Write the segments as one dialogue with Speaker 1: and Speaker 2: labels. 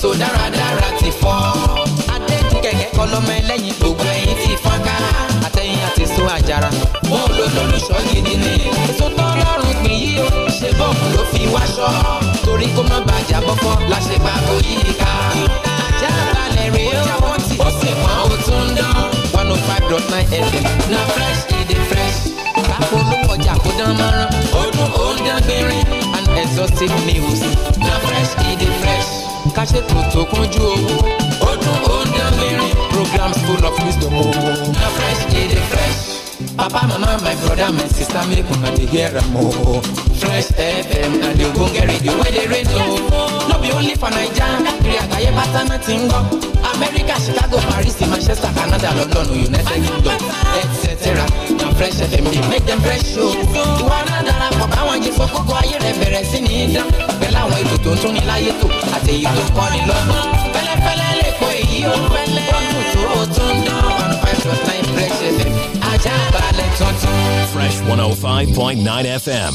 Speaker 1: èso dáradára ti fọ́ adéjú kẹ̀kẹ́ kọ́ lọ́mọ ẹlẹ́yin gbogbo ẹ̀yin ti fọ́nká àtẹ̀yìn àti so àjàrà wọn ò lò lólùṣọ́ gidi ni èso tọ́lọ́run pín yí o ṣe bọ́ọ̀mù ló fi wáṣọ torí kó má bàjá bọ́kọ́ la ṣe pa oyè ká ajá balẹ̀ rèé o ó sì mọ́ o dán one oh five dot nine fm na fresh e dey fresh kápò olówó ọjà kó dán mọ́rán ó dún ó ń dán exhaustive news na fresh e dey fresh ká ṣètò tó kúnjú owó ó dún ó programs full of wisdom o. na fresh dey dey fresh papa mama my brother my sister make una dey hear am o. fresh fm na the ogbonge radio wey dey rain o. no be only for naija káàkiri àgbáyé pátá náà ti ń gbọ́. america chicago paris manchester canada london united kingdom etc. na fresh fm dey make dem fresh o. ìwọ náà darapọ̀ báwọn jẹ́ sọ kókó ayé rẹ̀ bẹ̀rẹ̀ sí ní í dán pẹ̀lú àwọn ètò tó ń tún ní láyé tó. èyí ó fẹ́lẹ́ ọdún tó o o tun one fresh fm ajá balẹ̀ tuntun. fresh one oh five point nine fm.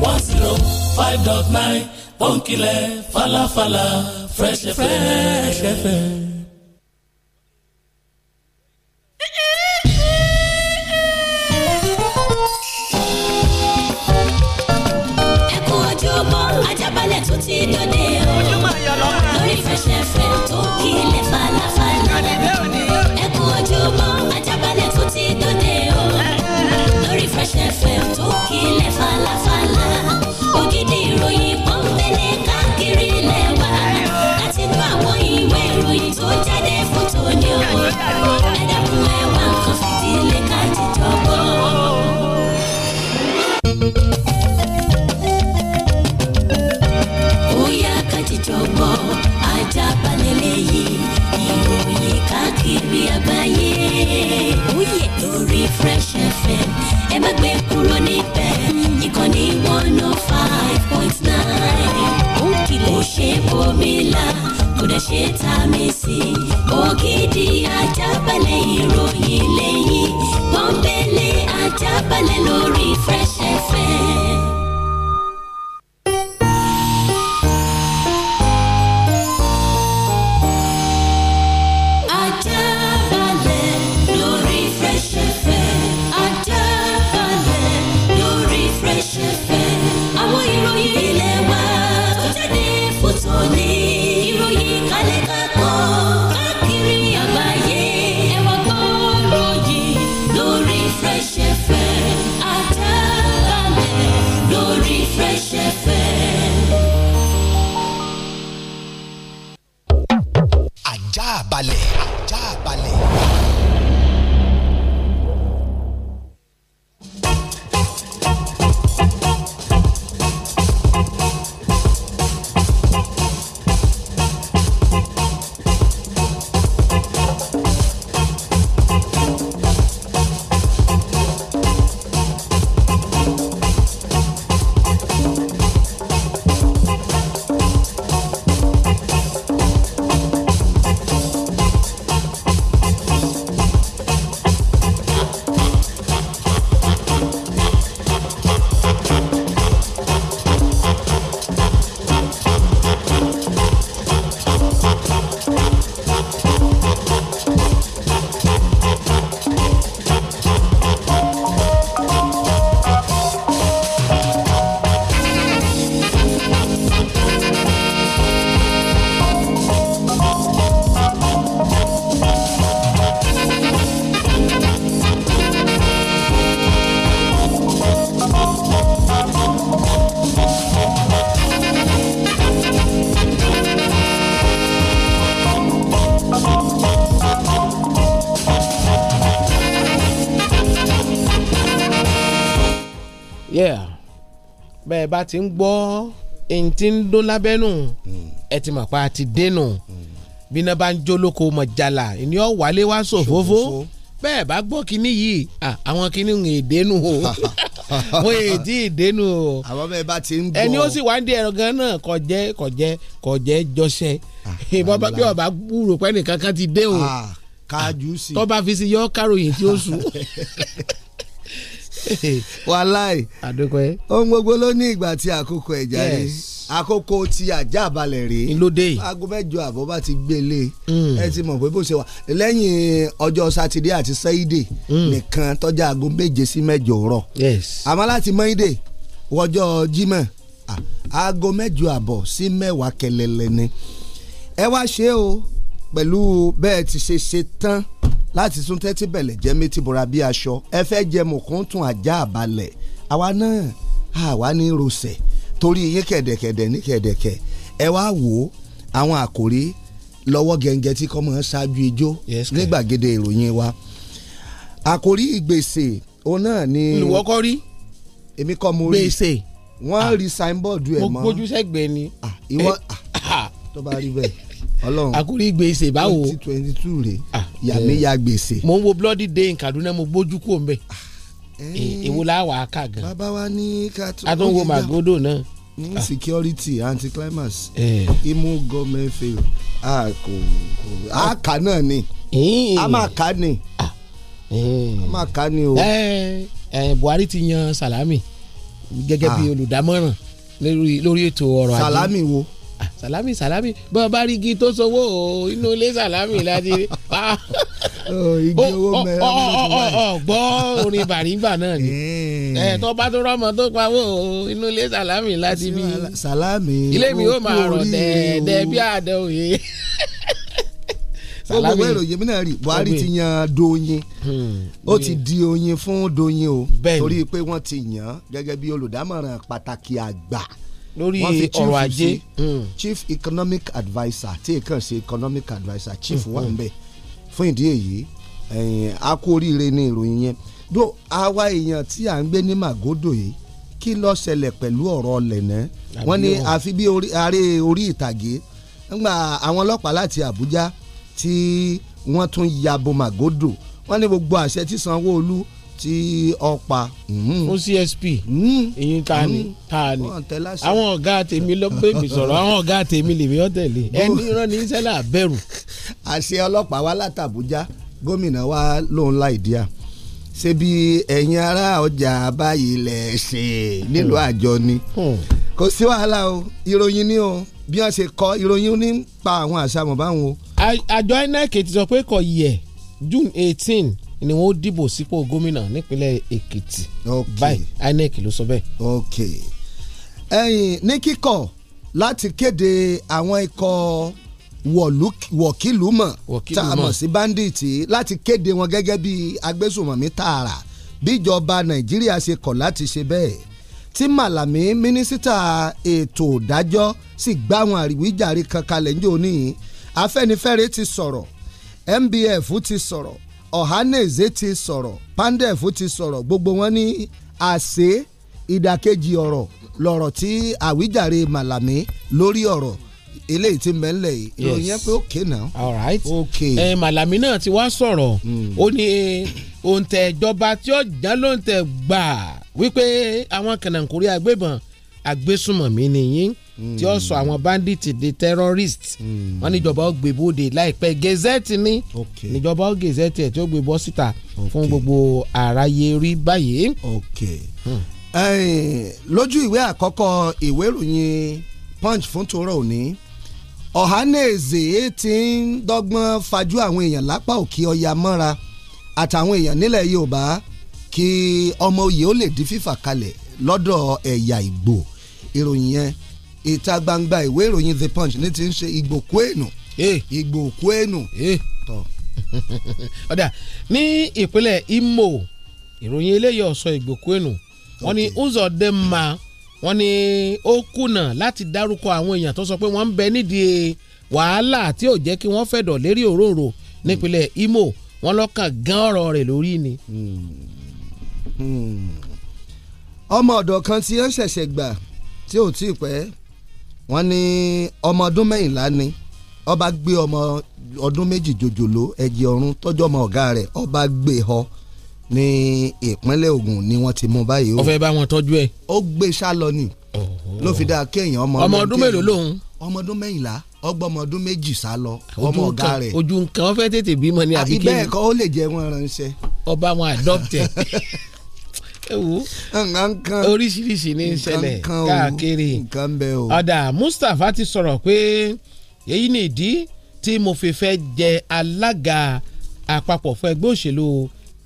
Speaker 2: one zero five dot nine pọ́ńkìlẹ̀ falafala fresh fm.
Speaker 3: káàkiri àgbáyé. Oyè lórí Fresh FM, ẹ má gbé kúrò níbẹ̀, ìkànnì one oh five.
Speaker 4: ẹ bá ti ń gbọ́ ẹni tí ń dún lábẹ́nù ẹ ti mọ̀ pa àti dénù bí iná bá ń jólóko mọ̀ jàlá ìní ọ̀ wálé wá ṣòfófó bẹ́ẹ̀ bá gbọ́ kínní yìí àwọn kínní ń dénù o wọ́n yé tí ìdénù o. àwọn bẹ́ẹ̀ bá ti ń gbọ́. ẹni ó sì wá ń di ẹ̀rọ gan náà kò jẹ́ kò jẹ́ kò jẹ́ jọṣẹ́ ìbọn ah, bí ọba gbúrò pẹ́ nìkan ti dé o.
Speaker 5: Ah, kájú sí. tọ́ba fi si yọ káròyìn tí ó sùn. wàláì àdúpẹ́ ohun gbogbo ló ní ìgbà tí àkókò ẹ̀já rí àkókò ti àjà balẹ̀ rèé ìlódé aago mẹ́jọ àbọ̀ bá ti gbélé mm. ẹ ti mọ̀ pé bó ṣe wà lẹ́yìn ọjọ́ sátidé àti sẹ́yìdè mm. nìkan tọ́jà aago méje sí mẹ́jọ rọ̀ àmọ́ láti mọ́ìdè wọ́jọ́ jímọ̀ aago mẹ́jọ àbọ̀ sí mẹ́wàá kẹlẹ́lẹ́ ni ẹ wá ṣe o pẹ̀lú bẹ́ẹ̀ ti ṣe ṣe tán láti tún tẹ́tí bẹ̀lẹ̀ jẹ́ méjì bora bí aṣọ ẹ fẹ́ jẹ mọ̀kúntún ajá àbálẹ̀ àwa náà àwa ní rosẹ̀ torí yín kẹ̀dẹ̀kẹ̀dẹ̀ ní kẹ̀dẹ̀kẹ̀ ẹ wá wò ó àwọn àkòrí lọ́wọ́ gẹ̀ǹgẹ̀ tí kọ́mọ ṣáájú ijó ní ìròyìn wa àkòrí gbèsè òun náà ni. olùwọ́kọ́ rí. èmi kọ́ mo rí gbèsè. wọ́n ah. rí signboard ẹ̀ mọ́. mo gbójú sẹ́gbẹ̀ẹ́ ni. Ah, eh, ah. tó bá rí bẹ́ẹ̀ àkórí gbèsè báwo. twenty twenty two rè ah, yàmíyà eh, gbèsè. mo
Speaker 4: ń wo bloody day in Kaduna mo gbójú kúrò mbẹ ah, eh, eh. èwo la wà á kà gan. bàbá wa ní ká tó. a tó ń wo Magodo
Speaker 5: náà. ní ah. security anti-climax imu government fail a kò a kà náà ni a máa kà ni a máa kà ni o.
Speaker 4: Buhari ti yan Salami gẹ́gẹ́ bí olùdámọ̀ràn lórí ètò ọrọ̀ ajé. Salami wo sàlámì salami bọ́ ọ bá rí igi tó sowó o inú ilé Salami, láti rí. igi owó mẹ́rin ló gbọ́ orin bàrígbà náà ni eh. Eh, tó bá tó rọ́mọ tó pawó o inú ilé salami, láti bí ilé mi ó máa rọ̀ dẹ̀ẹ́dẹ́ bí àdán òye salami, ẹ̀rọ yìí mi náà rí Buhari ti
Speaker 5: yan Doyin hmm, ó ti di Oyin fún Doyin o torí pé wọ́n ti yàn án gẹ́gẹ́ bí olùdámọ̀ràn pàtàkì àgbà lórí ọrọ̀ ajé hmm. chief economic adviser tí èkán ṣe economic adviser chief hmm, wà ń hmm. bẹ̀ fún ìdí èyí a kú oríire ní ìròyìn yẹn do àwa èèyàn tí à ń gbé ní Magodo yìí kí ló ṣẹlẹ̀ pẹ̀lú ọ̀rọ̀ ọlẹ̀ náà wọ́n ní àfi bí aré orí ìtàgé ńgbà àwọn ọlọ́pàá láti abuja, tí wọ́n tún ya bo Magodo wọ́n ní gbogbo àṣẹ tí sanwó olu tí ọ̀pá. fún hmm. CSP èyí hmm. ta ni hmm. ta ni
Speaker 4: àwọn ọ̀gá tèmi ló pè mí sọ̀rọ̀ àwọn
Speaker 5: ọ̀gá tèmi lèmi ọ̀ tẹ̀lé ẹni rán ní sẹ́lá bẹ̀rù. àṣẹ ọlọ́pàá wa látàbújá gómìnà wa lòun láì díà ṣé bí ẹ̀yin ará ọjà báyìí lẹ̀ ṣe nílùú àjọ ni kò sí wàhálà o ìròyìn ni o bí wọ́n ṣe kọ ìròyìn ní pa àwọn àṣà mọ̀ báwọn o.
Speaker 4: àjọ INEC ti sọ pé kò yẹ June eighteen ni wọn ó dìbò sípò gómìnà nípínlẹ̀ Èkìtì
Speaker 5: báyìí INEC ló sọ bẹ́ẹ̀. ok ẹyin ní kíkọ láti kéde àwọn ikọ̀ wọ̀kìlú mọ̀ tá a mọ̀ sí báńdíìtì láti kéde wọn gẹ́gẹ́ bí agbésùmọ̀mí tààrà bíjọba Nàìjíríà ṣe kọ̀ láti ṣe bẹ́ẹ̀ tí Màlàmí mínísítà ètò ìdájọ́ sì gbá àwọn àríwíjàre kan kalẹ̀ ní òní Afẹ́nifẹ́re ti sọ̀rọ̀ MBF ti sọ̀rọ̀ Ohanaeze ti sọ̀rọ̀ Pandef ti sọ̀rọ̀ gbogbo wọn ní àṣẹ ìdàkejì ọ̀rọ̀ lọ̀rọ̀ tí àwíjàre Màlàmí lórí ọ̀rọ̀ eléyìí ti mẹ́lẹ̀ yìí ìròyìn yẹn pé òkè náà. all right
Speaker 4: Màlàmí náà ti wá sọ̀rọ̀ hmm. ó ní òǹtẹ̀ ìjọba tí ó jẹ́ lóǹtẹ̀ gbà wípé àwọn kànáńkórí agbébọn agbésùmọ̀mí nìyí tí ó sọ àwọn bandits di terrorists. Hmm. wọ́n níjọba ó gbé bóde láìpẹ́ gazette ní níjọba ó gazette ẹ̀ tí ó gbé bọ́ síta fún gbogbo àráyé rí báyìí.
Speaker 5: Hmm. lójú ìwé àkọ́kọ́ ìwé ìròyìn punch fún tòró òní Ọ̀hánèzè ti ń dọ́gbọ́n fajú àwọn èèyàn lápá òkè ọya mọ́ra àtàwọn èèyàn nílẹ̀ Yorùbá kí ọmọ òye ó lè di fífà kalẹ̀ lọ́dọ̀ ẹ̀yà Ìgbò. E ìròyìn yẹn ìta gbangba ìwé ìròyìn the punch ní ti ń ṣe ìgbòkú ènù eh. ìgbòkú ènù eh.
Speaker 6: tọ.
Speaker 4: ọ̀dà ní ìpínlẹ̀ Imo ìròyìn eléyìí ọ̀sọ̀ ìgbòkú ènù wọ́n ní Uzodinma wọ́n ní ó kùnà láti dárúkọ àwọn èèyàn tó sọ pé wọ́n ń bẹ nídìí wàhálà tí ò jẹ́ kí wọ́n fẹ̀dọ̀ lérí òróró nípínlẹ̀ Imo wọ́n lọ́kàn gán ọ̀rọ̀ rẹ̀ lórí ni. Hmm. Hmm.
Speaker 5: ọmọ ọ̀dọ̀ kan tí ó ń ṣẹ̀ṣẹ̀ gbà tí ò tí ì pẹ́ wọ́n ní ọmọ ọdún mẹ́yìnlá ni ọba gbé ọmọ ọdún méjì jòjòló ẹ̀jẹ̀ ọ̀run tọ́jú ọmọ ọ̀gá rẹ̀ ọba gbé e họ ní ìpínlẹ̀ Ògùn ni wọ́n ti mú báyìí o. bá wọn tọ́jú ẹ̀. ó gbé e sálọ ni ló fi dáa kéèyàn ọmọ ọmọ ọdún mélòó lòun. ọmọ ọdún mẹ́yìnlá ọgbọ́n ọmọ ọdún méjì sá lọ ọmọ ọ̀gá rẹ̀ ojú nǹkan wọn fẹ́ tètè
Speaker 4: bímọ ní àbíkẹ́ ẹ wo oríṣiríṣi ní í ṣẹlẹ̀ káàkiri ọ̀dà Mustapha ti sọ̀rọ̀ pé èyí ni ìdí tí mo fi fẹ́ jẹ alága àpapọ̀ fún ẹgbẹ́ òṣèlú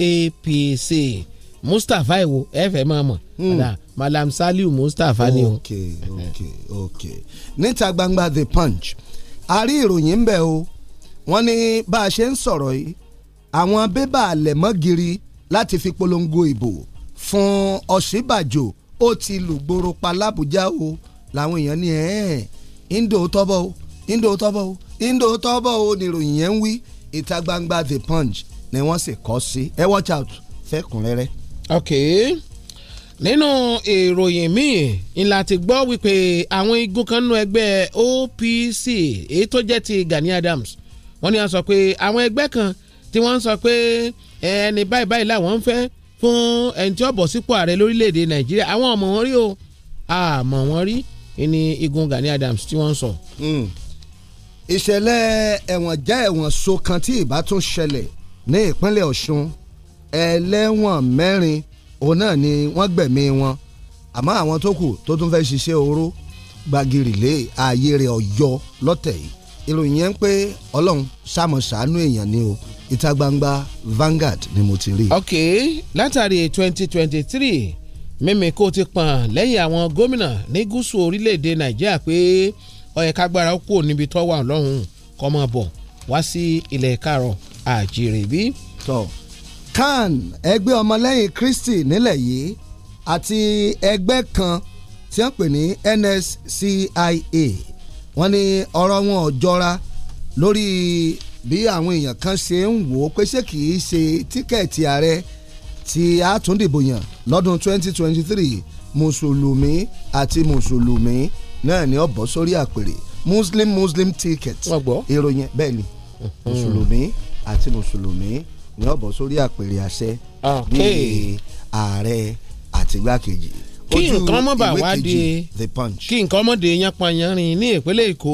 Speaker 4: APC Mustapha ìwò ẹ fẹ́ máa mọ̀ hmm. ọ̀dà Malam Saliu Mustapha ni o.
Speaker 5: ok ok ok níta gbangba The Punch a rí ìròyìn ń bẹ̀ o wọ́n ní bá a ṣe ń sọ̀rọ̀ yìí àwọn bébà lẹ̀mọ́gìrì láti fi polongo ìbò fún Ọ̀ṣínbàjò ó ti lùgbòrò pa lábújá o làwọn èèyàn ní ẹ̀ẹ́n indo tọ́bọ̀ o indo tọ́bọ̀ o indo tọ́bọ̀ o níròyìn yẹn ń wí ìta gbangba the punch ni wọ́n sì kọ́ sí ẹ watch out fẹ́kùnrẹ́rẹ́. ok
Speaker 4: nínú ìròyìn míì ńlá ti gbọ́ wípé àwọn igun kan nínú ẹgbẹ́ OPC èyí tó jẹ́ ti Gani Adams wọ́n ní wọ́n sọ pé àwọn ẹgbẹ́ kan tí wọ́n ń sọ pé ẹni báyìí báyìí làwọn ń fẹ́ fún ẹni tí ó bọ̀ sípò ààrẹ lórílẹ̀‐èdè nàìjíríà àwọn ọmọ wọn rí o àmọ́ wọn rí ni igun Gani Adams
Speaker 5: tí wọ́n ń sọ. Hmm. ìṣẹ̀lẹ̀ ẹ̀wọ̀n jẹ́ ẹ̀wọ̀n so kan tí ìbá tún ṣẹlẹ̀ ní ìpínlẹ̀ ọ̀ṣun ẹlẹ́wọ̀n mẹ́rin òun náà ni wọ́n gbẹ̀mí wọn àmọ́ àwọn tó kù tó tún fẹ́ ṣiṣẹ́ oró gbàgìrì lé ààyè rẹ̀ ọ̀yọ́ lọ́tẹ̀ yìí ìròyìn yẹn ń pé ọlọ́run sàmọ̀ sàánú èèyàn ni o ìta gbangba Vanguard ni mo ti rí. ok látàrí twenty twenty
Speaker 4: three mímí kó ti pọ̀n lẹ́yìn àwọn gómìnà ní gúúsù orílẹ̀‐èdè nàìjíríà pé ọ̀yẹ̀ kágbára kú níbi tó wà lọ́hùn-ún bọ̀ wá sí ilẹ̀ kárọ̀
Speaker 5: àjèrè bí. tọ́ kan ẹgbẹ́ ọmọlẹ́yìn Kristi nílẹ̀ yìí àti ẹgbẹ́ kan tí wọ́n pè ní NSCIA wọ́n ní ọ̀rọ̀ wọn ò jọra lórí bí àwọn èèyàn kan ṣe ń wò ó pé ṣé kì í ṣe tíkẹ́ẹ̀tì ààrẹ tí a tún dìbò yàn lọ́dún 2023 mùsùlùmí àti mùsùlùmí náà ni ó bọ́ sórí àpèrè muslim muslim ticket ìròyìn bẹ́ẹ̀ ni hmm. mùsùlùmí àti mùsùlùmí ni ó bọ́ sórí àpèrè àṣẹ ah, bíi ààrẹ àti igbákejì kí nǹkan mọ̀ bá wá di
Speaker 4: kí nǹkan mọ̀ di yanpanyanrin ní ìpínlẹ̀ èkó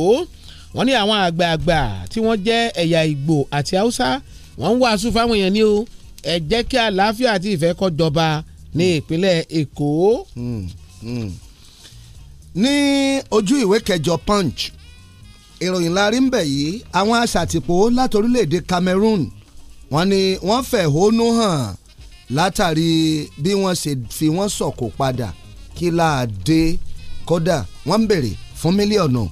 Speaker 4: wọ́n ní àwọn àgbààgbà tí wọ́n jẹ́ ẹ̀yà ìgbò àti haúsá wọ́n ń wàásù fáwọn èèyàn ní o ẹ jẹ́ kí àlàáfíà àti ìfẹ́ kó jọba ní hmm.
Speaker 5: ìpínlẹ̀ èkó. Hmm, hmm. ní ojú ìwé kẹjọ punch ìròyìn láàrin ń bẹ̀ yìí àwọn aṣàtìpó láti orílẹ̀-èdè Cameroon wọ́n ní wọ́n fẹ̀hónú hàn látàrí bí wọ́n ṣe fi wọ́n sọ̀kò padà kí láàdé kódà wọ́n ń bèrè fún mílíọ̀nù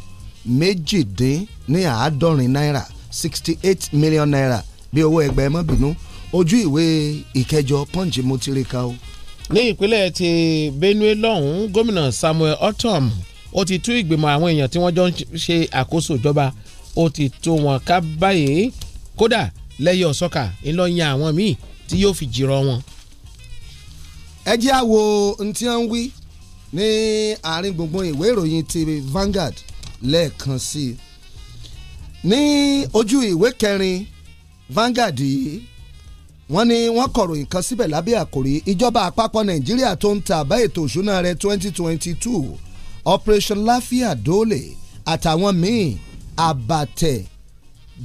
Speaker 5: méjìdínláàádọ́rin náírà sixty eight million naira bí owó ẹgbẹ́ mọ́ bínú ojú ìwé ìkẹjọ punch mo ti rí ka o. ní
Speaker 4: ìpínlẹ̀ ti Benue lọ́hùn-ún gómìnà Samuel Ortom ó ti tú ìgbìmọ̀ àwọn èèyàn tí wọ́n jọ ń ṣe àkóso ìjọba ó ti tó wọn ká báyìí kódà lẹ́yìn ọ̀sọ́kà ńlọ́yìn àwọn míì tí yóò fi jìrọ̀ wọn. ẹ jẹ́
Speaker 5: àwo ntí wọ́n ń wí ní àárín gbùngbùn ìwé ìròyìn ti Vanguard lẹ́ẹ̀kan sí i ní ojú ìwé kẹrin Vanguard yìí wọ́n ní wọ́n kọ̀ròyìn kan síbẹ̀ lábẹ́ àkòrí ìjọba àpapọ̀ Nàìjíríà tó ń ta àbá ètò òṣùná rẹ̀ 2022 Operation Lafiya Dole àtàwọn míì àbàtẹ̀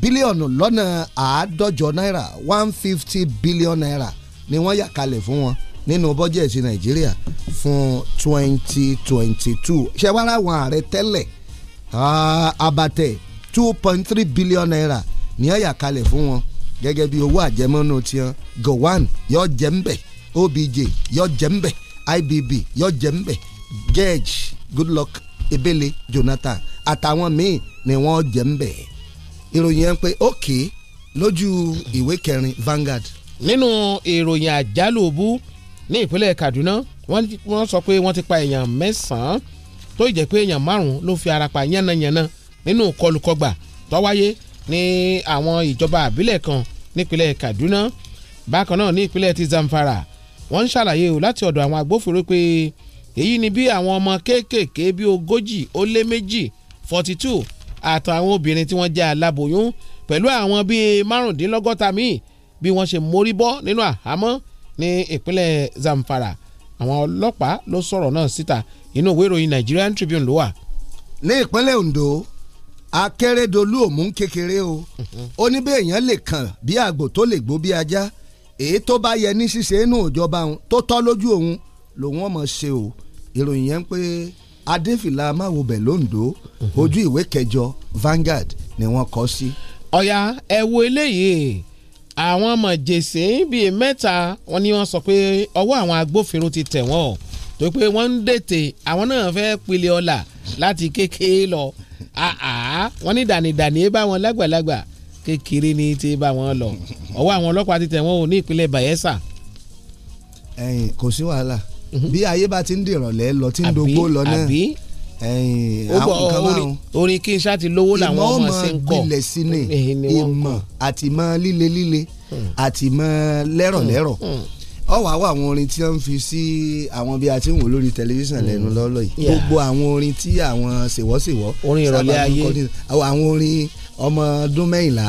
Speaker 5: bílíọ̀nù lọ́nà àádọ́jọ náírà one fifty billion ni wọ́n yà kalẹ̀ fún wọn nínú bọ́jẹ̀tì nàìjíríà fún twenty twenty two ṣé wàá ráwọn ààrẹ tẹ́lẹ̀ ah, abatẹ two point three billion naira ní ọ̀yà kalẹ̀ fún wọn gẹ́gẹ́ bí owó àjẹmọ́nú tiwọn gowon yọ jẹ́ ń bẹ̀ obj yọ jẹ́ ń bẹ̀ ibb yọ jẹ́ ń bẹ̀ gej goodluck ebele jonathan àtàwọn míì ni wọ́n jẹ́ ń bẹ̀ ìròyìn yẹn pé ókè lójú ìwé kẹrin Vanguard. nínú ìròyìn àjálù bú ní ìpínlẹ̀ Kaduna
Speaker 4: wọ́n sọ pé wọ́n ti pa èèyàn mẹ́sàn-án tó ìjẹ́ pé èèyàn márùn-ún ló fi ara pa yánnayànna nínú kọlùkọgbà tó wáyé ní àwọn ìjọba àbílẹ̀ kan nípínlẹ̀ Kaduna bákan náà ní ìpínlẹ̀ ti Zamfara wọ́n ń ṣàlàyé o láti ọ̀dọ̀ àwọn agbófinró pé èyí ni bí àwọn ọmọ kéékèèké bíi ogójì ó lé méjì forty two àtàwọn obìnrin tí wọ́n jẹ́ aláboyún pẹ̀lú àwọn bíi márùndínlọ́gọ́ta míì bí wọ́n ṣe mórí nínú àhámọ́ ní ìpínlẹ̀ Zamfara àwọn ọlọ́pàá ló sọ̀rọ̀ náà síta inú ìwé ìròyìn Nigerian Tribune ló wà. ní ìpínlẹ̀
Speaker 5: Ondo Akérédolú òmù ń kékeré o ó ní bí èèyàn lè kàn bí àgbò tó lè gbó bí ajá èyí tó bá yẹ ní ṣíṣe inú ìjọba òun tó tọ́ lójú òun lòun ọmọ ṣe o ìròyìn yẹn ń pé adéfìlà máwòbẹ̀ londo ojú ìwé kẹjọ Vanguard ni wọ́n kọ sí. ọ̀yà ẹ wo eléyìí
Speaker 4: àwọn mọ̀jèsè bíi mẹ́ta wọn ni wọ́n sọ pé ọwọ́ àwọn agbófinró ti tẹ̀ wọ́n tó pé wọ́n ń dètè àwọn náà fẹ́ pilẹ̀ ọ̀la láti kékeré lọ wọ́n ní dànìdànì bá wọn lágbàlagbà kékeré ní ti bá wọn lọ ọwọ́ àwọn ọlọ́pàá ti tẹ̀ wọ́n ò ní ìpínlẹ̀ Bayelsa.
Speaker 5: ẹyin kò sí wàhálà mhm. bí ayé bá ti ń dìrọ̀lẹ́ lọ tí ń dogbó lọ náà àwọn nǹkan márùn.
Speaker 4: orin kí n ṣáà ti lówó làwọn ọmọ ṣe ń kọ ìmọ̀
Speaker 5: gbilẹ̀ sí ni ìmọ̀ àtìmọ̀ líle líle hmm. àtìmọ̀ lẹ́rọ̀lẹ́rọ̀ hmm. ọwọ́ hmm. àwọn àwọn orin tí wọ́n fi sí àwọn bí a ti ń wò lórí tẹlifíṣàn lẹ́nu lọ́lọ́ yìí gbogbo àwọn orin tí àwọn ṣèwọ́ṣèwọ́ orin ìrọ̀lẹ́ ayé àwọn orin ọmọ ọdún mẹ́yìnlá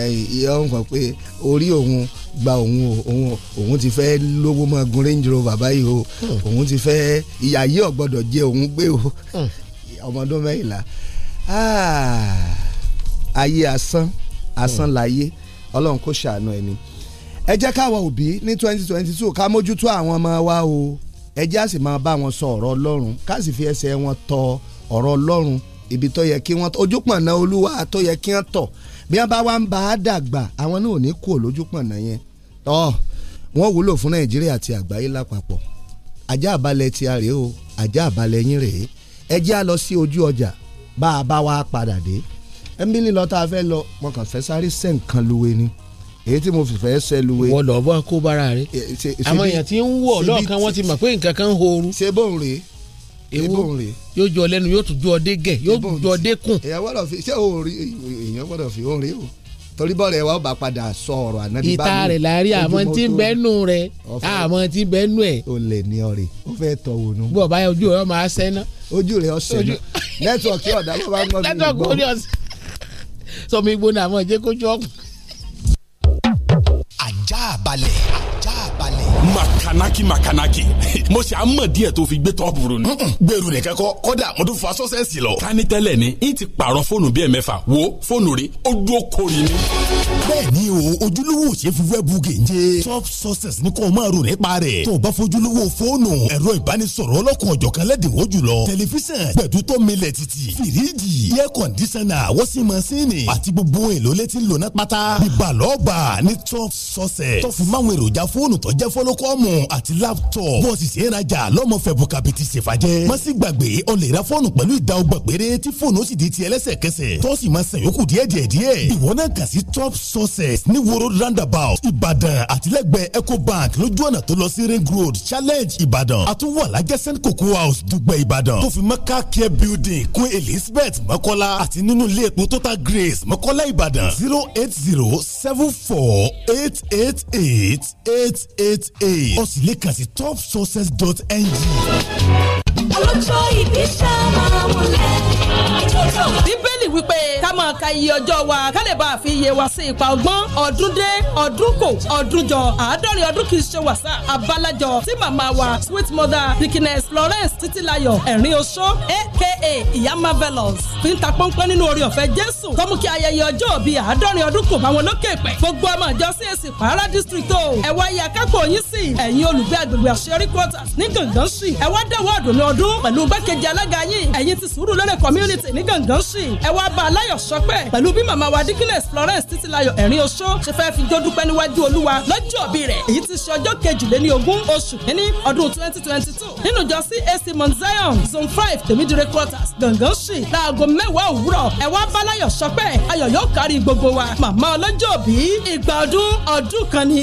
Speaker 5: ìyá nǹkan pé orí òun gba òun òun òun ti fẹ́ lówó mọ́ gun Range Rover báyìí o hmm. òun ti fẹ́ ìyá yìí ọ̀gbọ́dọ̀ jẹ òun gbé o hmm. ọmọdún mẹ́rìnlá ah, ayé asán asán hmm. láyé ọlọ́run kò ṣàánú ẹni ẹ jẹ́ káwa òbí ní twenty twenty two ká mójútó àwọn ọmọ wa o ẹ jẹ́ á máa bá wọn sọ ọ̀rọ̀ ọlọ́run ká sì fi ẹsẹ̀ wọn tọ ọ̀rọ̀ ọlọ́run ibi tó yẹ kí wọ́n tójú pọ̀nà olúwa tó yẹ kí wọ́n tọ̀ bí wọ́n bá wá ń bá a dàgbà àwọn náà ò ní kú lójú pọ̀ náà yẹn tọ́ wọ́n wúlò fún nàìjíríà àti àgbáyé lápapọ̀ ajá àbálẹ̀ ti a rèé o ajá àbálẹ̀ yín rèé ẹ jẹ́ à lọ sí ojú ọjà bá a bá wa padà dé ẹ̀mílì lọ́tà fẹ́ lọ mo kàn fẹ́ sáré sẹ́ǹkan luwe ni èyí tí mo fẹ́ sẹ́ luwe. wọ́n lọ bọ́ kó bára rẹ̀ àwọn èèyàn ti ń wọ̀ lọ́ọ̀kan wọ́n
Speaker 4: ti mọ̀ pé nǹkan kan ń horu. ṣé bóun rèé ewo yóò jọ lẹ́nu yóò tún jọ dé gẹ̀
Speaker 5: yóò jọ dé kùn. èèyàn gbọ́dọ̀ fi ṣé òun rí èèyàn gbọ́dọ̀ fi òun rí o torí bọ́ọ̀rẹ̀ ẹ̀ wá bá padà sọ ọ̀rọ̀ ànábì bá mi. ìta rẹ̀ láàrí àmọ́ tí ń bẹ́nu
Speaker 4: rẹ̀ àmọ́
Speaker 5: tí ń bẹ́nu ẹ̀. o lè ní ọ̀rẹ́ o fẹ́ tọ̀ wò nù. bọ́ọ̀ báyọ̀ ojú rẹ̀ máa ṣẹ́ ná. ojú rẹ̀ ọ̀sẹ̀ náà
Speaker 4: nẹ́tíwọ̀kì ọ̀dà ló bá ń gbọ́ mi gbọ́. nẹ́tíwọ̀kì ó ní ọ̀sẹ̀ sọmi gbóná àmọ́ ìjẹ́kójú ọ̀pọ̀.
Speaker 7: ajá balẹ̀. makanaki makanaki mo ṣe àmọ̀ díẹ̀ tó fi gbé tọ́pù rò ní. gbèrú nìkan kọ́ kọ́dà mo tún fa sọ́sẹ́sì lọ. kání tẹ́lẹ̀ ni n ti pààrọ̀ fóònù bíi ẹ̀mẹ́fà wo fóònù rí ó dúró kori ni. bẹ́ẹ̀ni o ojúlówó ṣe fífẹ́ bu gèje top success ní kò máa rò nípa rẹ̀ tó o bá fojúlówó fóònù ẹ̀rọ ìbánisọ̀rọ̀ ọlọ́kùn ọ̀jọ̀kan lẹ́dínwó jùlọ tẹlifíṣàn gbẹ̀dútọ́ milẹ̀ títì fìríjì air conditioner wọ́sí masínì àti gbogbo èlò létí lónà pátá bíbalọ́ọ̀bà ní top success tó fún fóònù tó jẹ́ fọ́lọ́kọ́mù àti laptop bọ́ọ̀sì sì ń rajà lọ́mọ fẹ̀bù kàbìtì ṣèfàjẹ́ má sì gbàgbé o lè ra fọ́ọ̀nù pẹ̀lú ìdá ọgbà péré tí fóònù ó sì di ti ẹlẹ́sẹ̀kẹsẹ̀ tó sì máa sàn yòókù díẹ̀ díẹ̀ díẹ̀ ìwọ náà kà sí top sources ní woro roundabout ìbàdàn àtìlẹ́gbẹ̀ẹ́ ecobank lójú ọ̀nà tó lọ sí ring road challenge ìbàdàn àtúwọ̀ alájẹ́ st cocoa house dùgbẹ̀ ìbàdàn tó fi mẹ́ka care building kún elizabeth mọ́kọ́lá àti nínú ilé epo total grace mọ́kọ́lá ìbàdàn zero eight zero seven four eight eight eight eight eight eight ó sì lè kàn sí
Speaker 8: topsources.ng ọlọ́jọ́ ìbí ṣá máa wọlé. bíbélì wípé ká máa ka iye ọjọ́ wa ká lè bá a fi iye wa sí ipa ọgbọ́n ọdún dé ọdún kò ọdún jọ àádọ́rin ọdún kì í ṣe wàsá abalajọ tí màmá wa sweet mother dikines florence Titilayo, ẹ̀rín oṣó aka ìyá marvelous fi ń ta pọ́npọ́n nínú orí ọ̀fẹ́ jésù tó mú kí ayẹyẹ ọjọ́ bíi àádọ́rin ọdún kò bá wọn lókè pẹ́ gbogbo ọmọ ìjọ csc kwara district o ẹ wá yẹ akápò yín sí ẹ̀yin olùgbé agbègbè àṣẹ rí quarters ní gàngán sí ẹ wá dẹ́wọ́ ọ̀dùn ní ọdún pẹ̀lú gbẹ́kejì alága yín ẹ̀yin ti sùúrù lórí community ní gàngán sí ẹ wá bá aláyọ̀ sọpẹ́ pẹ̀lú bí màmá wa dikines florence títílayọ̀ ẹ̀rín oṣó ṣe fẹ́ fi jódúpẹ́ níwájú olúwa lọ́jọ́ bí rẹ̀ èyí ti ṣe ọjọ́ kejìléní ogún oṣù kínní ọdún twenty twenty two nínú ìjọ CAC mount zion zone five tèmídìrẹ́ quarters gàngán sí láago mẹ́wàá òwúrọ̀ ẹ wá bá aláyọ̀ sọpẹ́ ayọ̀ yóò kárí gbogbo wa màmá ọlọ́jọ́ bí ìgbà ọdún ọdún kan ni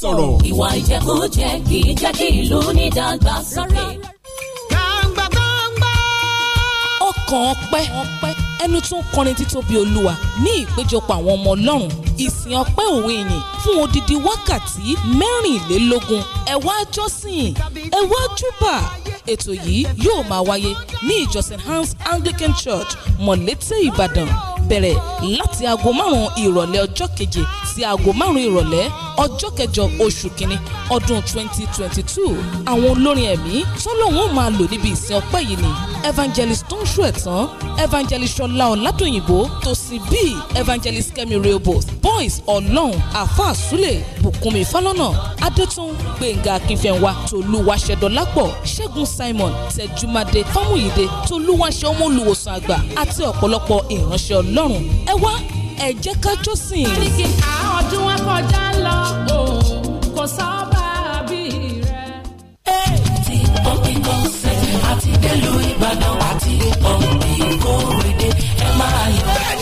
Speaker 7: sọ̀rọ̀. ìwà
Speaker 3: ìjẹkújẹ kì í jẹ́ kí ìlú ní ìdàgbàsókè. gbangba gbangba. ọkàn ọpẹ́ ẹnu tó ń kọrin títóbi olúwa ní ìpéjọpọ̀ àwọn ọmọ ọlọ́run ìsìn ọpẹ́ òwe yìn fún odidi wákàtí mẹ́rìnlélógún ẹ wá jọ́sìn ẹ wá júbà ètò yìí yóò máa wáyé ní ìjọ St. Hans Anglican Church mọ̀lété ìbàdàn bẹ̀rẹ̀ láti aago márùn-ún ìrọ̀lẹ́ ọjọ́ keje sí aago márùn-ún ìrọ̀lẹ́ ọjọ́ kẹjọ oṣù kínní ọdún twenty twenty two àwọn olórin ẹ̀mí tó lóun ó máa lò níbi ìsìn ọpẹ́ yìí ni evangelist tó ń ṣú ẹ̀tàn evangelist ṣọlá ọ̀làdùnyìnbó tòsìn bíi evangelist kẹ́mi rehoboth boys ọlọ́run àfa àsúlẹ̀ bùkúnmi fálọ́nà adétún gbẹ̀ngà akínfẹ́nwá tòlúwaṣẹ́dọ́lápọ̀ ṣẹ́gun simon tẹ̀júmadé fámúyídé tòlúwaṣẹ́ ọmọ olùwòsàn àgbà àti ọ̀pọ̀lọpọ̀ ìránṣẹ́ ọlọ́ lọ́rùn ẹ wá ẹ ká jó sìn. àríkì àọ́dún wa kọjá lọ òun kò sọ́ọ́bà bí rẹ. ti pọ́ńpì concept àti délùú Ìbàdàn àti pọ́ńpì kórèdè ẹ máa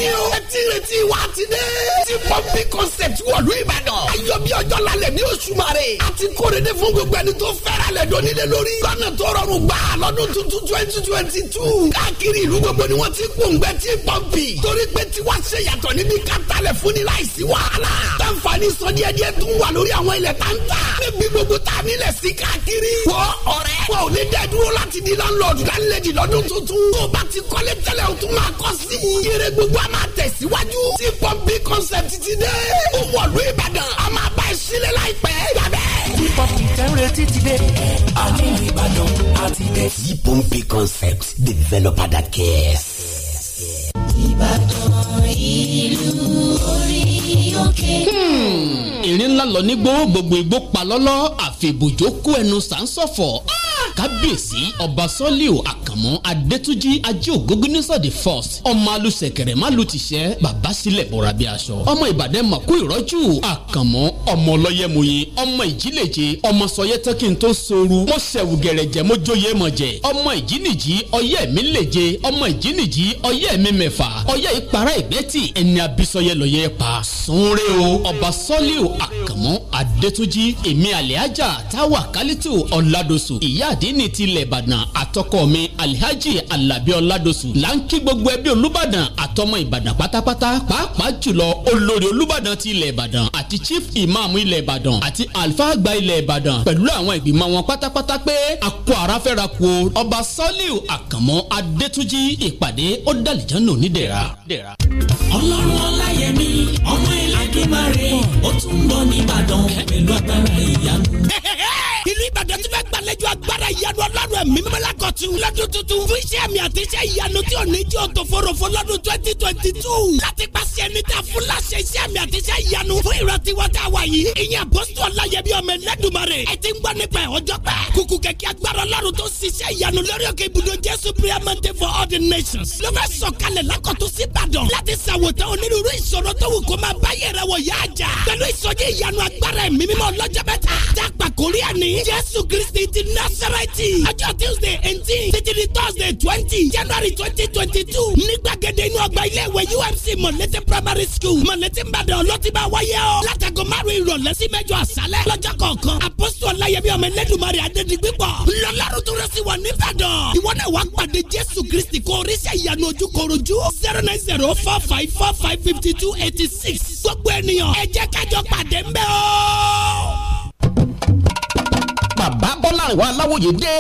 Speaker 3: yọ ìrètí wa ti
Speaker 7: dé. ti pọ́ńpì concept wọ̀lú ìbàdàn. ayọ̀ bí ọjọ́ lálẹ́ ní oṣù mare. a ti kóre dé fún gbogbo ẹni tó fẹ́ràn lẹ̀ dọ́ni lé lórí. lọ́nà tó rọrùn gbà lọ́dún tuntun twenty twenty two. káàkiri ìlú gbogbo ni wọ́n ti gbòǹgbẹ́ ti pọ́ńpì. torí pé tiwa ṣe yàtọ̀ níbi kátàlẹ̀ fúnni láìsí wàhálà. táǹfààní sọ díẹ̀ díẹ̀ tún wà lórí àwọn ilẹ̀ táǹtà. níbi gbogbo ta nílẹ̀ sí káàkiri. wọ ọ̀rẹ́ wọn ò ní dẹ́ dúró láti landlord lálẹ́ di lọ́dún tuntun. tó o bá ti kọ́lé tẹ́lẹ̀ o tún máa kọ́ sí i. yẹrẹ gbogbo a níwájú tí pọ́ǹpì concept ti dé. ó wọ̀lú ìbàdàn a máa bá ẹ sílẹ̀ láìpẹ́ gbàgbẹ́. tí pọ́ǹpì
Speaker 8: tẹ́rẹ̀ ti ti dé.
Speaker 7: àní ìbàdàn a ti dé. tí pọ́ǹpì concept developer that cares.
Speaker 8: ìbàdàn ìlú
Speaker 6: orí òkè. Hmm,
Speaker 7: ìrìn ńlá lọ nígbó gbogbo igbó pa lọ́lọ́ àfẹ̀bùjókòó ẹnu sàǹsọ̀fọ̀ ah, kábíyèsí ọba sọ́líò àpò àmọ́ adétúnjì ajé ògógónísọ̀ the first ọmọ alùsẹ̀kẹ̀rẹ̀ má lu tìṣẹ́ bàbá sílẹ̀ bọ̀rọ̀ bí aṣọ ọmọ ìbàdàn mà kú ìrọ́jú àkànmọ́ ọmọ ọlọ́yẹ̀mọye ọmọ ìjìlèje ọmọ sọyẹ́ tán kí n tó sooru mo ṣẹ̀wù gẹ̀rẹ̀jẹ̀ mo jóye mọ̀ jẹ̀ ọmọ ìjìnìjì ọyẹ́ mi lèje ọmọ ìjìnìjì ọyẹ́ mi mẹ́fà ọyẹ́ ìpara ìgbẹ́tì ẹni abisọyẹ lọ́yẹ́ pa sunre o ọba sọ́líò àkànmọ́ adétúnjì èmi àlẹ́ àjà táwa kálítù ọ̀làdọ̀sù ìyá àdínní tilẹ̀ ìbàdàn àtọkọ mi alhaji alabi oladosu là ń kí gbogbo ẹbí olùbàdàn àtọmọ ìbàdàn pátápátá pàápàá jùlọ olórí olùbàdàn ti ilẹ̀ ìbàdàn àti chief imam ilẹ̀ ìbàdàn àti alfa àgbà ilẹ̀ ìbàdàn pẹ̀lú àwọn ìgbìmọ̀ wọn pátápátá pé àkó àràfẹ́ra kú ọba sọ́líù àkànmọ́
Speaker 2: adétúnjì ìpàdé ó dàlìjọ́ nù nídẹ̀ra.
Speaker 7: ọlọ́run ọláyẹmí ọmọ ẹlẹ́dùnmáre ó tún bọ́ nìbàdàn pẹ̀lú agbára ìyanu ìlú ìbàdàn ti fẹ́ gbàlejò agbára ìyanu ọlọ́run ẹ̀mí mímọ́lá kọ̀tù lọ́dún tuntun fún iṣẹ́ mi àti iṣẹ́ ìyanu tí ò ní jẹ́ òtò forofo lọ́dún twenty twenty two láti pàṣẹ ẹni tá a fún láṣẹ iṣẹ́ mi àti iṣẹ́ ìyanu fún ìrántí wọn tá a wà yìí ìyẹn àpọ́sítọ̀ ọláyẹmí ọmọ ẹlẹ́dùnmarè ẹ ti ń gbọ́ nípa ẹ̀ ọjọ́ pẹ́ kùkù kẹ̀kẹ́ agbára ọlọ́run tó ṣiṣẹ́ ìyanu lórí òkè ibùdó jésù prayer mountain for all the nations ló fẹ́ sọ̀kalẹ̀ lákọ̀tún sí ìbàdàn láti ṣàwòtán onírúurú ìṣòro tó wù kó máa bá yẹ̀rẹ̀ wọ̀ yá àjà pẹ̀lú ìsọjí ìyanu agbára ẹ̀mí mímọ́ ọlọ́jọ́ mẹ́ta dàgbà kórìíyàn ní ní jésù kristi ti násàrẹ́tì ọjọ́ tuesday eighteen títí thursday twenty january twenty twenty two ní gbàgede inú ọgbà ilé ìwé umc mọ̀lẹ́tẹ̀ primary school mọ̀lẹ́tẹ̀ ìbàdàn ló ti bá wáyé o látàgọ́ márùn ìrọ̀lẹ́ sí mẹ́jọ àṣálẹ́ lọ́jọ́ kọ̀ọ̀kan apostol ọláyẹmí ọmọ ẹlẹ́dùnmarè adédìgbé pọ̀ lọ́lọ́run tó rẹ́ sí wọn nìbàdàn ìwọ náà wàá pàdé jésù kristi kó oríṣẹ́ ìyanu ojú korojú zero nine zero four five four five fifty two eighty six gbogbo ènìyàn ẹ jẹ́ kájọ pàdé ńbẹ̀ o
Speaker 8: bàbá bọ́láriwá aláwòye dé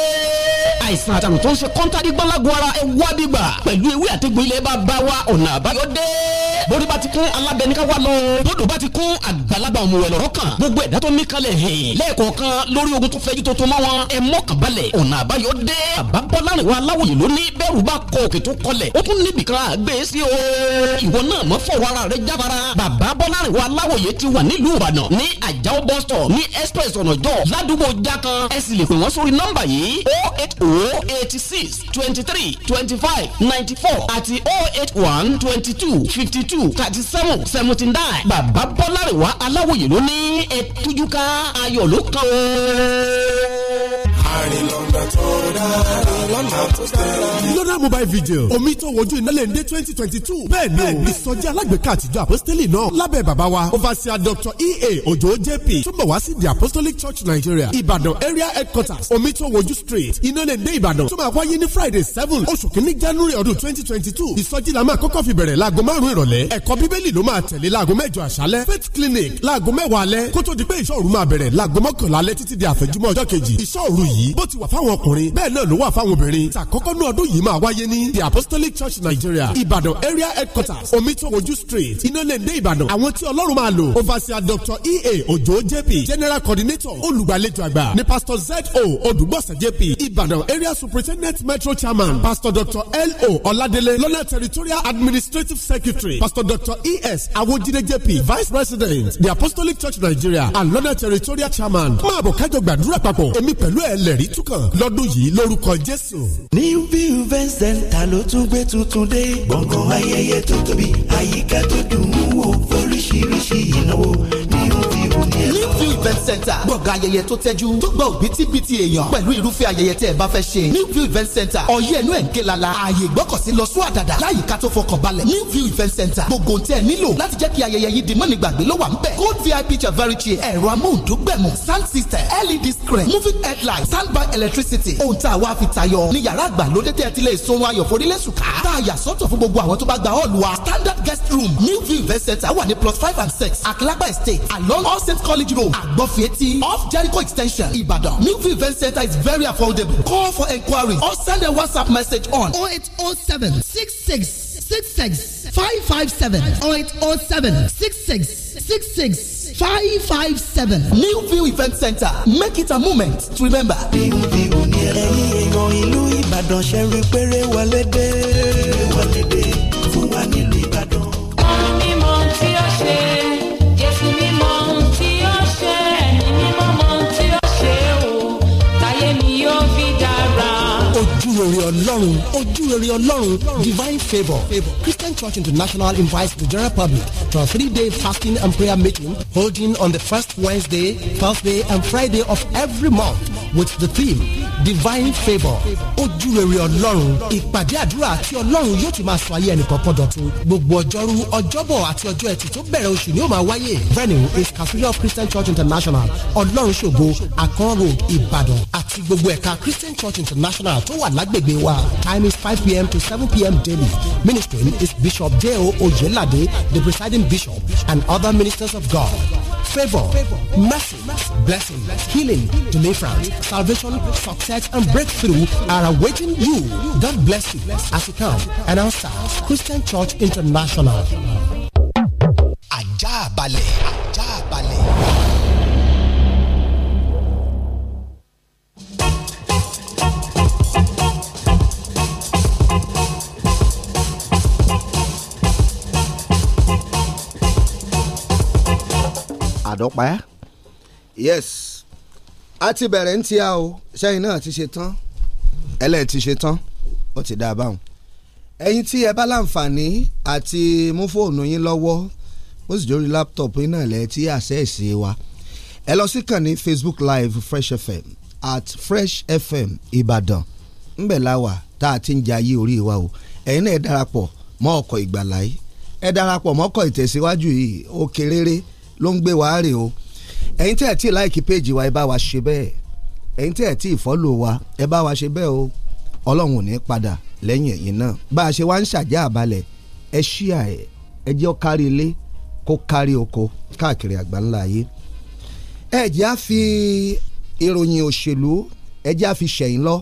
Speaker 8: àìsàn àtàrùn tó ń ṣe kọ́ńtàdì gbọ́lágun ara ẹ wá bíbà pẹ̀lú ewé àtẹ̀gbọ́ ilẹ̀ bàbá wa ọ̀nà àbáyọ dé bórí bá ti kún alábẹ́níká
Speaker 7: wá lọ bódò bá ti kún àgbàlagbà ọmọ ẹ̀ lọ́rọ́ kan gbogbo ẹ̀dá tó ní kalẹ̀ hìn lẹ́ẹ̀kọ̀ọ̀kan lórí ogun tó fẹ́jú tuntun mọ́ wọn ẹ mọ́kàn balẹ̀ ọ̀nà àbáyọ dé bàbá bọ́láriwá aláwòye lónìí bẹ́rù
Speaker 8: bá kọ òkè tó kọlẹ̀ ó tún níbì kan àgbé sí o ìwọ náà mọ́ fọwọ́ ara rẹ jábára bàbá bọ́láriwá aláwòye ti wà nílùú ìbàdàn ní àjàó bọ́sítọ̀ ní express ọ̀nà jọ ládùúgbò
Speaker 7: wọn ẹ sì lè pè wọ́n sórí nọ́mbà yìí o oh eight o oh eighty six twenty three twenty five ninety four àti o oh eight one twenty two fifty two thirty seven seventy nine bàbá bọ́lárẹ̀wá aláwòye ló ní ẹ tújúká ayọ̀ ló kàn ó. àrìnà lọ́nà mobile video. omi tó wojú iná lè dé twenty twenty two bẹ́ẹ̀ ni o ìsọjí alágbèéká àtijọ́ apostoli náà lábẹ́ bàbá wa overseer doctor ea ojo jp túnbọ̀ wá sí the apostolic church nigeria Ibadan area headquarters omi tó wojú street iná lè dé Ibadan. tó máa wáyé ní friday seven oṣù kìíní january ọdún twenty twenty two ìsọjí la máa kọ́kọ́ fi bẹ̀rẹ̀ láago márùn-ún ìrọ̀lẹ́ ẹ̀kọ́ bíbélì ló máa tẹ̀lé láago mẹ́jọ àṣálẹ́ faith clinic láago mẹ́wàá alẹ́ kó tó di pé ìṣọ́ọ̀rù máa bẹ̀rẹ̀ láago mọ́kànlá alẹ́ títí di àfẹ̀júmọ́ ọjọ́ kejì ìṣọ́ọ̀rù ọkùnrin bẹ́ẹ̀ náà ló wà fáwọn obìnrin. sàkọ́kọ́ ní ọdún yìí máa wáyé ní the apostolic church nigeria ìbàdàn area headquarters omitowoju street inolende ìbàdàn àwọn tí ọlọ́run máa lò overseer dr ea ojo jp general coordinator olùgbàlejò àgbà ni pastor zo odùgbọ̀sẹ̀ jp ìbàdàn area superintendent metro chairman pastor dr lo ọládélé lọ́nà territorial administrative secretary pastor dr es awojide jp vice president the apostolic church nigeria and lọ́nà territorial chairman máa bọ̀ kájọ gbàdúrà papọ̀ èmi pẹ̀lú ẹ̀ lẹ́rìí túkàn lọ lọ́dún yìí lórúkọ Jésù. New View Event Center ló tún gbé tuntun dé. gbọ̀ngàn ayẹyẹ tó tóbi àyíká tó dùn ún wò fóríṣiríṣi ìnáwó New View ni ẹ lọ event center gbọ̀ngàn ayẹyẹ tó tẹ́jú tó gbọ́ òbítíbitì èèyàn pẹ̀lú irúfẹ́ ayẹyẹ tẹ́ ẹ bá fẹ́ ṣe new view event center ọ̀yẹ́ ẹnu ẹ̀ ń ké lala ààyè ìgbọ́kọ̀sí lọ sún àdàdà láyìíká tó fọkàn balẹ̀ new view event center gbogbo tẹ́ ẹ nílò láti jẹ́ kí ayẹyẹ yìí di mọ́ni gbàgbé ló wà ń bẹ̀ gold vip chavari chair ẹ̀rọ amóhundógbẹ̀mù sound system led screen moving headlight standby electricity ohun tá a wá fi tayọ ní yàrá àgbàlódé tẹ́ ẹ ti lè sunrun ayọ̀ forílẹ̀sùká tá a yà sọ́tọ̀ fún gbogbo àwọn tó bá gba hall wa standard guest room new view event center wà ní plus five and six àkìlágbà estate along all saints college road àg Agbofieti off Jericho extension Ibadan. New View Event Center is very affordable. Call for inquiry or send a WhatsApp message on
Speaker 8: 0807 66 66 557 0807 66 66 557
Speaker 7: New View Event Center make it a moment to remember. ẹ̀yin èèyàn ìlú Ìbàdàn ṣe ń rí péré wọlé
Speaker 3: dé. rere ọlọ́run ojú
Speaker 7: rere ọlọ́run divine favour christian church international invites the general public to a three-day fasting and prayer meeting holding on the first wednesday thursday and friday of every month with the theme divine favour ojú rere ọlọ́run ìpàdé àdúrà àti ọlọ́run yóò ti máa sọ ayé ẹnìkọ̀ọ̀kan dọ̀tun gbogbo ọjọ́rú ọjọ́bọ̀ àti ọjọ́ ẹtì tó bẹ̀rẹ̀ oṣù ni ó máa wáyé venue is cathedral christian church international ọlọ́run ṣògo akon road ìbàdàn àti gbogbo ẹ̀ka christian church international tó wà lágbàá lágbègbè wa time is five pm to seven pm daily ministering is bishop J.O. Ojelade, the presiding bishop and other ministers of god favor mercy blessing healing deliverance salvation success and breakthrough are awaiting you god bless you as you come and answer christian church international. Ajabale. balẹ̀.
Speaker 5: àdọ́pá. yes a ti bẹ̀rẹ̀ ń tia o sẹ́yìn náà ti ṣe tán ẹlẹ́ẹ̀ ti ṣe tán ó ti dáa báwọn. ẹ̀yin tí ẹ bá láǹfààní àti mú fóònù yín lọ́wọ́ mo sì jórí láptọ̀pù yín náà lẹ́ẹ̀ tí àṣẹ́ẹ̀sì wa ẹ lọ sí kàn ní Facebook Live Fresh FM at Fresh FM Ìbàdàn ńbẹ̀ la wà tá a ti ń jayé orí wa o ẹ̀yin náà ẹ darapọ̀ mọ́ ọkọ̀ ìgbàlá yìí ẹ darapọ̀ mọ́kọ̀ ìtẹ̀síwájú yìí ó kéréré. Okay, ló ń gbé wa rè o ẹ̀yin tẹ́ ẹ̀ tí láìkí péjì wa ẹ bá wa ṣe bẹ́ẹ̀ ẹ̀yin tẹ́ ẹ̀ tí ìfọ́lò wa ẹ bá wa ṣe bẹ́ẹ̀ o ọlọ́run ò ní padà lẹ́yìn ẹ̀yin náà bá a ṣe wá ń ṣàjá àbálẹ̀ ẹ ṣí à ẹ̀ ẹ jẹ́ ó kárí ilé kó kárí oko káàkiri àgbáńlá ayé ẹ jẹ́ á fi ìròyìn òṣèlú ẹ jẹ́ á fi ṣẹ̀yìn lọ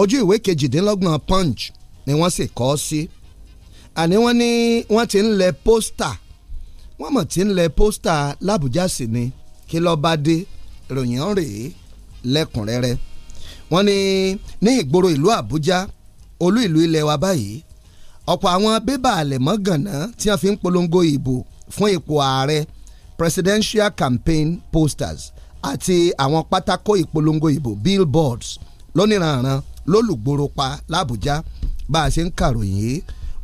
Speaker 5: ojú ìwé kejìdínlọ́gbọ̀n punch ni wọ́n sì kọ sí àní wọ́n ní wọ́n ti ń lẹ̀ pósítà wọ́n mọ̀ tí ń lẹ pósítà làbújá sí ni kí lọ́ọ́ bá dé ròyìn rèé lẹ́kùnrẹ́rẹ́ wọ́n ní ní ìgboro ìlú àbújá olú ìlú ilẹ̀ wa báyìí ọ̀pọ̀ àwọn bébà àlẹ̀mọ́ gànà tí wọ́n fi ń polongo ìbò fún ipò ààrẹ presidential campaign posters àti àwọn pátákó ìpolongo ìbò billboards lóníranran lólùgbòrò pa làbújá bá a ṣe ń kàròyìn yìí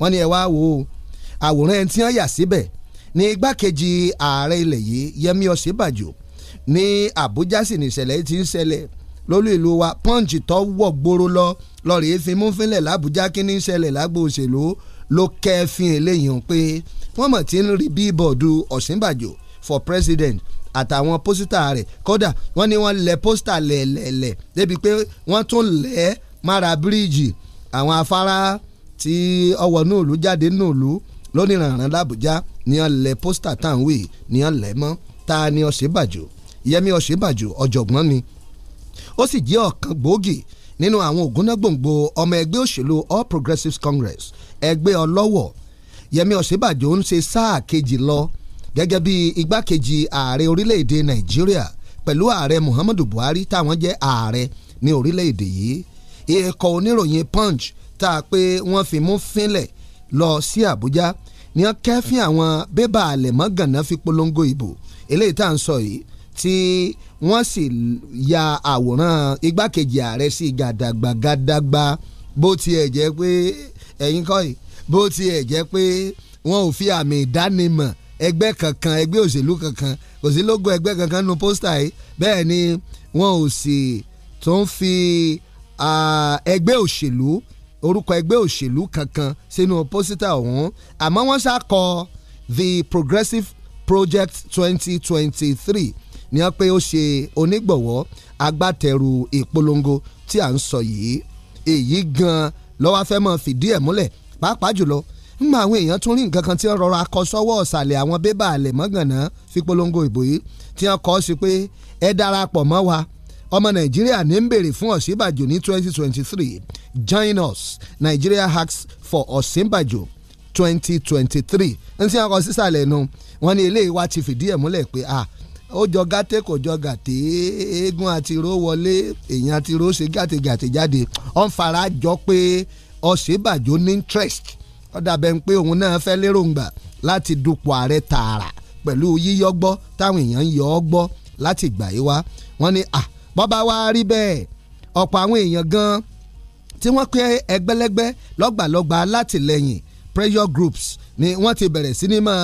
Speaker 5: wọ́n ní ẹ wá wo àwòrán ẹni tí wọ́n yà síbẹ̀ si ní igbákejì ààrẹ ilẹ̀ yìí Yẹmí Ọ̀ṣínbàjò ní abuja sì ní ìṣẹ̀lẹ̀ tí ń ṣẹlẹ̀ lólú ìlú wa punch tó wọ̀ gbóró lọ lọ́ọ̀rì ìfimúfínlẹ̀ làbújá kí ní ṣẹlẹ̀ lágbo òṣèlú ló kẹ́fín eléyìí pé wọ́n mọ̀ tí ń rí bíbọ̀dù Ọ̀ṣínbàjò for president àtàwọn pósítà rẹ̀ kódà wọ́n ní wọ́n lẹ̀ pósítà lẹ̀lẹ̀lẹ̀ débi pé wọ́n tún lẹ̀ mára bíríìjì àwọn afárá tí ọwọ́ nùlù jáde nùlù lónìrànràn làbújá ní ọ̀lẹ́ pósítà tá à ń wì ní ọ̀lẹ́ mọ́ ta ni Ọ̀ṣínbàjò Yẹmí Ọ̀ṣínbàjò ọ̀jọ̀gbọ́n ni ó sì jẹ́ ọ̀kan gbòógì nínú àwọn ògúnnágbòǹgbò ọmọ ẹgbẹ́ òṣèlú All Progressives Congress ẹgbẹ́ ọlọ́wọ̀ Yẹmí Ọ̀ṣínbàjò ń ṣe sáà kejì lọ gẹ́gẹ́ bí igbákejì ààrẹ orílẹ̀-èdè Nàìjíríà pẹ̀lú ààrẹ Muhammadu Buhari táwọn jẹ́ ààrẹ ní orílẹ̀-èdè yìí ikọ̀ oníròyìn Punch tá a pé wọ́n fi mú fínlẹ̀ lọ sí Àbújá ni wọ́n kẹ́fín àwọn bébà àlẹ̀mọ́ gànà fi polongo ìbò eléyìí tá à ń sọ yìí tí wọ́n sì ya àwòrán igbákejì ààrẹ sí gàdàgbà gàdàgbà bó tiẹ̀ jẹ́ pé ẹ̀yin kọ́ yìí bó tiẹ̀ jẹ́ pé wọn ò fi àmì ìdánimọ̀ ẹgbẹ́ kankan ẹgbẹ́ òṣèlú kankan kò sí lógo ẹgbẹ́ kankan nu pósítà yìí bẹ́ẹ̀ ni wọn ò sì tún fi ẹgbẹ́ òṣèlú orúkọ ẹgbẹ́ òṣèlú kankan sínú pósítà ọ̀hún àmọ́ wọ́n ṣàkọ the progressive project twenty twenty three ni wọ́n pé ó ṣe onígbọ̀wọ́ agbátẹrù ìpolongo tí à ń sọ yìí èyí gan-an lọ́wọ́ fẹ́ mọ́ fìdí ẹ̀ múlẹ̀ pàápàá jùlọ nígbà àwọn èèyàn tún rí nǹkan kan tí wọ́n rọra akọ sọ́wọ́ ọ̀sàlẹ̀ àwọn bébà àlẹ̀ mọ́gànná fi polongo ìbò yìí tí wọ́n kọ́ sí pé ẹ darapọ̀ mọ́ wa ọmọ nàìjíríà ní ń béèrè fún ọ̀sínbàjò ní twenty join us nigeria hacks for ọ̀sínbàjò 2023. twenty three n tí wọn kọ sísàlẹ̀ nu wọn ní eléyìí wá ti fìdí ẹ̀ múlẹ̀ pé a ó jọ gàtẹ́ kò jọ gàtẹ́ eégún àti ró wọlé èèyàn àti ró ṣe gàtẹ́gàtẹ́ jáde ọ̀n fara jọ pé ọ̀sínbàjò ní interest ọ̀dà bẹ́ẹ̀ ń pé òun náà fẹ́ lérògbà láti dupò ààrẹ tààrà pẹ̀lú yíyọ́ gbọ́ táwọn èèyàn ń yọ ọ́ gbọ́ láti gbà yí wá wọ́n ní à ah, bọ́ba wa rí bẹ́ẹ̀ ọ̀pọ̀ àwọn èèyàn gan-an tí wọ́n pín ẹgbẹ́lẹ́gbẹ́ lọ́gbàlọ́gbà látìlẹ́yìn pressure groups ni wọ́n ti bẹ̀rẹ̀ sí ní máa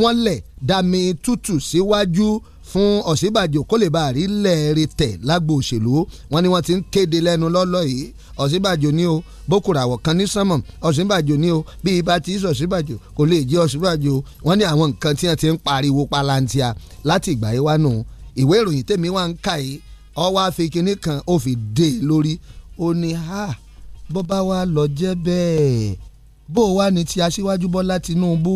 Speaker 5: wọ́n lẹ̀ dami tútù síwájú fún Ọ̀ṣínbàjò kó lè bá a rí lẹ́ẹ̀rí tẹ̀ lágbo òṣèlú wọn ni wọ́n ti ń kéde lẹ́nu lọ́lọ́ yìí Ọ̀ṣínbàjò ni o bókùrà àwọ̀ kan ní sánmọ̀ Ọ̀ṣínbàjò ni o bí ibà ti í sọ̀ṣínbàjò kò lè jẹ́ Ọ̀ṣínbàjò wọn ni àwọn nǹkan tí wọ́n ti ń pariwo palantia láti ìgbà yìí wá nù ìwé ìròyìn tèmi wá ń kà yìí ọwọ́ àfi kinní kan ó fi dé e lórí ó ní ha bó bá wa lọ jẹ́ bẹ́ẹ̀ bó wà ní ti aṣíwájú Bọ́lá Tinubu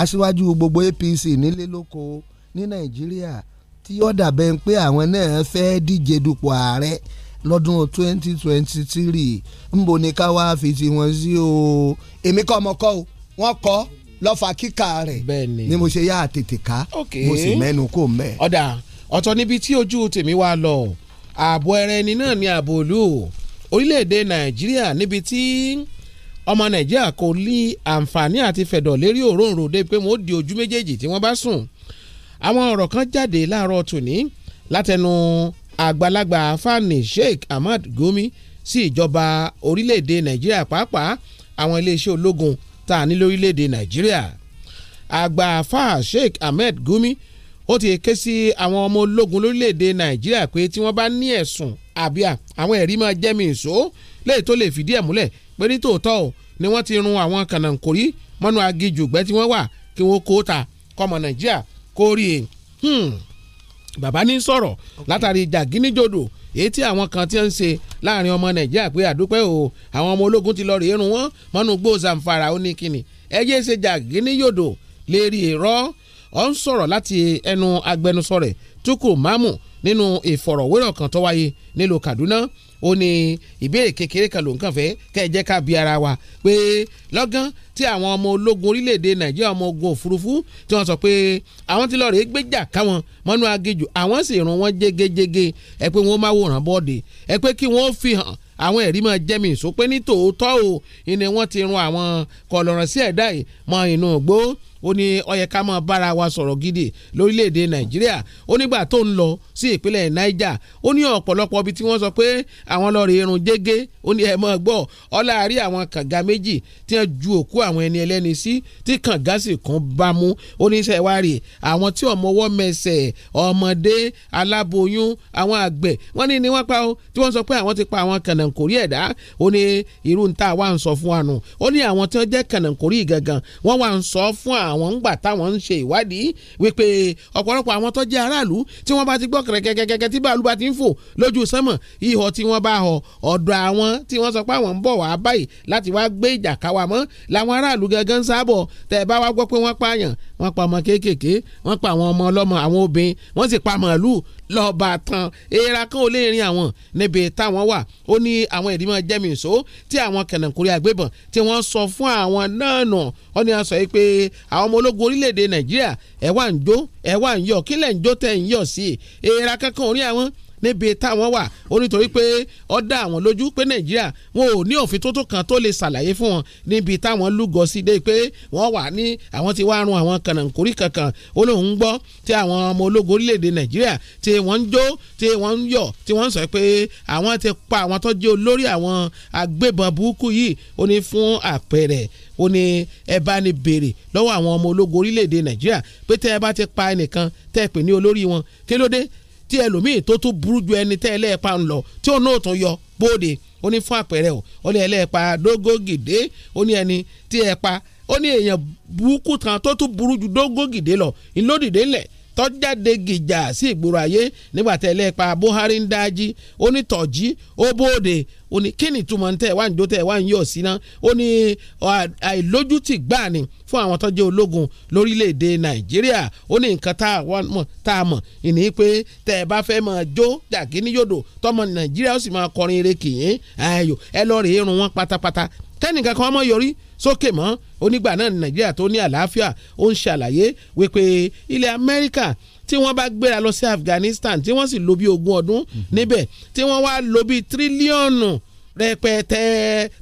Speaker 5: aṣíwájú gbogbo APC nílé lóko ní Nàìjíríà tí ó dàbẹ̀ ń pé àwọn náà fẹ́ díje dupò ààrẹ lọ́dún twenty twenty three ni ká wá fi ti wọn sí o èmi kọ́ ọmọ kọ́ o wọ́n kọ́ lọ́fà kíkà rẹ̀ ni mo ṣe yá àtètè ká mo sì mẹ́nu kò mẹ́. ọ̀dà ọ̀tọ̀ níbi tí ojú tèmi wá lọ
Speaker 4: ààbò ẹran ẹni náà ni ààbò òlú orílẹ̀-èdè nàìjíríà níbi tí ọmọ nàìjíríà kò ní àǹfààní àti fẹ̀dọ̀ lérí òróǹro dé pé wọ́n di ojú méjèèjì tí wọ́n bá sùn àwọn ọ̀rọ̀ kan jáde láàárọ̀ tòní látẹnu àgbàlagbà fani Sheikh Ahmad Gumi sí ìjọba orílẹ̀-èdè nàìjíríà pàápàá àwọn iléeṣẹ́ ológun tá a ní lórílẹ̀-èdè nàìjíríà àgbà afa Sheikh Ahmed Gumi ó ti ké sí àwọn ọmọ ológun lórílẹ̀‐èdè nàìjíríà pé tí wọ́n bá ní ẹ̀sùn àbí àwọn ẹ̀rí máa jẹ́ mi ìṣó léyìí tó lè fìdí ẹ̀ múlẹ̀ pé ní tòótọ́ o ni wọ́n ti run àwọn kànáńkórí mọ́nú agijùgbẹ́ tí wọ́n wà kí wọ́n kó ta kọ́mọ nàìjíríà kó rí e bàbá ní sọ̀rọ̀ látàrí jàgínníjòdò èyí tí àwọn kan ti ń ṣe láàrin ọmọ nàìjíríà pé àdúpẹ́ o àwọn ọmọ ológun ti lọ rèé run wọn mọ́nú gbó zamfara ó ṣe jàgínníjòdò lérí irọ́ ó ń sọ̀rọ̀ láti ẹnu agbẹnusọ rẹ̀ Tukur Mamu nínú ìfọ̀rọ̀wérọ̀ kan tó wáyé nílùú Kaduna ó ní ìbéèrè kékeré kan ló ń kàn fẹ́ kẹ́ ẹ jẹ́ ká bi ara wa pé lọ́gán tí àwọn ọmọ ológun orílẹ̀-èdè Nàìjíríà ọmọ ogun òfurufú tí wọ́n sọ pé àwọn ti lọ rèé gbéjà káwọn mọ́nú agejù àwọn sì rún wọn jégejége ẹ pé wọ́n máa wòran bọ́ọ̀dì ẹ pé kí wọ́n fi hàn àwọn ẹ̀rí máa jẹ́ mi ìsopẹ́ ní tòótọ́ o ìní wọ́n ti rún àwọn kọlọ̀rọ̀ sí ẹ̀dá yìí mọ inú ògbó ó ní ó ká máa bára wa sọ̀rọ̀ gidi lórílẹ̀‐èdè nàìjíríà ó nígbà tó ń lọ sí ìpínlẹ̀ niger ó ní ọ̀pọ̀lọpọ̀ ibi tí wọ́n sọ pé àwọn lọ́ọ̀rì irun jẹ́gẹ́ ó ní ẹ máa gbọ́ ọlá àárí àwọn kànga méjì tí wọ́n ju òkú àwọn ẹni ẹlẹ́ni sí tí kànga sì kún bámú ó ní sẹ́ wá rè àwọn tí ọmọwọ́ mẹsẹ̀ ọmọdé aláboyún àwọn àgbẹ̀ wọ́n ní ni wọ́n pa ó tí wọ́n sọ pé àwọn ti pa àwọn kànàkórí ẹ̀dá ó ní irú ń ta àwọn ń gbà táwọn ń ṣe ìwádìí wípé ọ̀pọ̀lọpọ̀ àwọn tó jẹ́ aráàlú tí wọ́n bá ti gbọ́ kẹ̀kẹ́kẹ́kẹ́ tí bàálù bá ti ń fò lójú sánmọ̀ ihò tí wọ́n bá họ ọ̀dọ̀ àwọn tí wọ́n sọ pé àwọn ń bọ̀ wá báyìí láti wá gbé ìjà káwa mọ́ làwọn aráàlú gangan sábọ̀ tẹ̀ bá wá gbọ́ pé wọ́n pààyàn wọ́n pa ọmọ kéékèèké wọ́n pa àwọn ọmọ ọlọ́mọ àwọn obìnrin wọ́n sì pa màálù lọ́ọ̀bà tán èèrà kan ò lè rin àwọn níbi táwọn wà ó ní àwọn ìdìmọ̀ jẹ́mìíso tí àwọn kẹ̀nàkúrẹ́ àgbébọn tí wọ́n sọ fún àwọn náà nà ó ní sọ pé àwọn ọmọ ológun orílẹ̀-èdè nàìjíríà ẹ̀ wà ń jó ẹ̀ wà ń yọ̀ kílẹ̀ ń jó tẹ̀ ń yọ̀ sí èèrà kankan ò rí àwọn níbi táwọn wà ó nítorí pé ó dá àwọn lójú pé nàìjíríà wọn ò ní òfin tó tó kan tó lè ṣàlàyé fún wọn níbi táwọn lúgọ sí dé pé wọ́n wà ní àwọn ti wá run àwọn kànáńkórí kankan ó lóun ń gbọ́ tí àwọn ọmọ ológun orílẹ̀-èdè nàìjíríà tí wọ́n ń jó tí wọ́n ń yọ̀ tí wọ́n ń sọ pé àwọn ti pa àwọn tó jẹ́ olórí àwọn agbébọn burúkú yìí ó ní fún àpẹẹrẹ ó ní ẹ bá ní béèrè lọ́wọ́ àwọn ọmọ ológun orílẹ̀-èdè nàìjíríà pé tẹ́ ẹ bá ti pa ẹnìkan tẹ́ ẹ pè ní olórí wọn kí ló dé tí ẹlòmíì tó tún burú ju ẹni tẹ́ ẹlẹ́ẹ̀pa ń lọ tí òun náà tún yọ bóde ó ní fún àpẹẹrẹ o ó ní ẹlẹ́ẹ̀pa dógógìdé ó ní ẹni tí ẹ pa ó ní èèyàn burúkú kan tó tún burú ju dógógìdé lọ ìlódìdé ńlẹ̀ tọ́jáde gìjà sí ìgboro ayé nígbà tẹ́ Buhari ń dájí ó ní tọ̀jí ó bóde ó ní kíni túmọ̀ tẹ́ ẹ̀ wá ń jó tẹ́ ẹ̀ wá ń yọ̀ sí náà ó ní àìlójútì gbà ni fún àwọn tó jẹ́ ológun lórílẹ̀‐èdè nàìjíríà ó ní nǹkan tá a mọ̀ ìní pé tẹ́ ẹ bá fẹ́ máa jó jàgé ní yòdò tọmọ nàìjíríà ó sì máa kọrin eré kìín ayò ẹ lọ rèé run wọn pátápátá tẹ́nìkan kan mọ̀ yọrí sókè mọ́ onígbà náà nàìjíríà tó ní àlàáfíà ó ń ṣàlàyé wípé ilẹ̀ amẹ́ríkà tí wọ́n bá gbéra lọ sí Afghanistan tí wọ́n sì lo bí ogún ọdún mhm. níbẹ̀ tí wọ́n wá lo bí tírílíọ̀nù rẹpẹtẹ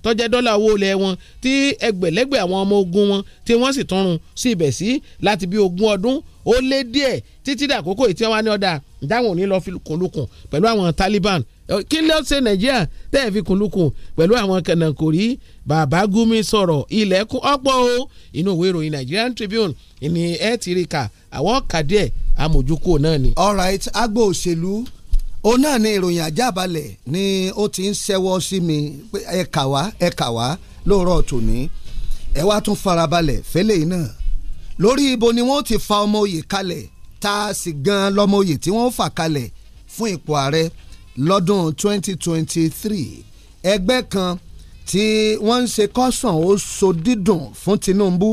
Speaker 4: tọjá dọ́là owó ilẹ̀ wọn tí ẹgbẹ̀lẹ́gbẹ̀ àwọn ọmọ ogun wọn tí wọ́n sì tún run sí ibẹ̀ sí láti bí ogún ọdún ó lé díẹ̀ títí dàkókò tí wọ́n wá ní ọ̀dà dáhùn ní lọ́ọ́ fi kùnlùkùn pẹ̀lú àwọn Taliban kí ló ṣe Nàìjíríà tẹ́ ẹ̀ fi kùnlùkùn pẹ̀lú àwọn kànáńkòrí bàbá Gumi sọ̀rọ̀ ilẹ̀kùn ọ̀pọ̀ o inú ìwé ìròyìn Nigerian Tribune ìní ẹ̀ ti rí ka
Speaker 5: àwọn kàdíẹ̀ amójúkò náà ni. all right agbo òṣèlú òun náà ni ìròyìn àjábalẹ̀ ni ó ti ń ṣẹ́wọ́ sí mi ẹ kà wá ẹ kà wá lóòrọ̀ tòní ẹ wá tún farabalẹ̀ fẹ́lẹ̀ yìí náà lórí ibo ni wọ́n ti fa ọmọ oyè kalẹ̀ tá a sì gan lọ́mọ oyè tí wọ́n fà kalẹ̀ fún ipò ààrẹ lọ́dún 2023 ẹgbẹ́ kan tí wọ́n ń ṣe kọ́sàn ó so dídùn fún Tinubu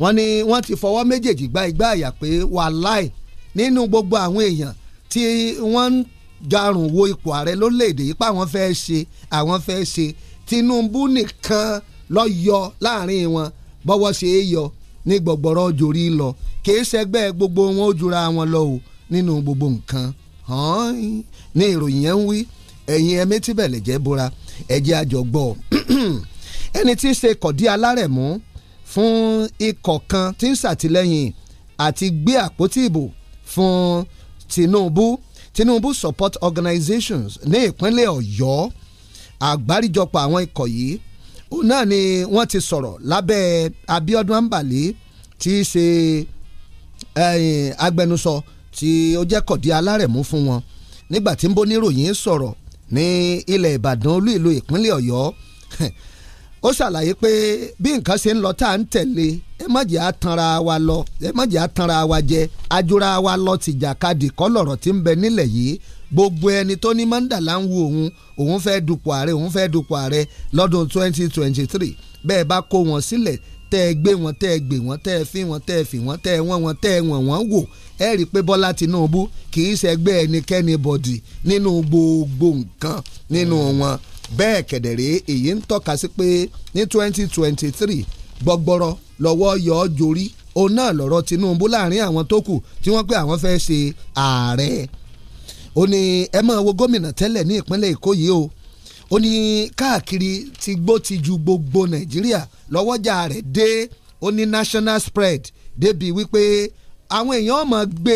Speaker 5: wọ́n ní wọ́n ti fọwọ́ méjèèjì gba igbá àyà pé wàláì nínú gbogbo àwọn èèyàn tí wọ́n ń garùn wo ipò ààrẹ lórílẹ̀‐èdè yìí pé àwọn fẹ́ ṣe àwọn fẹ́ ṣe Tinubu nìkan lọ yọ láàrin wọn bọ́wọ́ ṣe é yọ ní gbọ̀gbọ̀rọ̀ jòrí lọ kìí ṣẹgbẹ́ gbogbo wọn ó jura wọn lọ o nínú gbogbo nǹkan ní ìròyìn yẹn ń wí ẹ̀yin ẹ̀mí tí bẹ̀lẹ̀ jẹ́ bora ẹ̀jẹ̀ àjọgbọ́ ẹni tí í ṣe kọ̀dí alárẹ̀mú fún ikọ̀ kan tí ń ṣàtìlẹ́yìn àti gbé àpótí ìbò fún Tinubu Tinubu support organizations ní ìpínlẹ̀ Ọ̀yọ́ àgbáríjọpọ̀ àwọn ikọ̀ yìí òun náà ni wọ́n ti sọ̀rọ̀ lábẹ́ Abíọ́dún Ambali tí í ṣe agbẹnusọ tí ó jẹ́ kọ̀dí alárẹ̀mú fún wọn nígbà tí ń bó níròyìn sọ̀rọ̀ ní ilẹ̀ Ìbàdàn olú ìlú ìpínlẹ̀ Ọ̀yọ́ ó ṣàlàyé pé bí nǹkan ṣe ń lọ tá à ń tẹ̀lé ẹ má jẹ́ àtanra wa lọ ẹ má jẹ́ àtanra wa jẹ ajura wa lọ tìjàkadì kọ́ lọ̀rọ̀ tí ń bẹ nílẹ̀ yìí gbogbo ẹni tó ní mandala ń wo òun òun fẹ́ dupò ààrẹ òun fẹ́ dupò ààrẹ lọ́dún 2023 bẹ́ẹ̀ bá kó wọn sílẹ̀ tẹ́ ẹ gbé wọn tẹ́ ẹ gbé wọn tẹ́ ẹ fi wọn tẹ́ ẹ fi wọn tẹ́ ẹ wọ́n wọn tẹ́ ẹ wọ̀n wọ́n wò ẹ rí i pé Bọ́lá Tinubu kì í ṣẹgbẹ́ ẹnikẹ́ni bọ̀dì nínú gbogbo nǹkan nínú wọn. Mm bẹ́ẹ̀ kẹ̀dẹ̀rẹ́ èyí ń tọ́ka sí pé ní twenty twenty three gbọgbọrọ lọ́wọ́ yọ ọ́ jorí òun náà lọ́rọ̀ Tinubu láàrin àwọn tó kù tí wọ́n pé àwọn fẹ́ ṣe ààrẹ ó ní ẹ máa wo gómìnà tẹ́lẹ̀ ní ìpínlẹ̀ Èkó yìí o ó ní káàkiri ti gbó ti ju gbogbo Nàìjíríà lọ́wọ́jà rẹ̀ dé ó ní national spread débi wípé àwọn èèyàn máa gbé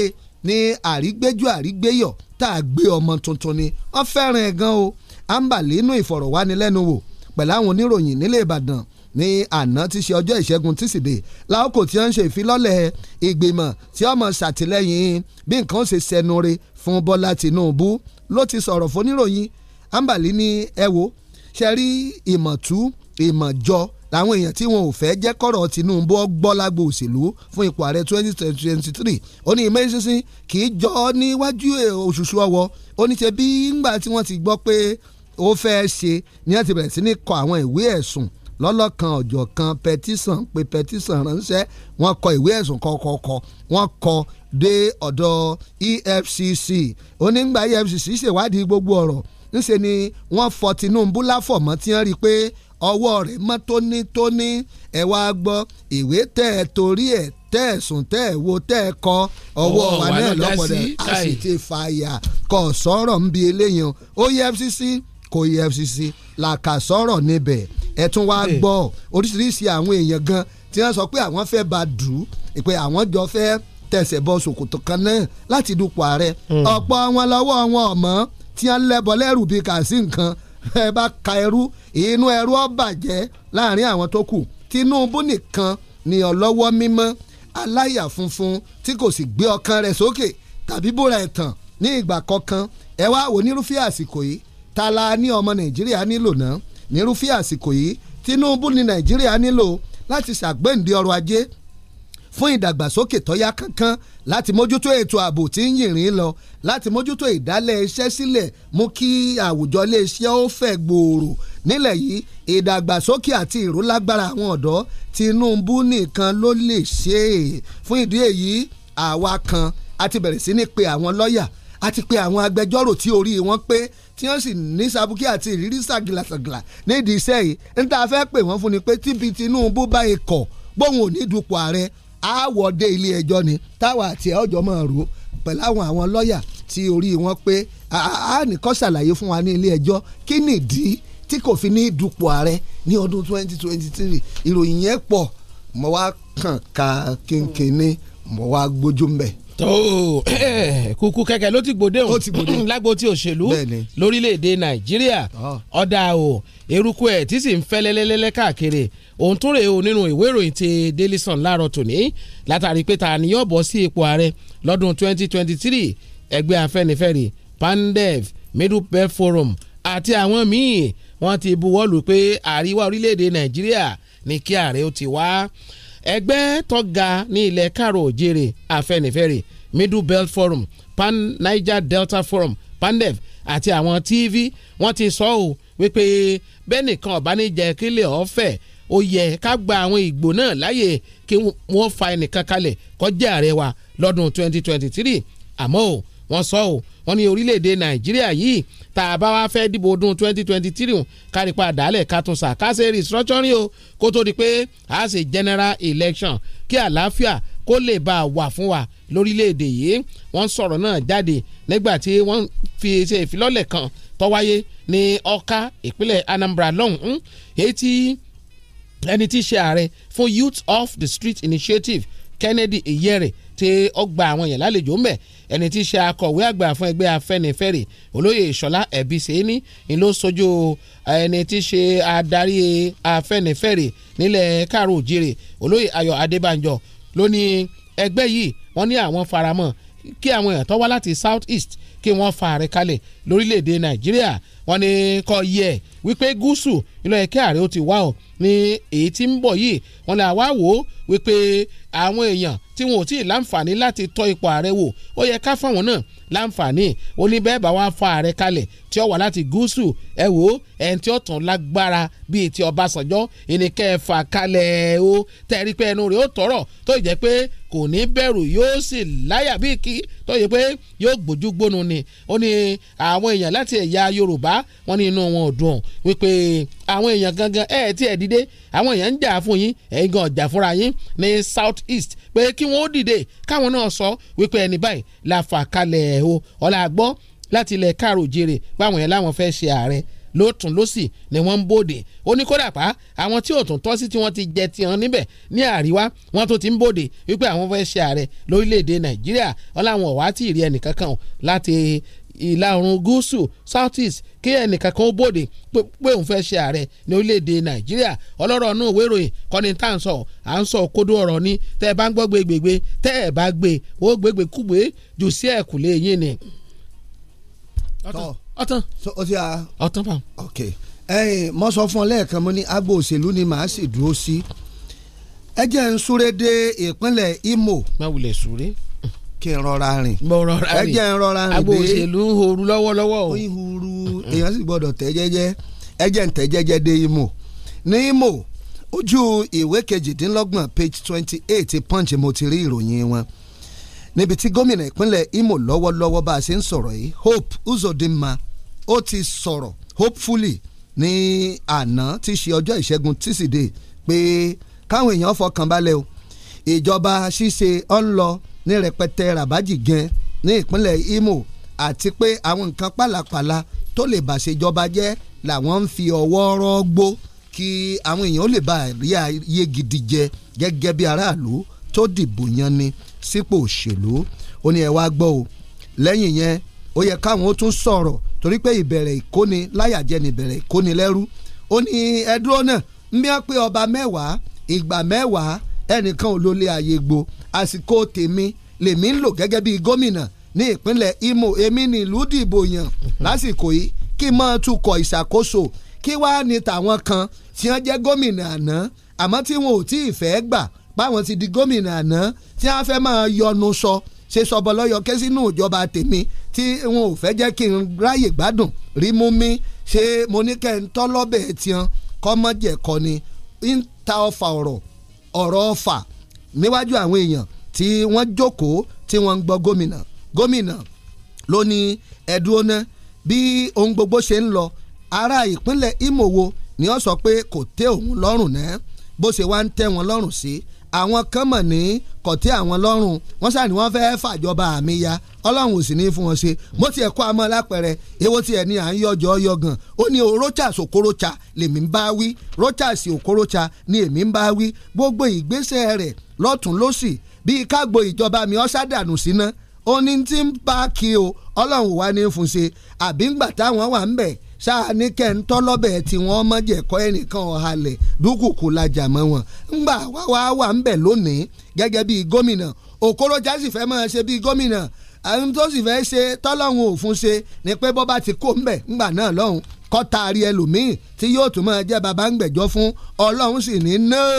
Speaker 5: ní àrígbéjú àrígbéyọ̀ tá a gbé ọmọ tuntun ni wọ́n fẹ́ràn ẹ̀ gan o. Ambal nínú ìfọ̀rọ̀wánilẹ́nuwò pẹ̀lú àwọn oníròyìn nílé Ìbàdàn ní àná tí ṣe ọjọ́ ìṣẹ́gun tíṣídẹ̀ẹ́ láòkò tí wọ́n ń ṣe ìfilọ́lẹ̀ ìgbìmọ̀ tí ọmọ ṣàtìlẹ́yìn bí nǹkan ṣe ṣẹnure fún Bọ́lá Tinubu ló ti sọ̀rọ̀ fóníròyìn Ambali ní ẹ wo ṣe rí ìmọ̀tú ìmọ̀jọ làwọn èèyàn tí wọn ò fẹ́ jẹ́ kọ́rọ̀ Tinubu gbọ́ lágbo òṣèlú fún ipò ààrẹ twenty twenty three ó ní ìmọ̀ ìṣinṣin kì í jọ níwájú òṣùṣù ọwọ́ ó ní ṣe bí ńgbà tí wọ́n ti gbọ́ pé ó fẹ́ ṣe ni wọ́n ti bẹ̀rẹ̀ sí ní kọ àwọn ìwé ẹ̀sùn lọ́lọ́kan ọ̀jọ̀ kan pẹtísàn pé pẹtísàn ránṣẹ́ wọ́n kọ ìwé ẹ̀sùn kọ̀ọ̀kọ̀ọ̀kọ̀ wọ́n kọ dé ọ̀dọ̀ EFCC onígbà EFCC ṣèwádìí gbogbo ọ̀rọ̀ ńṣe ni wọ́n fọ Tinubu láfọ̀mọ́ tí wọ́n rí i pé ọwọ́ rẹ̀ mọ́ tónítóní ẹ̀ wá gbọ́ ìwé tẹ̀ torí ẹ̀ tẹ̀sùn tẹ̀ wo tẹ̀ kọ ọwọ́ wa náà lọ́pọ̀ rẹ̀ a sì ti fàyà kọ̀ sọ̀rọ̀ ń bi eléyàn ó EFCC kò EFCC làkà sọ̀rọ̀ níbẹ̀ ẹ̀ tún wá gbọ́ oríṣiríṣi àwọn èèyàn gan tí wọ́n sọ pé àwọn fẹ́ bá dù ú pé àwọn jọ fẹ́ tẹ̀sẹ̀ bọ ṣòkòtò kan náà láti dupò ààrẹ hmm. ọ̀pọ̀ wọn lọ́wọ́ wọn ọ̀mọ́ tí wọ́n lẹ́bọ̀ lẹ́rù bíi kà sí nǹkan ẹ bá ka ẹrú inú ẹrú ó bàjẹ́ láàrin àwọn tó kù Tinubu nìkan ni ọlọ́wọ́ mímọ́ aláyà funfun tí kò sì gbé ọkàn rẹ̀ sókè tàbí bóra ẹ̀tàn ní ìgbà kọ̀ọ̀kan ẹ wá wò nírúfẹ́ àsìkò yìí tala ní ọmọ nàìjíríà nílò náà nírúfẹ́ àsìkò yìí tinubu ní nàìjíríà nílò láti ṣàgbéǹde ọrọ̀ ajé fún ìdàgbàsókè tọ́yá kankan láti mójútó ètò ààbò tí ń yìnrìn lọ láti mójútó ìdálẹ̀ iṣẹ́ sílẹ̀ mú kí àwùjọ iléeṣẹ́ ó fẹ̀ gbòòrò nílẹ̀ yìí ìdàgbàsókè àti ìrólágbára àwọn ọ̀dọ́ Tinubu nìkan ló lè ṣe é fún ìdí èyí àwa kan a ti bẹ̀rẹ̀ sí ní pe àwọn lọ́ọ̀yà àti pé àwọn agbẹjọ́rò tí orí wọn pé tí wọ́n sì ní sabuki àti ìrírí ṣàgìlàṣàgìlà nídìí iṣẹ́ yìí níta fẹ́ pè wọ́n fún ni pé tíbi Tinubu bá e kọ̀ bóun ò ní dupò ààrẹ àwọ̀dé ilé ẹjọ́ ni táwa àti ọjọ́ máa rò pẹ̀lú àwọn àwọn lọ́ọ̀yà tí orí wọn pé a nìkan ṣàlàyé fún wa ní ilé ẹjọ́ kí nìdí tí kò fi ní dupò ààrẹ ní ọdún 2023 ìròyìn yẹn pọ̀ mo wá kàn ká kínkínní mo wá gbójú mbẹ́ tó
Speaker 4: kúkú kẹ̀kẹ́ ló ti gbòde òun lágbo tí òṣèlú lórílẹ̀‐èdè nàìjíríà ọ̀dà o eruku ẹ̀ tí sì ń fẹ́ lẹ́lẹ́lẹ́lẹ́ káàkiri òun tún rèé o nínú ìwé ìròyìn ti Daily Sun láàárọ̀ tòní látàrí pé ta ni yóò bọ́ sí ipò ààrẹ lọ́dún 2023 ẹgbẹ́ afẹ́nifẹ́re pandev middle belt forum àti àwọn míì wọ́n ti buwọ́lù pé àríwá orílẹ̀‐èdè nàìjíríà ní kí ààrẹ ó ti wá ẹgbẹ́ tó ga ní ilẹ̀ kárò òjèrè afẹ́nifẹ́re middle belt forum pan niger delta forum pandev àti àwọn tv wọ́n ti sọ ọ́ wípé bẹ́ẹ̀ nìkan ọ̀bánijẹ́ kílẹ̀ ọ̀fẹ́ ó yẹ ká gba àwọn ìgbò náà láàyè kí wọ́n fa ẹnìkan kalẹ̀ kọjá ààrẹ lọ́dún 2023 àmọ́ ò wọ́n sọ ọ́ wọ́n ní orílẹ̀-èdè nàìjíríà yìí tá a bá wá fẹ́ dìbò ọdún twenty twenty three kárípa àdálẹ̀ katunsa káṣe restructuring o kó tó di pé a ṣe general election kí àlàáfíà kó lè bá a wà fún wa lórílẹ̀-èdè yìí wọ́n sọ̀rọ̀ náà jáde nígbà tí wọ́n fi ṣe ìfilọ́lẹ̀ kan tó wáyé ní ọ̀ka ìpínlẹ̀ anambra lọ́hùn-ún èyí tí ẹni tí ṣe ààrẹ fún youth of the street initiative kennedy ìyẹ́rẹ̀ tí ó gba àwọn èèyàn lálejò ń ẹni tí í ṣe akọ̀wé àgbà fún ẹgbẹ́ afẹ́nifẹ́re olóyè ìṣọ̀lá ẹ̀bísẹ́ni ni ló sojú eh, ẹni tí í ṣe adarí afẹ́nifẹ́re nílẹ̀ káàró òjìrè olóyè ayọ̀ adébánjọ ló ní ẹgbẹ́ yìí wọ́n ní àwọn faramọ́ kí àwọn èèyàn tó wá láti south east kí wọ́n fa ààrẹ kalẹ̀ lórílẹ̀‐èdè nàìjíríà wọ́n ní kó yẹ wípé gúúsù ìlọ ẹ̀kẹ́ ààrẹ ó ti wá ọ̀ ní èyí tí ń bọ̀ yìí wọn là wá wò ó wípé àwọn èèyàn tí wọn ò tí ì láǹfààní láti tọ́ ipò ààrẹ wò ó yẹ ká fáwọn náà láǹfààní ó ní bẹ́ẹ̀ bá wá fa ààrẹ kalẹ̀ tí ó wà láti gúúsù ẹ wò ó ẹni tí ó tàn lágbára bíi ti Ọbásanjọ́ ìníkẹ́ fà kalẹ̀ o tẹ̀rí pé ẹnu rẹ̀ ó tọ̀rọ̀ tó jẹ́ pé kò ní bẹ̀rù yóò sì láyà bíi kí tó yẹ pé yóò gbójú gbónu ni ó ní àwọn èèyàn láti ẹ̀yà Yorùbá wọn ní inú wọn ò dùn wípé àwọn èèyàn gangan ẹ̀ tí ẹ̀ dìde àwọn èèyàn ń jà fún yín ẹ̀yin gan ọ̀jà fúnra yín ní south east pé kí wọ́n ó dìde káwọn náà sọ wípé ẹni báyìí la fà kalẹ̀ o ọ̀la àgbọ́ láti ilẹ̀ káàrò jèrè báwọn yẹn láwọn fẹ́ ṣe ààrẹ lótùn lósì ni wọ́n ń bòde ó ní kódà pa àwọn tí òtún tọ́ sí tí wọ́n ti jẹ ti hàn níbẹ̀ ní àríwá wọ́n tó ti ń bòde wípé àwọn fẹ́ ṣe ààrẹ lórílẹ̀‐èdè nàìjíríà ọláwọn ọ̀wá tí ì rí ẹnìkankan láti ìlà oòrùn gúúsù south east kí ẹnìkan kan ó bòde pé òun fẹ́ ṣe ààrẹ ní orílẹ̀-èdè nàìjíríà ọlọ́rọ̀ inú ìwé ìròyìn kọ́ni tá à ń sọ à ń sọ kódó ọ̀rọ̀ ni tẹ́ ẹ bá ń gbọ́ gbégbègbè tẹ́ ẹ bá gbé
Speaker 5: ó gbégbè kúgbé jù sí ẹ̀kúlé yín ni. ọtán ọtán pa. ok ẹyin mo sọ fún ọ lẹ́ẹ̀kan mo ní agbo òṣèlú ni màá sì dúró sí ẹ jẹ́ ń súré dé ìpínlẹ̀ Imo. má wulẹ̀ súré kí n rọra rìn. mo rọra ẹ jẹ́ n rọra rìn dé. agbo òṣèlú ń lọ́wọ́lọ́wọ́ o. ń horu èèyàn sì gbọ́dọ̀ tẹ́ jẹ́jẹ́ ẹ jẹ́ n tẹ́ jẹ́jẹ́ dé Imo ní Imo ojú ìwé kejìdínlọ́gbọ̀n page twenty eight punch mo ti rí ìròyìn wọn níbi tí gómìnà ìpínlẹ̀ Imo lọ́wọ́lọ́wọ́ bá a ṣe ń sọ̀rọ̀ yìí Hope Uzodinma ó ti sọ̀rọ̀ hopefully ní àná tí í ṣe ọjọ́ ìṣẹ́gun tísídẹ̀ẹ́ pé káwọn èèyàn fọkàn balẹ̀ o ìjọba ṣíṣe ọ̀nlọ́ọ̀ ní rẹpẹtẹ rabaji gan ní ìpínlẹ̀ Imo àti pé àwọn nǹkan pàlàpàlà tó lè bàṣejọba jẹ́ làwọn ń fi ọwọ́ rọ́ gbó kí àwọn èèyàn ó lè bá rí ayé gidi jẹ gẹ́gẹ́ bí aráàlú tó dìbò yan ni sípò òṣèlú ó ní ẹ wá gbọ́ o lẹ́yìn yẹn ó yẹ káwọn ó tún sọ̀rọ̀ torí pé ìbẹ̀rẹ̀ ìkóni láyàjẹ́ ni ìbẹ̀rẹ̀ ìkóni lẹ́rú ó ní ẹdúró náà ń bí wọ́n pé ọba mẹ́wàá ìgbà mẹ́wàá ẹnìkan ò lólé ayé gbo àsìkò tèmi lèmi ń lò gẹ́gẹ́ bíi gómìnà ní ìpínlẹ̀ Imo èmi ní ìlú dìbò yàn mhm. lásìkò yìí kí máa tukọ̀ ìṣàkóso kí wàá ní tàwọn kan tí wọ́n jẹ́ gómìnà àná àmọ́ tí wọn ò tí ì fẹ́ gbà báwọn ti di gómìnà àná tí wọ́n fẹ́ máa yọnu sọ ṣe sọbọlọyọ ké sínú ìjọba tèmi tí wọn ò fẹ́ jẹ́ kí n ráyè gbádùn rí mú mi ṣe mo ní kẹ́ ń tọ́ lọ́bẹ̀ kọ́mọ́jẹ̀kọ́ ni ń ta ọfà ọ̀rọ̀ ọ̀rọ̀ ọ̀fà níwájú àwọn èèyàn tí wọ́n jókòó tí wọ́n ń gbọ́ gómìnà gómìnà ló ní ẹ̀dúnọ́nà bí ohun gbogbo ṣe ń lọ ará ìpínlẹ̀ Imo ni ó sọ pé kò tẹ́ òun lọ́rùn náà bó ṣe wá ń tẹ́ wọn lọ́rùn sí si àwọn kan mọ̀ ní kọ̀tí àwọn lọ́rùn wọ́n sá ni wọ́n fẹ́ fàjọba àmì ya ọlọ́run ò sì ní fún wọn ṣe mo tiẹ̀ kọ́ amọ́ lápẹ̀rẹ̀ èwo tiẹ̀ ni à ń yọjọ́ yọgàn ó ní o Rochas Okorocha lèmi ń bá wí Rochas Okorocha ni èmi ń bá wí gbogbo ìgbésẹ̀ rẹ̀ lọ́tún lọ́sì bíi kágbo ìjọba mi ọ́ sádànù síná ó ní tí ń bá kí o ọlọ́run wá ní fún ṣe àbí ń gbà táwọn wà ń bẹ̀ ṣáà ní kẹ́ńtọ́ lọ́bẹ̀ tí wọ́n mọ̀jẹ̀kọ́ ẹnìkan ọ̀halẹ̀ dúkùkù lajà mọ́ wọn ńgbà wá wá wà ń bẹ̀ lónìí gẹ́gẹ́ bíi gómìnà Okoroja sì fẹ́ máa ṣe bíi gómìnà àwọn tó sì fẹ́ ṣe tọ́lọ́hún òfun ṣe ni pé bọ́ bá ti kó ń bẹ̀ ńgbà náà lọ́hùn kọ́taari ẹlòmíì tí yóò tún máa jẹ́ baba ń gbẹ̀jọ́ fún ọlọ́run sì ní náà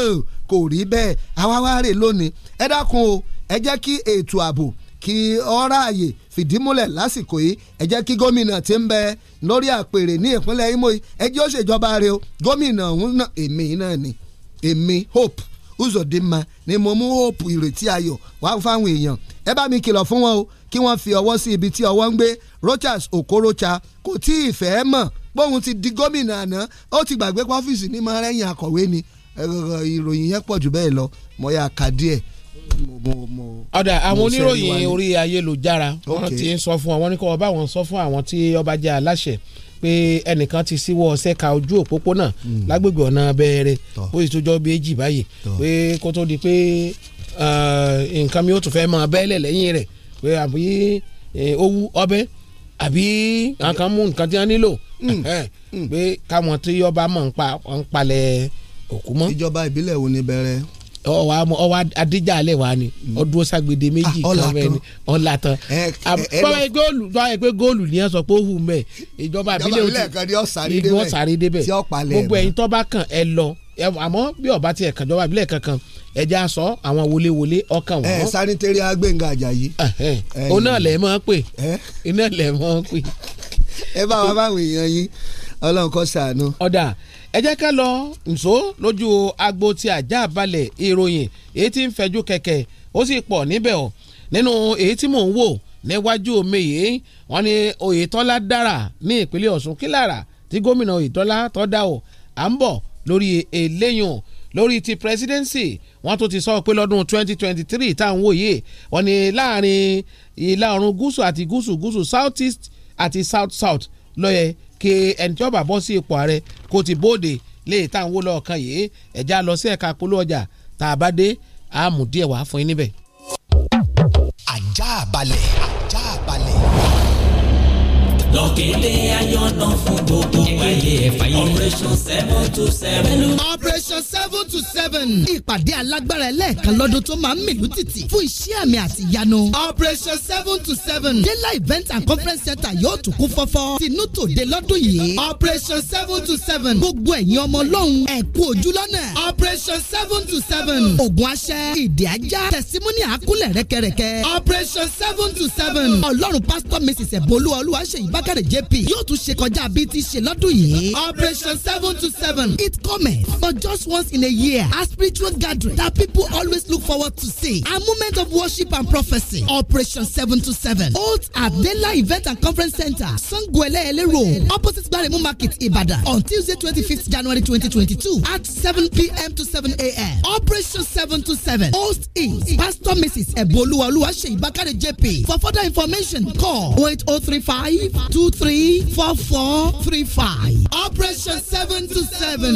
Speaker 5: kò rí bẹ́ẹ̀ àwa wá rè lónìí ẹ dákun o ẹ jẹ́ kí ètò ààbò kí ọ̀ráàyè fìdímúlẹ̀ lásìkò yìí ẹ jẹ́ kí gómìnà ti ń bẹ lórí àpèrè ní ìpínlẹ̀ Imo yìí ẹ jẹ́ ó ṣèjọba rẹ o gómìnà ọ̀hún náà èmi náà ni èmi Hope Uzodinma ni mo mú Hope ìrètí ayọ̀ wá fáwọn èèyàn ẹ bá mi kìlọ̀ fún wọn o kí wọ́n fi ọwọ́ sí ibi tí ọwọ́ ń gbé Rochas Okorocha kò tí ì fẹ́ mọ̀ bóun ti di gómìnà àná ó ti gbàgbé pé ní mọ́ rẹ́yìn akọ̀wé ni ìròyìn yẹn pọ̀ jù bẹ́ẹ̀ lọ mọ́ yà ká díẹ̀ ọ̀dà àwọn
Speaker 4: oníròyìn orí ayélujára wọ́n ti ń sọ fún wọn wọ́n ní kọ́ ọba wọn sọ fún àwọn tí ọba jẹ́ aláṣẹ pé ẹnìkan ti síwọ́ ṣẹ́ka ojú òpópónà hmm. lágbègbè ọ̀nà bẹ́ẹ̀rẹ̀ ó sì tó jọ bí èjì báyìí pé kó tó di pé nǹkan mi ó tún fẹ́ mọ abẹ́lẹ̀ lẹ́yìn rẹ̀ pé àbí owó ọbẹ̀ àbí àwọn mú nǹkan tí wọ́n nílò hmm. hmm. pé káwọn tí ọba mọ̀ ń palẹ̀ òkú mọ́. ìjọba ìbílẹ̀ wo ni bẹ̀rẹ̀ ọwọ amọ ọwọ adija alẹ wa ni ọdún mm. ṣàgbèdè ah, méjì kan bẹ́ẹ̀ ni ọlá tán bọ́wọ́ ẹgbẹ́ góòlù bọ́wọ́ ẹgbẹ́ góòlù ni ẹ sọ pé ó hù mẹ́ ìjọba àbílẹ̀ ìgbọ́ sáré débẹ̀ gbogbo ẹ̀yin tó bá kàn ẹ lọ àmọ́ bí ọba tiẹ̀ kàn jọba àbílẹ̀ kankan ẹja sọ àwọn wọléwọlé ọkàn wọn. ẹ
Speaker 5: sanitari agbẹ̀ngà ajayi. òun náà
Speaker 4: lẹ̀ mọ́ pé iná lẹ̀ mọ́ pé. ẹ bá wa báwọn èèyàn yín ọlọ́run kó ṣàánú. ọ̀dà ẹ jẹ́ ká lọ nṣó lójú agbo ti àjà balẹ̀ ìròyìn èyí tí ń fẹjú kẹ̀kẹ́ ó sì pọ̀ níbẹ̀ ọ̀ nínú èyí tí mò ń wò níwájú omi yìí wọ́n ní Oyètọ́lá dára ní ìpínlẹ̀ Ọ̀ṣun kílára tí gómìnà Oyètọ́lá tọ́ dá o à ń bọ̀ lórí eléyùn lórí ti presidency wọ́n tún ti sọ pé lọ́dún 2023 tá à ń wò yìí wọ́n ní láàrin ìlà oòrùn gúúsù àti gúúsù gúúsù south east àti south south lọ́yẹ̀ kí ẹni tí ó bá bọ́ sí ipò ààrẹ kó ti bóde léè e tá à ń wó lọ́ọ̀kan yìí ẹ̀já lọ sí ẹ̀ka polówó ọjà tá a bá dé àmú díẹ̀ wàá fún yín níbẹ̀.
Speaker 7: àjà balẹ̀ àjà balẹ̀
Speaker 2: lọ́kẹ́dẹ́ ayọ̀nà fún gbogbo ayé operation seven to seven. operation
Speaker 8: seven to seven ìpàdé alágbára ẹlẹ́ẹ̀kan lọ́dún tó máa ń mìlú tìtì fún iṣẹ́ àmì àti ìyanu. operation seven to seven dela event and conference center yóò tún kún fọ́fọ́ tinú tòde lọ́dún yìí. operation seven to seven gbogbo ẹ̀yin ọmọ ọlọ́run ẹ ojú lọ́nà. operation seven to seven ògùn aṣẹ ìdí ajá tẹ̀símúnì àkúnlẹ̀ rẹ́kẹrẹ́kẹ́. operation seven to seven ọlọ́run pásítọ̀ mrs ẹ̀bọ́lú ọlúwa ṣèyí bá Abubakar JP yóò tún ṣe kọjá bíi ti ṣe lọ́dún yìí. Operation seven to seven it comes but just once in a year a spiritual gathering that people always look forward to see. A moment of worship and prophecy. Operation seven to seven holds Adela Event and Conference Center, Sanguele Ele Road, opposite Gbaremu Market, Ibadan, on Tuesday twenty fifth January twenty twenty two, at seven p.m. to seven a.m. Operation seven to seven host is Pastor Mrs. Eboluwa Oluwaseyi Bakare JP. For further information, call 08035 two three four four three five operation seven to seven.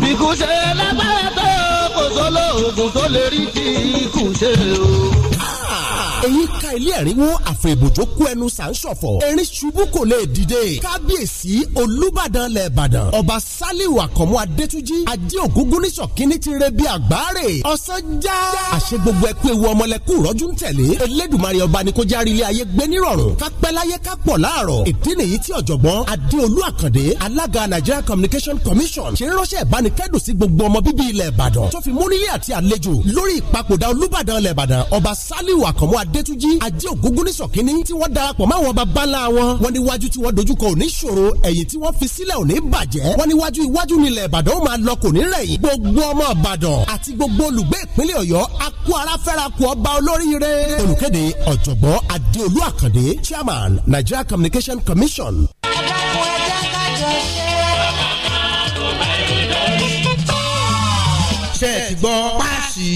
Speaker 8: ìkùsẹ̀ lágbára tó
Speaker 5: kò sólóògùn tó lè rí ti ìkùsẹ̀ o
Speaker 7: èyí ka ilé ẹ̀rínwó àfẹ̀bòjò kú ẹnu sàǹsọ̀fọ̀ erin ṣubú kò lè dìde kábíyèsí olúbàdàn lẹ̀ ìbàdàn ọba saliu àkànmú adétúnjì ajé ògúngún níṣọ̀ kínní ti re bí àgbáre ọ̀sán já àṣẹ gbogbo ẹkú ewu ọmọlẹ́kù rọ́jú ń tẹ̀lé elédùnmarè ọba ni kò járe ilé ayé gbé nírọ̀rùn kápẹ́ kápọ̀ láàrọ̀ ìdí nìyí tí ọ̀jọ̀gbọ́n adéolú àkàndé alága nigeria communication commission ṣe ránṣẹ́ ìbánikẹ́dùn sí gbogbo ọmọ bíbí ilẹ̀ ìbàdàn tó fi múnílé àti àlejò lórí ìpapòdà olúbàdàn ilẹ̀ ìbàdàn ọba saliu àkànmú àkànmú adétúnjì ajé ògúngún ní sọ̀kínní tí wọ́n darapọ̀ mọ́ àwọn baba ńlá wọn wọ́n níwájú tí wọ́n dojúkọ òní ṣòro ẹ̀yìn tí wọ́n fi sílẹ̀ òní bàjẹ́ wọ́n níwájú iwájú nílẹ̀ ìbàdàn ó máa lọ kò ní rẹ̀yìn gbogbo ọmọ ìbàdàn àti gbogbo olùgbé ìpínlẹ̀ ọ̀yọ́ akú aráfẹ́ra kú ọba olóríire olùkéde ọ̀jọ̀gbọ́n adéolú àkàndé chairman nigeria communication commission.
Speaker 9: ti gbọ́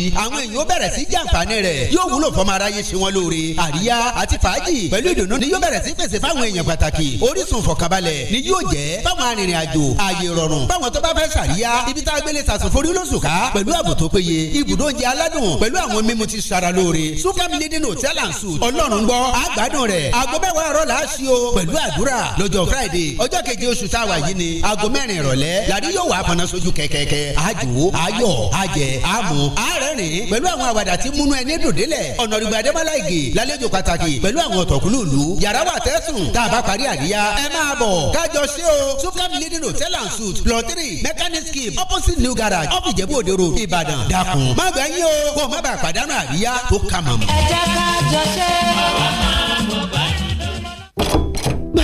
Speaker 9: yìí àwọn èèyàn bẹ̀rẹ̀ sí jàǹfààní rẹ̀ yóò wúlò fọmọ aráyé ṣe wọn lóore àríyá àti fàájì pẹ̀lú ìdùnnú ni yóò bẹ̀rẹ̀ sí pèsè fáwọn èèyàn pàtàkì orísun fọkànbalẹ̀ ni yóò jẹ́ fáwọn arìnrìn àjò ààyè rọrùn fáwọn tó bá fẹ́ sàríyá ibi tá a gbélé sàsùnforí lóṣùká pẹ̀lú ààbò tó péye ibùdó oúnjẹ aládùn pẹ̀lú àwọn mímu ti sara lóore sukami lédè ní hòtẹ́lì àǹsù ọlọ́run gbọ́ àgbàdùn rẹ̀ aago mẹ́wàá ọ̀rọ̀ là á ṣí o pẹ̀lú àdúrà lọ́jọ́ friday ọjọ́ keje oṣù táwa yìí ni aago mẹ́rin ìrọ̀lẹ́ làdí yóò wà á fọnà sójú kẹ̀kẹ́kẹ́ àjò ayọ̀ àjẹ àmú àárẹ̀ rẹ́rìn pẹ̀lú àwọn àwàdà tí múnú ẹni dùn délẹ̀ ọ̀nàdìgbà adébálá ìgè lálejò pàtàkì pẹ̀lú àwọn ọ̀tọ̀kùlù yàrá wà tẹ́sùn tá a bá parí àríyá ẹ máa bọ̀ kájọ ṣe o Supreme leading hotel and suite floor mechanic scheme opposite new garage off Ìjẹ̀bú Òde road Ìbàdàn dákun má gbẹ̀yìn o kó o má bàa pàdánù àríyá tó kà mọ́. ẹ jẹ́ ká jọ ṣe é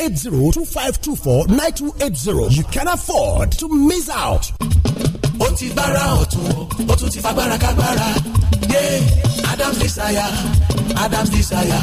Speaker 7: eight zero two five two four nine two eight zero. You can afford to miss out. ó ti gbára ọ̀tún ó tún ti fagbára kágbára yé Adam's Desire Adam's Desire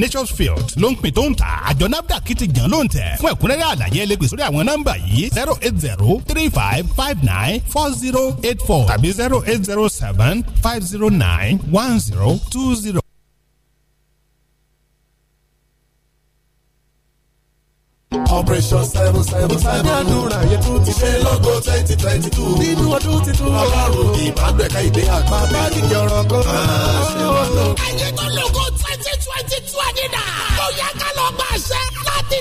Speaker 7: nature's field ló ń pin tó ń tà àjọ nafdac ti jàn ló ń tẹ̀ fún ẹ̀kúnrẹ́rẹ́ àlàyé ẹlẹ́gbẹ̀ sórí àwọn nọ́mbà yìí zero eight zero three five five nine four zero eight four tàbí zero eight zero seven five zero nine one zero two zero. operation seven seven seven. àdúrà yẹn ti ṣe lọ́gbọ̀n twenty twenty two. nínú ọdún tuntun. ọlọ́run ìbádọ́ẹ̀ká ìdè àgbà. bá a ní kí ọ̀rọ̀ kan. àṣẹ ah, tó lóko tẹ.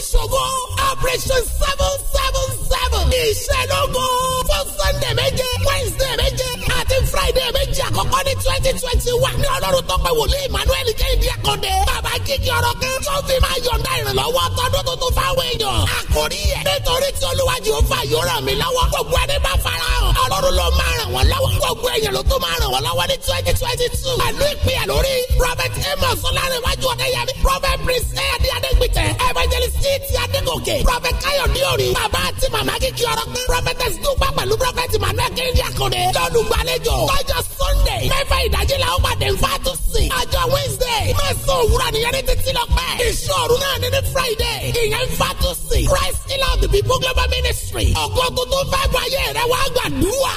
Speaker 7: ìṣògo operation seven seven seven iṣẹ́ lógo fún sunday méje wednesday méje àti friday méje àkọ́kọ́ ní twenty twenty one ní ọlọ́run tó pé wòlíì emmanuel kẹ́hìndé akọ́dé bàbá kíkì ọ̀rọ̀ kan tó fi máa yọ̀ǹda ìrànlọ́wọ́ tọdún tuntun fáwọn èèyàn àkórí ẹ̀ nítorí tí olúwàjú fà yóò ràn mí lọ́wọ́ gbogbo ẹni bá fara hàn ọlọ́run ló máa ràn wọ́n lọ́wọ́ gbogbo èèyàn ló tó máa ràn wọ́n lọ́wọ́ ní twenty twenty two àlọ́ ìpè àlórí prophet amos ọlárẹ̀wájú ọ̀dẹ́yàmí prophet prince gòkè. prophet káyọ̀dé òrì. bàbá àti màmá kìkì ọ̀rọ̀ pé prophetess dùpá pẹ̀lú prophet emmanuel kẹ́hìndé àkọ́dé. lọ́lùgbàlejò lọ́jọ́ sunday mẹ́fà ìdájí la ó máa dé nfa tó sìn. ọjọ́ wednesday mẹ́sàn-án òwúrọ̀ nìyẹn ní títí lọ pẹ́. ìṣòro náà ní ní friday ìyẹn nfa tó sìn. christ in love the people global ministry. ọkọ̀ tuntun fẹ́ bọ̀ ayé rẹ̀ wá gbàdúrà.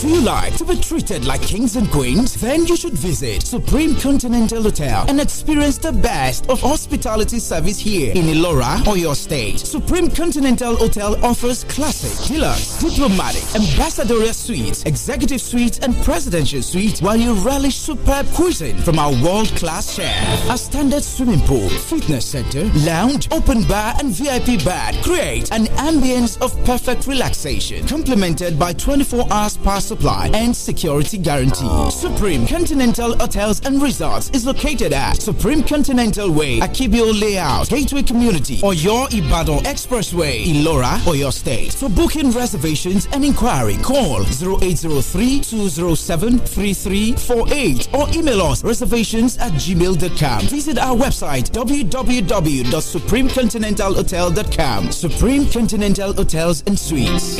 Speaker 1: Do you like to be treated like kings and queens? Then you should visit Supreme Continental Hotel and experience the best of hospitality service here in Elora or your state. Supreme Continental Hotel offers classic, deluxe, diplomatic, ambassadorial suites, executive suites, and presidential suites while you relish superb cuisine from our world-class chef. A standard swimming pool, fitness center, lounge, open bar, and VIP bar create an ambience of perfect relaxation, complemented by 24-hour Power pass supply and security guarantee. Supreme Continental Hotels and Resorts is located at Supreme Continental Way, Akibio Layout, Gateway Community, or your Ibadan Expressway, Ilora, or your state. For booking reservations and inquiry, call 0803 207 3348 or email us reservations at gmail.com. Visit our website www.supremecontinentalhotel.com. Supreme Continental Hotels and Suites.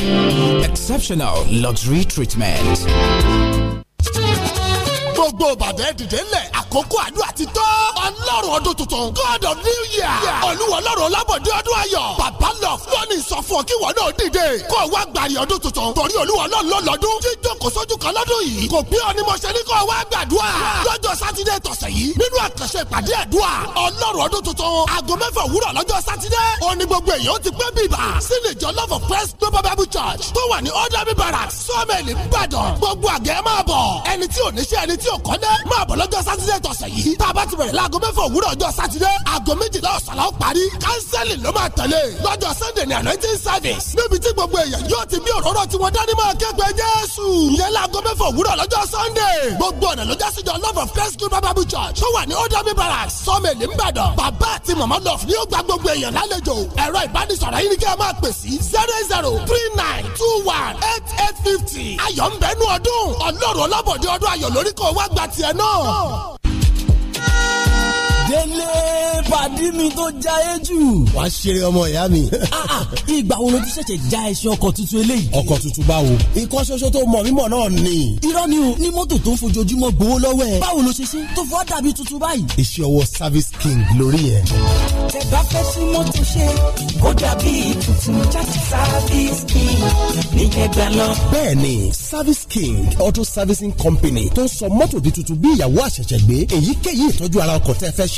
Speaker 1: Exceptional luxury retreatment. gbogbo ìbàdàn dìde lẹ̀ àkókò àdúrà ti tọ́
Speaker 7: ọlọ́run ọdún tuntun god of new year olúwa ọlọ́run ọlábọ̀dé ọdún ayọ̀ bàbá lọ lọ́ni ìsọfún kí wọn náà dìde kó wá gbàrí ọdún tuntun torí olúwa ọlọ́run lọ́dún jíjókòó sójú kan lọ́dún yìí kò gbé ọ ni mo ṣe ní kó wá gbàdúrà lọ́jọ́ sátidé tọ̀sẹ̀ yìí nínú àkànṣe ìpàdé àdúrà ọlọ́run ọdún tuntun aago mẹ́fà òwúrọ̀ lọ́jọ́ sátidé òní gbogbo èèyàn ti love of christ global bible church tó wà ní order barracks sọ́ọ̀mẹ̀lì ń bàdàn gbogbo àgẹ́ máa bọ̀ ẹni tí ò ní ṣe ẹni tí o kọ́ dẹ́ máa bọ̀ lọ́jọ́ sátidé tọ̀sẹ̀ yìí tá a bá ti bẹ̀rẹ̀ láago mẹ́fà òwúrọ̀ ọjọ́ sátidé aago méjìlá ọ̀sán ó parí kánsẹ́lì ló máa tẹ̀lé lọ́jọ́ sunday ní anointing service níbi tí gbogbo èèyàn yóò ti bí òróró tí wọ́n dání máa kẹ́gbẹ́ jésù ìyẹn láago mẹ́fà òwúrọ̀ lọ́jọ́ sunday gbogbo ọ̀nà ló wá gbà tiẹ̀ náà délé pàdí mi tó já e jù. wà á ṣeré ọmọ ìyá mi. Ah, ah, ìgbà wo ló ti ṣẹ̀ṣẹ̀ já ẹṣin ọkọ̀ tuntun eléyìí. ọkọ̀ tuntun báwo. ikọ́ ṣoṣo tó mọ̀ mímọ̀ náà ni. irọ́ ni o ní mọ́tò tó ń fojoojúmọ́ gbowó lọ́wọ́ ẹ̀. báwo ló ṣe ṣe tó fọ́ dàbí tuntun báyìí. iṣẹ́ ọwọ́ service king lórí yẹn.
Speaker 8: tẹ bá fẹ́ sí mọ́tò ṣe kó dàbí tuntun
Speaker 7: service king auto servicing company tó ń sọ mọ́tò di tuntun bí ìyàwó àṣẹ̀ṣẹ̀ gbé èyíkéyìí ìtọ́jú ara ọkọ̀ tẹ́ fẹ́ ṣ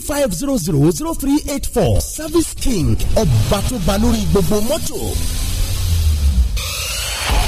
Speaker 7: three five zero zero zero three eight four service king ọba tó ba lórí gbogbo mọ́tò.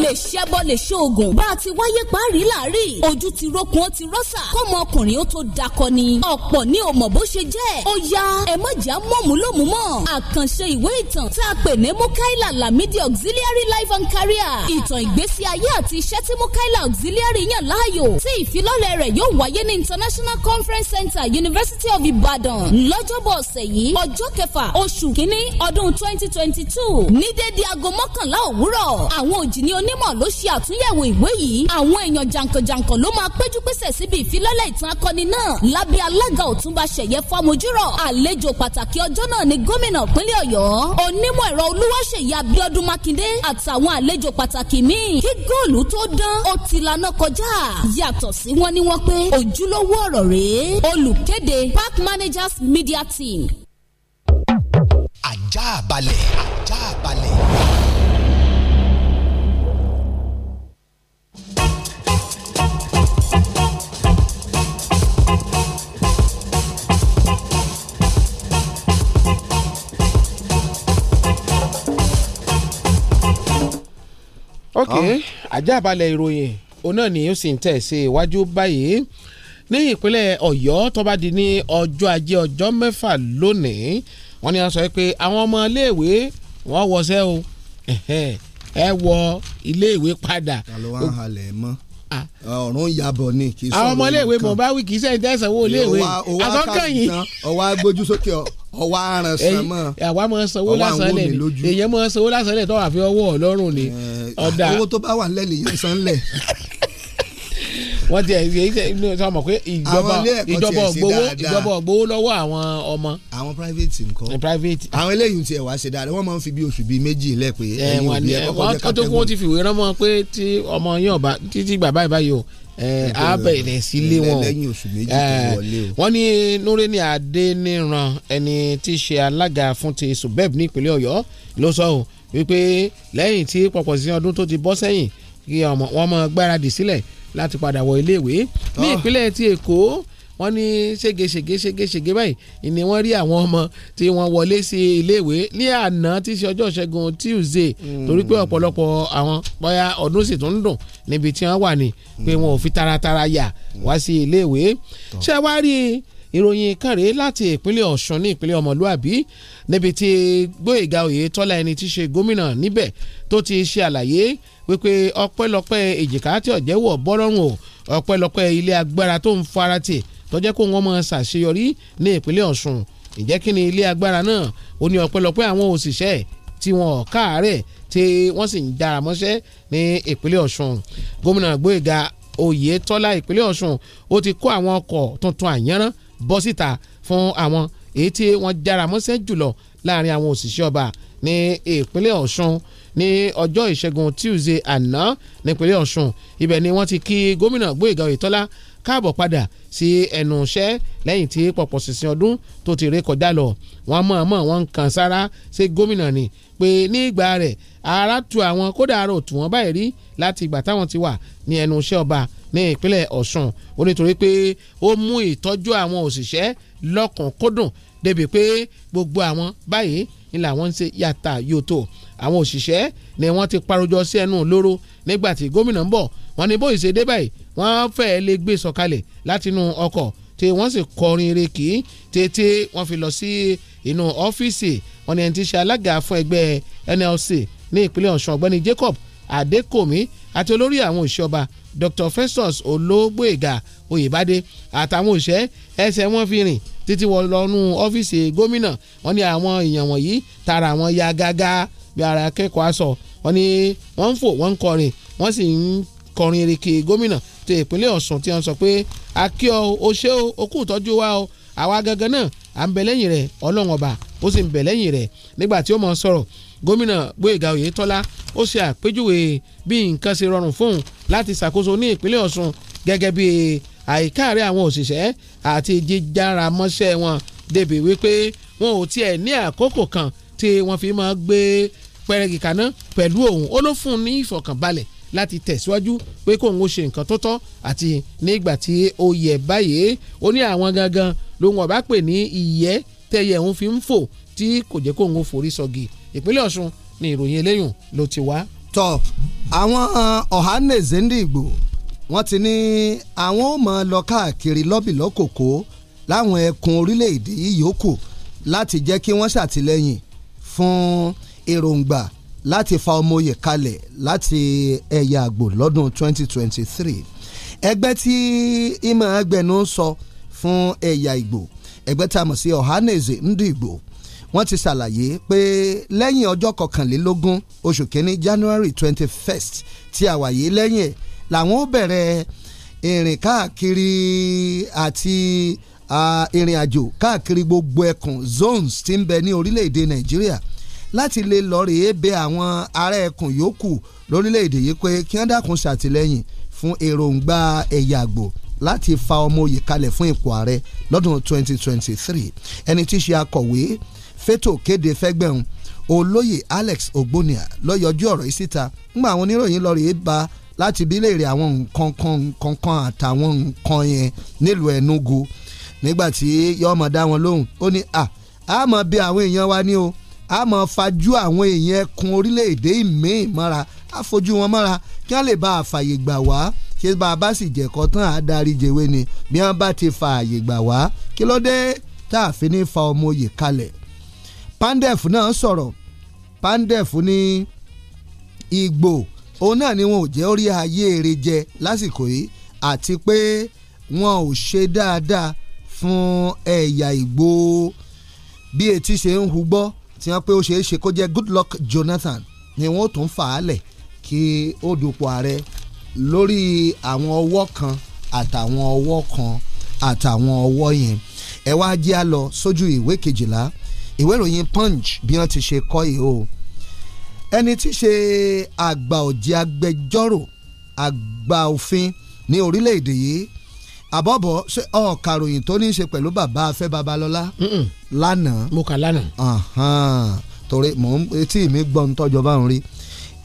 Speaker 3: lè ṣẹ́bọ lè ṣoògùn bá a ti wáyé parí láàrí ojú ti rókun ó ti rọ́ṣà kọ́mọ ọkùnrin ó tó dakọ ni ọ̀pọ̀ ní òmò bó ṣe jẹ́ ó ya ẹ má jà mọ̀mú lómú mọ́ àkànṣe ìwé ìtàn tá a pè ní Mukaila Lamidi auxiliary life and career ìtàn ìgbésí ayé àti iṣẹ́ tí Mukaila auxiliary yàn láàyò tí ìfilọ́lẹ̀ rẹ̀ yóò wáyé ní International Conference Center University of Ibadan lọ́jọ́bọ̀ ọ̀sẹ̀ yìí ọjọ́ kẹfà oṣù kínní ọdún twenty twenty two ní déédéé aago mọ́kànlá òwúrọ̀ onímọ̀ ló ṣe àtúnyẹ̀wò ìwé yìí àwọn èèyàn jàǹkànjàǹkàn ló máa péjú pésẹ̀ síbi ìfilọ́lẹ̀ ìtàn akọni náà lábẹ́ alága òtúnba ṣẹ̀yẹ fọmójúrọ̀ àlejò pàtàkì ọjọ́ náà ni gómìnà pínlẹ̀ ọ̀yọ́ onímọ̀ ẹ̀rọ olúwaṣèyí abíọ́dún mákindé àtàwọn àlejò pàtàkì míì kí góòlù tó dán ó ti laná kọjá yàtọ̀ sí wọn ni wọ́n pé ojúlówó ọ̀rọ̀ rèé olùkéde park managers media team. ajá balẹ̀ ajá balẹ̀.
Speaker 4: ok àjàbalẹ̀ ìròyìn òun náà ni ó sì ń tẹ̀ sí iwájú báyìí ní ìpínlẹ̀ ọ̀yọ́ tó bá di ní ọjọ́ ajé ọjọ́ mẹ́fà lónìí wọ́n ní wọ́n sọ pé àwọn ọmọ iléèwé wọ́n wọṣẹ́ o ẹ wọ iléèwé padà. ta
Speaker 5: wá halẹ̀ mọ́. Ah, ọ̀run yabọ̀ ni kì í sọ̀rọ̀ nìkan àwọn ọmọléèwé mọ̀
Speaker 4: bá wí kì í sẹ́yìn tẹ̀sán owó léèwé àtọ́kànyìn
Speaker 5: ọwọ́ agbójú sókè
Speaker 4: ọwọ́ aràn san mọ́ àwa mọ̀ sanwó lásán lẹ̀ ni èèyàn mọ̀ sanwó lásán lẹ̀ tó wà fi ọwọ́ ọlọ́run ni eh, ọ̀dà owó tó bá wà lẹ́nu yẹn san wọ́n ti ẹ̀ sọ mọ̀ pé ìjọba ìjọba ògbówó ìjọba
Speaker 5: ògbówó lọ́wọ́ àwọn ọmọ. àwọn private nǹkan private. àwọn eléyìí ti ẹ̀ wá ṣe dáadáa wọ́n máa ń fi bí oṣù bíi méjì lẹ̀ pé ẹ̀yin òbí ẹ̀ kọ́kọ́ jẹ́ kápẹ́gùn.
Speaker 4: wọ́n ti fìwé rán mọ́ pé tí ọmọ yín ọba títí bàbá ìbáyò a bẹ̀rẹ̀ sí lé wọn lẹ́yìn
Speaker 5: oṣù méjì tó wọlé o.
Speaker 4: wọ́n ní Nureni Adéníran ẹni tí í ṣe alága fún ti subeb ní ìpínlẹ̀ Ọ̀yọ́ ló sọ ọ́ wípé lẹ́yìn tí pọ̀pọ̀ sí ọdún tó ti bọ́ sẹ́yìn kí ọmọ gbáradì sílẹ̀ láti padà wọ iléèwé ní ah. ìpínlẹ̀ ti Èkó wọ́n ní ṣégeṣége ṣégeṣége báyìí ni wọ́n rí àwọn ọmọ tí wọ́n wọlé sí iléèwé ní àná tí í ṣe ọjọ́ ṣẹ́gun Tuesday hmm. torí pé ọ̀pọ̀lọpọ̀ àwọn bóyá ọdún sì tún ń dùn níbi tí wọ́n wà ní pé hmm. wọn ò fi taratara yà wá sí iléèwé ṣé wàá rí i ìròyìn kàrè láti ìpínlẹ̀ ọ̀ṣun ní ìpínlẹ̀ ọmọlúàbí níbi tí gbóyèga oyè tọ́lá ẹni tí ṣe gómìnà níbẹ̀ tó ti ṣe àlàyé wípé ọpẹ́lọpẹ́ èjìká tí ọ̀jẹ̀wọ̀ bọ́lọ́rùn o ọpẹ́lọpẹ́ ilé agbára tó ń farati tó jẹ́ kó wọ́n mọ ṣàṣeyọrí ní ìpínlẹ̀ Ọ̀ṣun ìjẹ́ kí ni ilé agbára náà ó ní ọpẹ́lọpẹ́ àwọn òṣìṣẹ́ tí wọn káàárẹ̀ tí wọ́n sì ń dára mọ́ṣẹ́ ní ìpínlẹ̀ Ọ̀ṣun gómìnà Gbóyèga Oyètọ́lá ìpínlẹ̀ Ọ̀ṣun ó ti kó àwọn ọkọ̀ tuntun àyànrán bọ́ síta fún àwọn èyí tí wọ́n dára mọ́ṣẹ́ jùlọ láàrin àwọn òṣìṣẹ́ ọba ní ìpínlẹ̀ Ọ̀ṣun ní ọjọ́ ìṣẹ́gun Tuesday àná nípínlẹ̀ Ọ̀ṣun ibẹ̀ ni wọ́n ti kí gómìnà Gbóyèga Oyètọ́lá káàbọ̀ padà sí ẹnu iṣẹ́ lẹ́yìn tí pọ̀pọ̀ sísìn ọdún tó ti ré kọjá lọ wọ́n mọ̀ọ́mọ̀ wọ́n ń kàn sára sí gómìnà ni pé ní ìgbà rẹ̀ ara tu àwọn kódà ara ò tù wọ́n báyìí rí láti ìgbà táwọn ti wà ní ẹnu iṣẹ́ ọba ní ìpínlẹ̀ Ọ̀ṣun ó nítorí pé ó mú ìtọ́jú àwọn òṣìṣẹ́ lọ́kùnkúndùn débi pé gbogbo àwọn báyìí ńlá wọn ń ṣe yàtà yòtò àwọn òṣìṣẹ́ ni wọ́n ti parojọ sí ẹnu lóró nígbà tí gómìnà ń bọ̀ wọ́n ní bóyìí ṣe dé báyìí wọ́n fẹ́ẹ́ lè gbé sọ̀kalẹ̀ látinú ọkọ̀ tí wọ́n sì kọrin eré kì í tètè wọ́n fi lọ sí inú ọ́fíìsì wọ́n ní ẹni tí ṣe alága fún ẹgbẹ́ NLC ní ìpínlẹ̀ Ọ̀ṣun ọ̀gbẹ́ni Jacob Adékòmí àti olórí àwọn òṣìṣọba Dr Festus Ológbèga Oyèbádé àtàwọn òṣẹ́ ẹsẹ̀ wọn fi rìn títí wọ́n lọ́nú ọ́fíìsì gómìnà wọ́n ní àwọn èèyàn wọ̀nyí tara àwọn ya gágá bí ara akẹ́kọ̀ọ́ aṣọ wọ́n ní wọ́n ń fò wọ́n ń kọrin wọ́n sì ń kọrin erike gómìnà ti ìpínlẹ̀ Ọ̀ṣun tí wọ́n sọ pé akíọ́ o ṣé o okú ìtọ́jú wa o àwa gangan náà à ń bẹ lẹ́yìn rẹ̀ ọlọ́run ọba ó sì ń bẹ lẹ́yìn rẹ̀ nígbà tí ó mọ̀ sọ̀rọ̀ gómìnà Gbóyèga Oyètọ́lá ó ṣe àpèjúwe bí nǹkan ṣe rọrùn fóun láti ṣàkóso ní ìpínlẹ̀ Ọ̀ṣun gẹ́gẹ́ bí àìkáàrẹ̀ àwọn òṣìṣẹ́ àti jíjára mọ́ṣẹ́ wọn débi wípé wọn ò tiẹ̀ ní àkókò kan tí wọ́n fi máa gbé pẹrẹgì kaná pẹ̀lú òun ó ló fún un ní ìfọ̀kànbalẹ̀ láti tẹ̀síwájú pé kóun ó ṣe nǹkan tó tọ́ àti nígbà tí ó yẹ báyìí ó ní àwọn gangan lòun ọ̀bá pè ní ìyẹ́ tẹ́yẹ̀ òun fi ń fò tí
Speaker 5: kò jẹ́ kóun ó forí sọ́gi. So ìpínlẹ̀ Ọ̀ṣun ni ìròyìn eléyùn ló ti wá. tọ àwọn uh, Ọ̀hánèzè Ndigbo wọ́n ti ní àwọn ò mọ̀ lọ káàkiri lọ́bìlọ́kòkó láwọn ẹkùn orílẹ̀-èdè yìí yòókù láti jẹ́ kí wọ́n ṣàtìlẹ́yìn fún èròǹgbà láti fa ọmọ kalẹ̀ láti ẹ̀yà àgbò lọ́dún 2023 ẹgbẹ́ tí ìmọ̀ agbẹnu sọ fún ẹ̀yà ìgbò ẹgbẹ́ tá a mọ̀ sí Ọ̀hánèzè Ndigbo wọ́n ti ṣàlàyé pé lẹ́yìn ọjọ́ kọkànlélógún oṣù kínní January twenty first tí a wà yìí lẹ́yìn ẹ̀ làwọn ó bẹ̀rẹ̀ ìrìn káàkiri àti ìrìn àjò káàkiri gbogbo ẹkùn zones tí ń bẹ ní orílẹ̀-èdè Nàìjíríà láti lè lọ rèé bẹ àwọn ará ẹkùn yòókù lórílẹ̀-èdè yìí pé kí wọ́n dákun ṣàtìlẹ́yìn fún èròǹgbà ẹ̀yà àgbò láti fa ọmọ òye kalẹ̀ fún ipò ààrẹ lọ́dún 2023 ẹni tí ṣe akọ̀wé fẹ́tò kéde fẹ́gbẹ̀hún olóyè Alex Ogbonia lọ́yọjú ọ̀rọ̀ yìí síta ńgbà àwọn oníròyìn lọ rèé ba láti bí léèrè àwọn nǹkan kan nǹkan kan àtàwọn nǹkan yẹn nílùú Enugu nígbàtí yọmọ dá wọn lóhùn ó ní à á mọ bí àwọn èèyàn wa ní o á mọ fajú àwọn èèyàn ẹkùn orílẹ̀-èdè ìmíì mọ́ra á fojú wọn mọ́ra kí wọ́n lè bá àfàyè gbà wá ṣé bá a bá sì jẹ̀kọ́ tán á darí jẹ̀wé ni bí wọ́n bá ti fa gbà wá kí ló tá a fi ní fa ọmọ òye kalẹ̀ pandef náà sọ̀rọ̀ pandef ní Ìgbò òun náà ni wọn ò jẹ́ orí ayé eré jẹ lásìkò yìí àti pé wọn ò ṣe dáadáa fún ẹ̀yà Ìgbò bí etí ṣe ń hugbọ́ tí wọ́n pé ó ṣeé ṣe kó jẹ́ Goodluck Jonathan ni wọ́n ó tún fà á lẹ̀ kí ó dupò ààrẹ lórí àwọn ọwọ́ kan àtàwọn ọwọ́ kan àtàwọn ọwọ́ yẹn ẹ wá jẹ́ á sójú ìwé kejìlá ìwé ìròyìn punch bí wọ́n ti ṣe kọ́ yìí o ẹni tí í ṣe àgbà ọ̀jẹ̀ agbẹjọ́rò àgbà òfin ní orílẹ̀-èdè yìí àbọ̀bọ̀ ṣe ọ̀kàròyìn tó ní í ṣe pẹ̀lú bàbá afẹ́ babalọ́lá lánàá mo kà lánàá torí mò ń etí mi gbọ́ ń tọ́jọ́ bá ń rí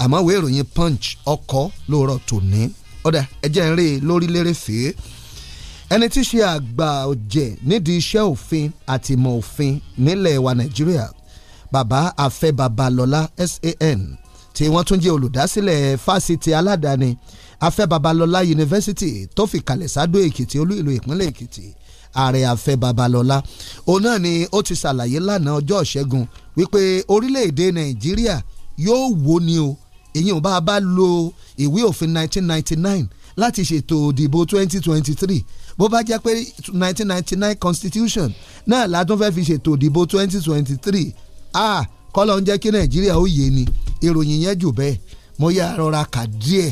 Speaker 5: àmọ́ ìwé ìròyìn punch ọkọ̀ lóòrọ̀ tòní ọ̀dà ẹ̀jẹ̀ ń rí lórílẹ̀rẹ̀ fèé ẹni tí í ṣe àgbà ọ̀jẹ̀ nídìí iṣẹ́ òfin àti ìmọ̀ òfin nílẹ̀ wa nàìjíríà bàbá afẹ́ babalọ́lá san tí wọ́n tún jẹ́ olùdásílẹ̀ fásitì aládàáni afẹ́ babalọ́lá yunifásitì tó fi kalẹ̀ sádó èkìtì olú ìlú ìpínlẹ̀ èkìtì ààrẹ afẹ́ babalọ́lá òun náà ni ó ti ṣàlàyé lánàá ọjọ́ ìṣẹ́gun wípé orílẹ̀-èdè nàìjíríà yóò wó ni o èyí ò bá a bá lo ìwé òfin 1999 láti ṣètò òdìbò 2023 bó bá jẹ́ pé nineteen ninety nine constitution náà látún fẹ́ fi ṣètò ìdìbò twenty twenty three ah kọ́lọ̀ ń jẹ́ kí nàìjíríà ó yé ni ìròyìn yẹn jù bẹ́ẹ̀ mo yà rọra kà díẹ̀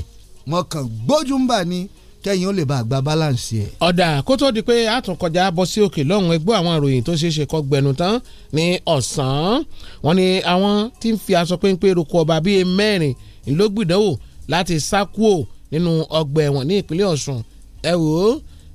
Speaker 5: mo kàn gbójú ń bà ní kẹ́yìn ó lè bá àgbà balance ẹ̀. ọ̀dà kó tó
Speaker 4: di pé àtúnkọjá bọ́ sí òkè lọ́hùn ẹgbẹ́ àwọn ìròyìn tó ṣeé ṣe kọ́ gbẹnu tán ní ọ̀sán wọn ni àwọn tí ń fi aṣọ péńpé roko ọba bíi mẹ́rin ló gbìdánwò láti sá kúò nínú ọgbà ẹ̀wọ̀n ní ìpínlẹ̀ ọ̀ṣun ẹ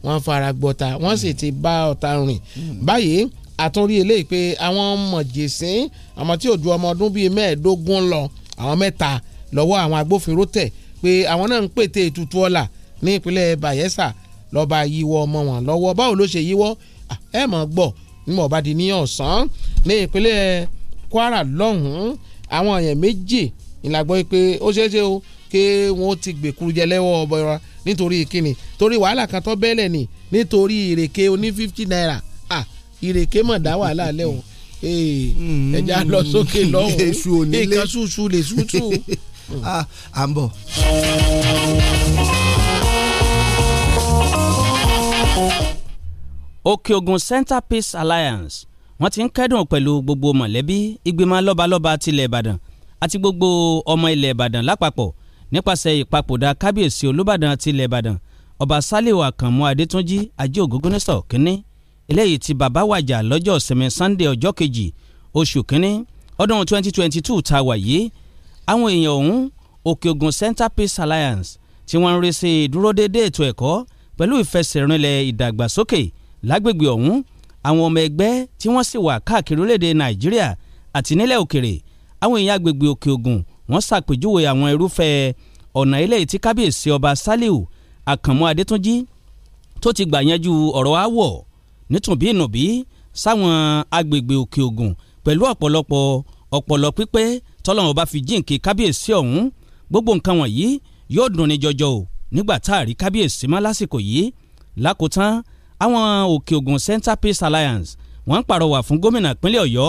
Speaker 4: wọ́n fara gbọ́ta wọ́n sì hmm. ti bá ọ̀tá rìn hmm. báyìí àtúnrí eléyìí pé àwọn mọ̀jẹ̀sín àwọn tí ò ju ọmọ ọdún bíi mẹ́ẹ̀ẹ́dógún lọ àwọn mẹ́ta lọ́wọ́ àwọn agbófinró tẹ̀ pé àwọn náà ń pète ètùtù ọ̀la ní ìpínlẹ̀ Bayelsa lọ́ba yíwọ́ ọmọ wọn lọ́wọ́ báwo ló ṣe yíwọ́ ẹ mọ̀ gbọ́ nímọ̀ bá di ní ọ̀sán ní ìpínlẹ̀ Kwara lọ́hùn-ún àwọn èèyàn méjì ìlàgbọ́ pé ó ṣeé ṣe o kí wọ́n ti gbèkúrú jẹ lẹ́wọ́ ọ̀bọ̀ra nítorí kíni torí wàhálà kan tó bẹ́lẹ̀ ni nítorí ìrèké oní fifty naira ìrèké mọ̀ dá wàhálà lẹ́ o ẹja lọ hmm. sókè lọ́hùn-ún
Speaker 5: ṣùṣù lè ṣùṣù. à ń bọ̀.
Speaker 2: òkè ògùn center peace alliance wọ́n ti ń kẹ́dùn pẹ̀lú gbogbo mọ̀lẹ́bí ìgbìmọ̀ lọ́balọ́ba tilẹ̀ ìbàdàn àti gbogbo ọmọ ilẹ̀ ìbàdàn lápapọ̀ nípasẹ̀ ìpapòdà kábíyèsí olúbàdàn tilẹ̀ ìbàdàn ọba sálíù àkànmú adétúnjì ajé ògúngúnnísọ̀ kínní eléyìí ti bàbá wàjà lọ́jọ́ ìsinmi sannde ọjọ́ kejì oṣù kínní ọdún 2022 ta wà yìí àwọn èèyàn ọ̀hún òkè ògùn center peace alliance tí wọ́n ń rí sí ìdúródédé ètò ẹ̀kọ́ pẹ̀lú ìfẹsẹ̀rinlẹ̀ ìdàgbàsókè lágbègbè ọ̀hún àwọn ọmọ ẹgbẹ́ tí wọ́n sì wà káàkiri orílẹ̀-èdè nàìjíríà àti nílẹ̀ òkèrè àwọn èèyàn agbègbè òkè ògùn wọ́n ṣàpèjúwe àwọn irúfẹ́ ọ̀nà ilé tí kábíyèsí ọba Saliu Àkànmú Adétúnjì tó ti gbà yanjú ọ̀rọ̀ aáwọ̀ nítùbínùbí sáwọn agbègbè òkè ògùn pẹ̀lú ọ̀pọ̀lọpọ̀ ọ̀pọ̀lọ pípé tọ́lọ́run ọba fi jíǹkì kábíyèsí ọ̀hún gbogbo nǹkan wọ̀nyí yóò dùn ní jọjọ o nígbà tá a rí kábíyèsí mọ́ lásìkò yìí lákòótán àwọn òkè ògùn Center Peace Alliance wọ́n ń pàrọwà fún gómìnà ìpínlẹ̀ Ọ̀yọ́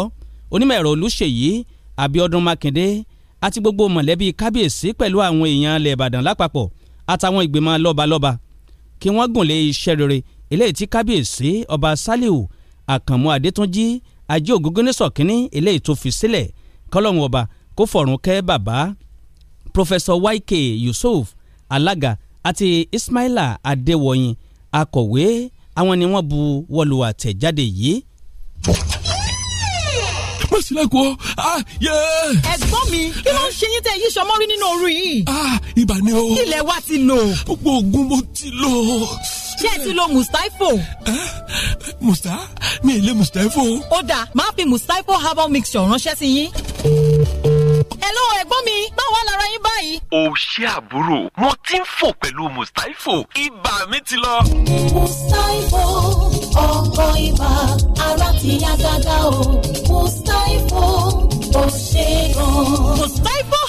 Speaker 2: onímọ̀ ẹ̀rọ Olúṣèyí Abíọ́dún Mákindé àti gbogbo mọ̀lẹ́bí kábíyèsí pẹ̀lú àwọn èèyàn ilẹ̀ ìbàdàn lápapọ̀ àtàwọn ìgbìmọ̀ lọ́balọ́ba kí wọ́n gùnlé iṣẹ́ rere eléyìí tí kábíyèsí ọba saliu àkànmú adétúnjì ajé ògúngúnnísọ̀ kínní eléyìí tó fi sílẹ̀ kọ́lọ́hún ọba kó fọ̀rùn kẹ́ bàbá pọfẹsọ yk yusuf alága àti ismaila adéwọ̀yìn akọ̀wé àwọn ni wọ́n bu wọ́lu àtẹ̀jáde yìí má sílẹ̀kùn
Speaker 8: ọ. Ah, ẹ̀gbọ́n mi
Speaker 2: kí ló ń ṣe yín tẹ yí sọmọ́rí nínú òru yìí. Ah,
Speaker 8: ibà ni o. ilẹ̀ wa ti lò. gbogbo oògùn mo ti lò. ṣé ẹ ti lo mustapho.
Speaker 3: musa mi ì lé mustapho. ó dáa máa fi mustapho herbal mixture ránṣẹ́ sí yín. Hello ẹ̀gbọ́n mi, báwo lára yín báyìí? O ṣé
Speaker 1: àbúrò, wọ́n ti ń fò pẹ̀lú Mustapho. Ibà mi ti lọ.
Speaker 3: Mustapho, ọkọ ibà, ara ti yá gágá o. Mustapho, ó ṣe gan. Mustapho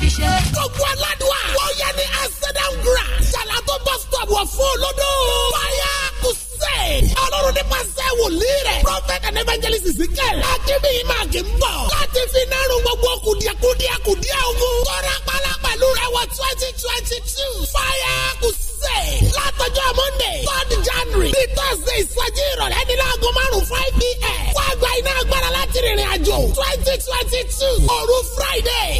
Speaker 3: fi ṣe. gbogbo aládùá. wọ́n yẹ ní amsterdam
Speaker 7: grand. jalato bus stop wọ̀ fún olódò. fire crusade. ọlọ́run nípasẹ̀ wòlíì rẹ̀. prophet and evangelist ezekiel. akínbí máa kì í bọ̀. láti fi náà rún gbogbo kùdìẹ̀kùdìẹ̀ kùdìẹ̀ ogun. kọ́ra pálá pẹ̀lú rẹ̀ wọ twenty twenty two. fire crusade. látọjọ́ monday third january. ní thursday ìsọjí ìrọ̀lẹ́ ní láago márùn-ún five pm. wàá gba iná agbára láti rìnrìn àjò twenty twenty two. òru friday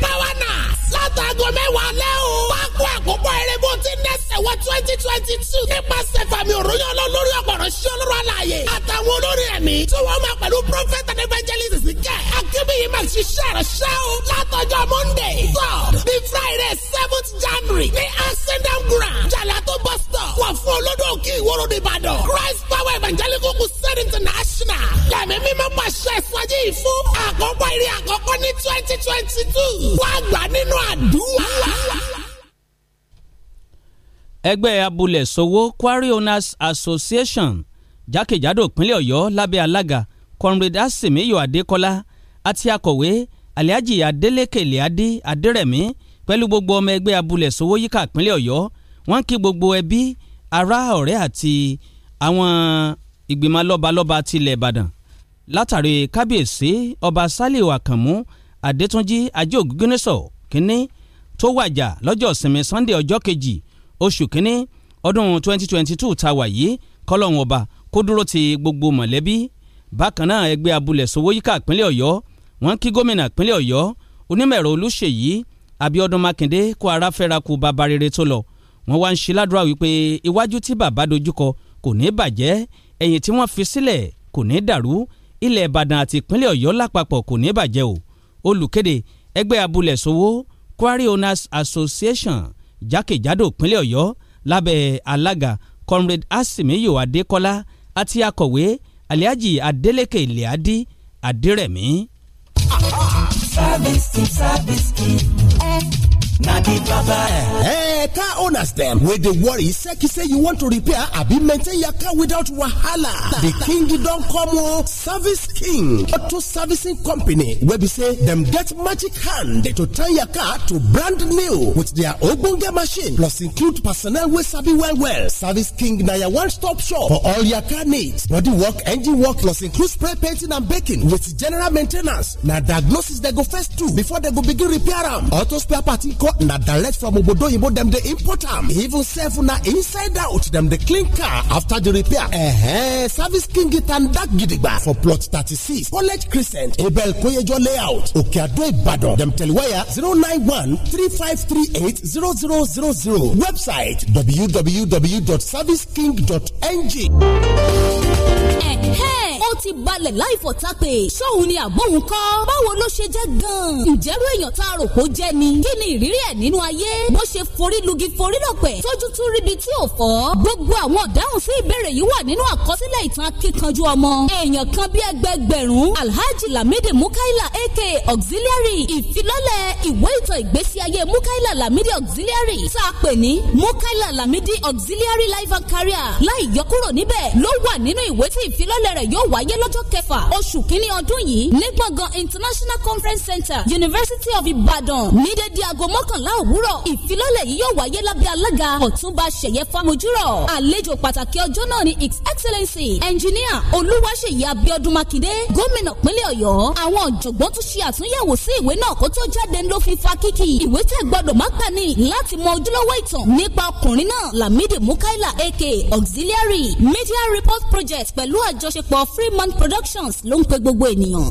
Speaker 7: power nurse. látàgọ mẹ́wàá lẹ́ o. wá kó àkókò erébó tí nẹ́sẹ̀ wọ twenty twenty two. nípasẹ̀ fàmì òròyìn ọlọ́lórí ọ̀pọ̀rọ̀ sí olóró àlàyé. àtàwọn olórí ẹ̀mí tí wọ́n máa pẹ̀lú prophet and evangelist kẹ́. akébíyì máa ṣiṣẹ́ rẹ̀ ṣẹ́ o. látọjọ́ monday third bí friday seventh january ní ascendant ground. jàlá tó bọ́ stop?". wà fún olódò òkè ìwòrò ìbàdàn. christ power evangelical crusade international. lẹ́mí mímọ́ pàṣẹ eléyìí fún àkọ́kọ́ eré àkọ́kọ́ ní twenty twenty two wá gbà nínú àdúrà.
Speaker 2: ẹgbẹ́ abúlé sowó quarry owners association jákèjádò ìpínlẹ̀ ọ̀yọ́ lábẹ́ alága comrade asimiyo adekola àti akọ̀wé aliaji adeleke leade aderemi pẹ̀lú gbogbo ọmọ ẹgbẹ́ abúlé sowó yíká ìpínlẹ̀ ọ̀yọ́ wọ́n kí gbogbo ẹbí ará ọ̀rẹ́ àti àwọn ìgbìmọ̀ lọ́balọ́ba tilẹ̀ ìbàdàn látàrí kábíyèsí ọba saliu àkànmú adétúnjì ajé ògúngúnnísọ̀ kínní tó wàjà lọ́jọ́ ìsinmi sunday ọjọ́ kejì oṣù kínní ọdún 2022 ta wà yìí kọ́lọ́hún ọba kó dúró ti gbogbo mọ̀lẹ́bí bákan náà ẹgbẹ́ abúlé sowóyíká ìpínlẹ̀ ọ̀yọ́ wọ́n kí gómìnà ìpínlẹ̀ ọ̀yọ́ onímọ̀ẹ̀rọ olúṣèyí abíọ́dún mákindé kó ara fẹ́ra kú bàbá rere tó lọ wọ́n wá ń ṣe ládùúrà wípé iwájú tí bàbá dojúkọ kò ní bàjẹ́ ẹ̀yìn tí wọ́n fi sílẹ̀ kò ní dàrú ilẹ̀ ìbàdàn àti ìpínlẹ̀ ọ̀yọ́ lápapọ̀ kò ní bàjẹ́ o olùkéde ẹgbẹ́ abúlé sowó quarry owners association jákèjádò ìpínlẹ̀ ọ̀yọ́ lábẹ́ alága comrade asimiyo adekola àti akọ̀wé aliaji adeleke ileadi adiremi.
Speaker 8: service team service team na di driver eh
Speaker 7: car owners dem wey dey worry seki say you want to repair abi maintain your car without wahala The king don come o oh, service king auto servicing company wey be say dem get magic hand to turn your car to brand new with their ogbonge machine plus include personnel wey sabi well well service king na your one stop shop for all your car needs body work engine work plus include spray painting and baking with general maintenance na diagnosis dem go first do before dem go begin repair am auto spare call na direct from obodo oyibo dem dey import am even sef na inside out dem dey clean car after the repair Uh-huh. service king it and dat gidigba for plot thirty-six college crescent abel koyejo layout okeado ibadan dem telewire ah? zero nine one three five three eight zero zero zero zero website www.serviceking.ng.
Speaker 3: Hey, hey ti balẹ̀ láì fọ̀tàpè ṣóun ni àbóhun kọ́ báwo ló ṣe jẹ́ gan-an ìjẹ́rú èèyàn tá a rò kó jẹ́ ni kí ni ìrírí ẹ̀ nínú ayé bó ṣe forí lugi forí lọ̀pẹ̀ tójú tún ríbi tí ò fọ́ gbogbo àwọn ọ̀dáhùn sí ìbéèrè yìí wà nínú àkọsílẹ̀ ìtàn akíkanjú ọmọ èèyàn kan bí ẹgbẹgbẹ̀rún alhaji lamidi mukaila aka auxiliary ìfilọ́lẹ̀ ìwé ìtàn ìgbésí ayé mukaila lamidi auxiliary tá a pè ní mukaila lamidi auxiliary life and career láì yọkúrò níbẹ̀ ló wà nínú ìwé tí ìfilọ́lẹ̀ rẹ̀ yóò wáyé wáyé lọ́jọ́ kẹfà oṣù kínní ọdún yìí ní gbọ̀ngàn international conference center university of ibadan ní dédé aago mọ́kànlá òwúrọ̀ ìfilọ́lẹ̀ yìí yóò wáyé lábẹ́ alága ọ̀túnba ṣẹ̀yẹ famujúrọ̀ àlejò pàtàkì ọjọ́ náà ni his excellency engineer olúwaṣeyí abiodun makinde gómìnà pínlẹ̀ ọ̀yọ́ àwọn ọ̀jọ̀gbọ́n tún ṣe àtúnyẹ̀wò sí ìwé náà kó tó jáde ló fi fa kíkì ìwé tẹ̀ gbọ́dọ̀ má kà ní láti mọ ojúlówó ìtàn nípa ọkùnrin náà lamidi mukaila aka auxiliary media report project pẹ̀lú àjọṣepọ̀ free Merry Productions ló ń pe gbogbo ènìyàn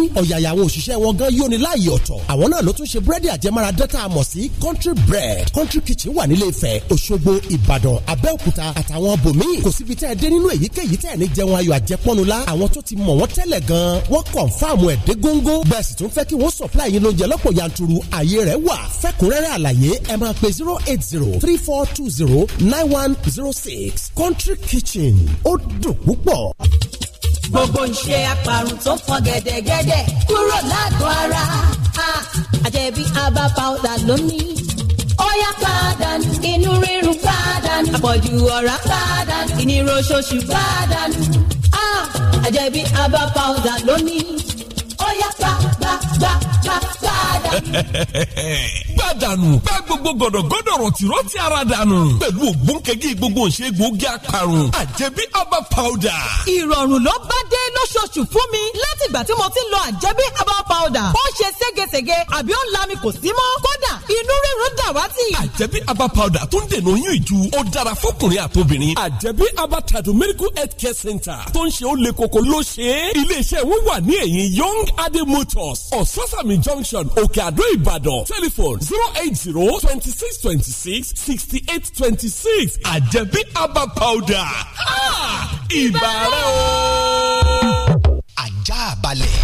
Speaker 7: ní ọ̀yàyà àwọn òṣìṣẹ́ wọn gan yóni láàyè ọ̀tọ̀ àwọn náà ló tún ṣe búrẹ́dì àjẹmára dẹ́ta àmọ̀ sí country bread country kitchen wà nílé Ifẹ̀ Òṣogbo Ìbàdàn Abẹ́òkúta àtàwọn bòmíì kò síbi tẹ́ ẹ dé nínú èyíkéyìí tẹ́ ẹ ní jẹun ayọ̀ àjẹpọ́nulá àwọn tó ti mọ̀ wọ́n tẹ́lẹ̀ gan wọ́n kọ̀ǹfàmù ẹ̀ dé góńgó bẹ́ẹ̀ sì tún fẹ́ kí wọ́n supply yín lóúnjẹ lọ́pọ̀ yanturu ààyè rẹ̀ wà fẹ́kúnrẹ́rẹ́ àlàyé ẹ máa pe zero eight zero three four two zero nine one zero six country kitchen ó
Speaker 3: dùn púpọ̀. gbogbo ìṣe àparùn tó fọn gẹ̀dẹ̀gẹ̀dẹ̀ kúrò lágọ̀ọ́ ara àjẹbí herbal powder ló ní. ó inú rírun padà ní àpọ̀jù ọ̀rá padà ní ìnira àjẹbí herbal powder ló ní. ó gbá gbá
Speaker 1: gbá dànù dànù. bá
Speaker 7: gbogbo ara dànù. pẹ̀lú ògbóǹkẹ́gì gbogbo ìṣègùn àparùn. àjẹbí herbal
Speaker 8: powder. ìrọ̀rùn ló bá dé lóṣooṣù fún mi látìgbà tí mo ti ń àjẹbí herbal powder. ó ṣe ségesège àbí ó ń lami kò sí mọ́. kódà inú rírun dàwátì.
Speaker 7: àjẹbí herbal powder tó ń dènà oyún ìju ó dára fọkùnrin àtobìnrin. àjẹbí herbal tadu medical health care center tó Ososami junction Òkè Àdó Ìbàdàn telephone zero eight zero twenty six twenty six sixty eight twenty six àjẹbí herbal powder ìbàrá o. ajá balẹ̀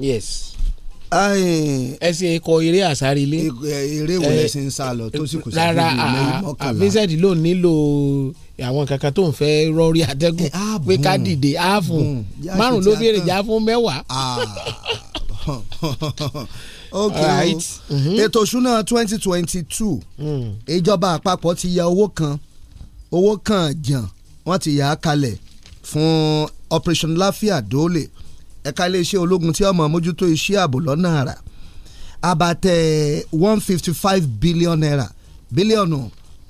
Speaker 4: yes ẹ ṣe ikọ̀ eré àsáré ilé. eré wo lẹ ṣe ń sá lọ tó sì kù sí ìlú mọ́kànlá. rárá àbísẹ́dì ló nílò àwọn kankan tó ń fẹ́ rọrí atẹ́gùn eh, pé ká
Speaker 5: dìde áàfù hmm. márùn ló béèrè jà fún mẹ́wàá. Ah. ok mm-hmm. ètò ìṣúná twenty twenty two hmm. ìjọba àpapọ̀ ti ya owó kan owó kan jàn wọ́n ti yà á kalẹ̀ fún operation láfíà dóòlè ẹ̀ka iléeṣẹ́ ológun tí ọmọ mójútó iṣẹ́ ààbò lọ́nà àrà abatẹ one fifty five billion naira bílíọ̀nù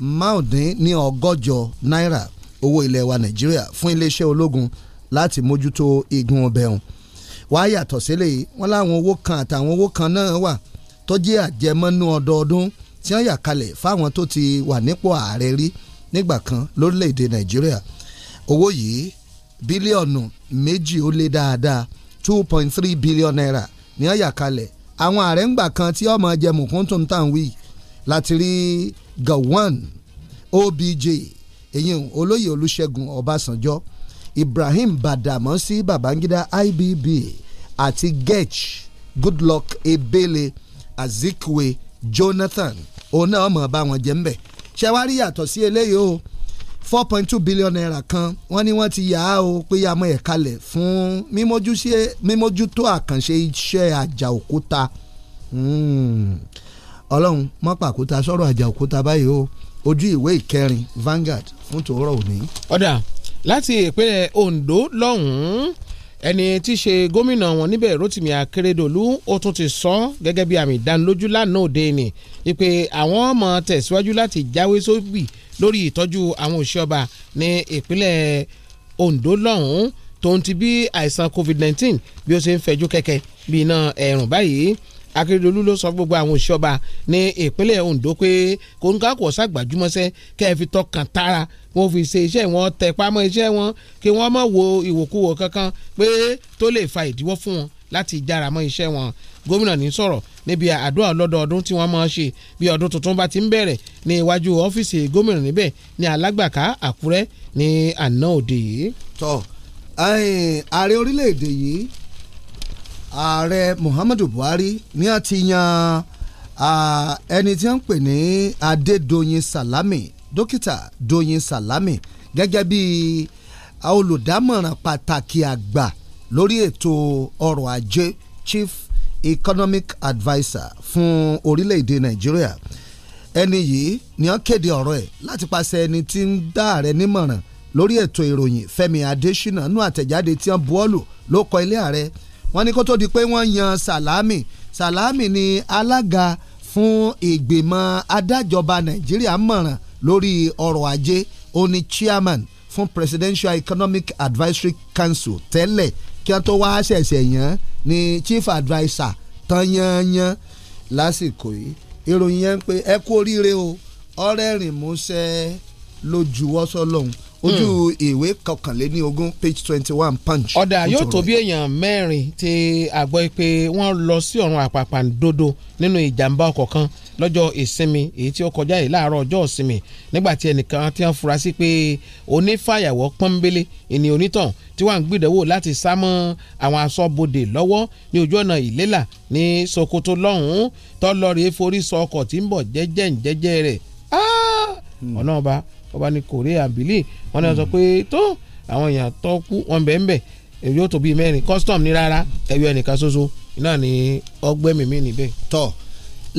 Speaker 5: márùndín ní ọgọ́jọ náírà owó ilẹ̀ wa nàìjíríà fún iléeṣẹ́ ológun láti mójútó igun ọbẹ̀ wọn wàá yàtọ̀ sílẹ̀ yìí wọ́n láwọn owó kan àtàwọn owó kan náà wà tó jẹ́ àjẹmọ́nú ọdọọdún tí wọ́n yà kalẹ̀ fáwọn tó ti wà nípò ààrẹ rí nígbà kan lórílẹ̀‐èdè nàìjíríà owó yìí bílíọ̀nù méjì ó lé dáadáa two point three billion naira ni wọ́n yà kalẹ̀ àwọn ààrẹ ńgbà kan tí ọmọ jẹmùkún tó wí láti rí Gowon OBJ èyí olóyè Olúṣẹ́gun Ọbásanjọ́ Ibrahim Badamasi Babangida IBB àti Getch Goodluck Ebele Azikwe Jonathan òun náà mọ̀ wọn jẹ́ ńbẹ̀ ṣẹ́wárí yàtọ̀ sí eléyìí o four point two billion naira kan wọ́n ní wọ́n ti yà á o pé yà á mọ̀ ẹ̀ kalẹ̀ fún mímójútó àkànṣe iṣẹ́ àjà òkúta. Mm ọlọ́run mọ́ pàkúta sọ̀rọ̀ àjà òkúta báyìí o ojú ìwé ìkẹrin Vanguard fún tòórọ̀ òní. ọ̀dà láti ìpínlẹ̀ Ondo
Speaker 4: lọ́hùn-ún ẹni tí í ṣe gómìnà wọn níbẹ̀ Rotimi Akeredolu ó tún ti sọ gẹ́gẹ́ bí àmì ìdánilójú lánàá òde ni wípé àwọn ọmọ tẹ̀síwájú láti jáwé sóbì lórí ìtọ́jú àwọn òṣìṣẹ́ ọba ní ìpínlẹ̀ Ondo lọ́hùn-ún tó ń ti bí àìsàn COVID-19 bí ó ṣe ń fẹjú kẹ̀kẹ́ bí iná ẹ̀rùn báyìí Akérèdọ́lù ló sọ fún gbogbo àwọn òṣìṣẹ́ ọba ní ìpínlẹ̀ Ondo pé kòńkàkù ọ̀sà gbàjúmọ́sẹ́ kẹ́ẹ̀fi tọkàn tara wọn fi ṣe iṣẹ́ wọn tẹ̀ pamọ́ iṣẹ́ wọn kí wọ́n má wo ìwòkuwò kankan pé tó lè fa ìdíwọ́ fún wọn láti jára mọ́ iṣẹ́ wọn gómìnà ní sọ̀rọ̀ níbi àdúrà ọlọ́dọọdún tí wọ́n máa ń ṣe bí ọdún tuntun bá ti ń bẹ̀rẹ̀ ní iwájú ọ́fíìsì gómìnà níbẹ̀ ní alágbàká Àkúrẹ́ ní àná òde yìí. tọ́
Speaker 5: ààrẹ orílẹ̀-èdè yìí ààrẹ Muhammadu Buhari ni a ti yan ẹni tí wọ́n ń pè ní Adédoyin Salami dókítà Doyin Salami gẹ́gẹ́ bí olùdámọ̀ràn pàtàkì àgbà lórí ètò ọrọ̀ ajé chief economic adviser fún orílẹ̀-èdè Nàìjíríà ẹni yìí ni wọ́n kéde ọ̀rọ̀ ẹ̀ láti paṣẹ ẹni tí ń dá ààrẹ nímọ̀ràn lórí ètò ìròyìn Fẹ́mi Adésínà nú àtẹ̀jáde tí wọ́n buọ́lù ló kọ ilé ààrẹ wọ́n ní kó tó di pé wọ́n yan Salami Salami ni alága fún ìgbìmọ̀ adájọba Nàìjíríà mọ̀ràn lórí ọrọ̀ ajé ó chairman fún Presidential Economic Advisory Council tẹ́lẹ̀ kí wọ́n tó wá ṣẹ̀ṣẹ̀ yàn ni chief adviser tán yanyan lásìkò yìí ìròyìn yẹn ń pé ẹ kú oríire o ọ̀rẹ́ rìn músẹ́ lójú wọ́sọ́ lọ́hùn ojú hmm. ìwé kọkànléní ogún page twenty one punch. ọ̀dà yóò tó
Speaker 4: bí èèyàn mẹ́rin tí a gbọ́ pé wọ́n lọ sí ọ̀run àpàpàǹdodo nínú ìjàmbá ọkọ̀ kan lọ́jọ́ ìsinmi èyí tí ó kọjá yìí láàárọ̀ ọjọ́ ìsinmi nígbà tí ẹnìkan tí wọ́n fura sí pé onífàyàwọ́ pọ́nbélé ìní onítàn tí wọ́n ń gbìdẹ̀wò láti sá mọ́ àwọn aṣọ́bodè lọ́wọ́ ní ojú ọ̀nà ìlélà ní Sokoto lọ́hùn-ún tọ́lọ́rìí forí sọ ọkọ̀ tí ń bọ̀ jẹ́jẹ́ ń jẹ́jẹ́ rẹ̀ ah! hmm. ọ̀nà ọba ọba ní korea bìlì wọn náà sọ pé tó àwọn èèyàn tó kú wọn bẹ̀ ń èyí yóò tó bíi mẹ́rin custom ni rárá ẹ̀yọ ẹnìkan ṣoṣo náà ni ọgbẹ́
Speaker 5: mímí níbẹ̀. tọ́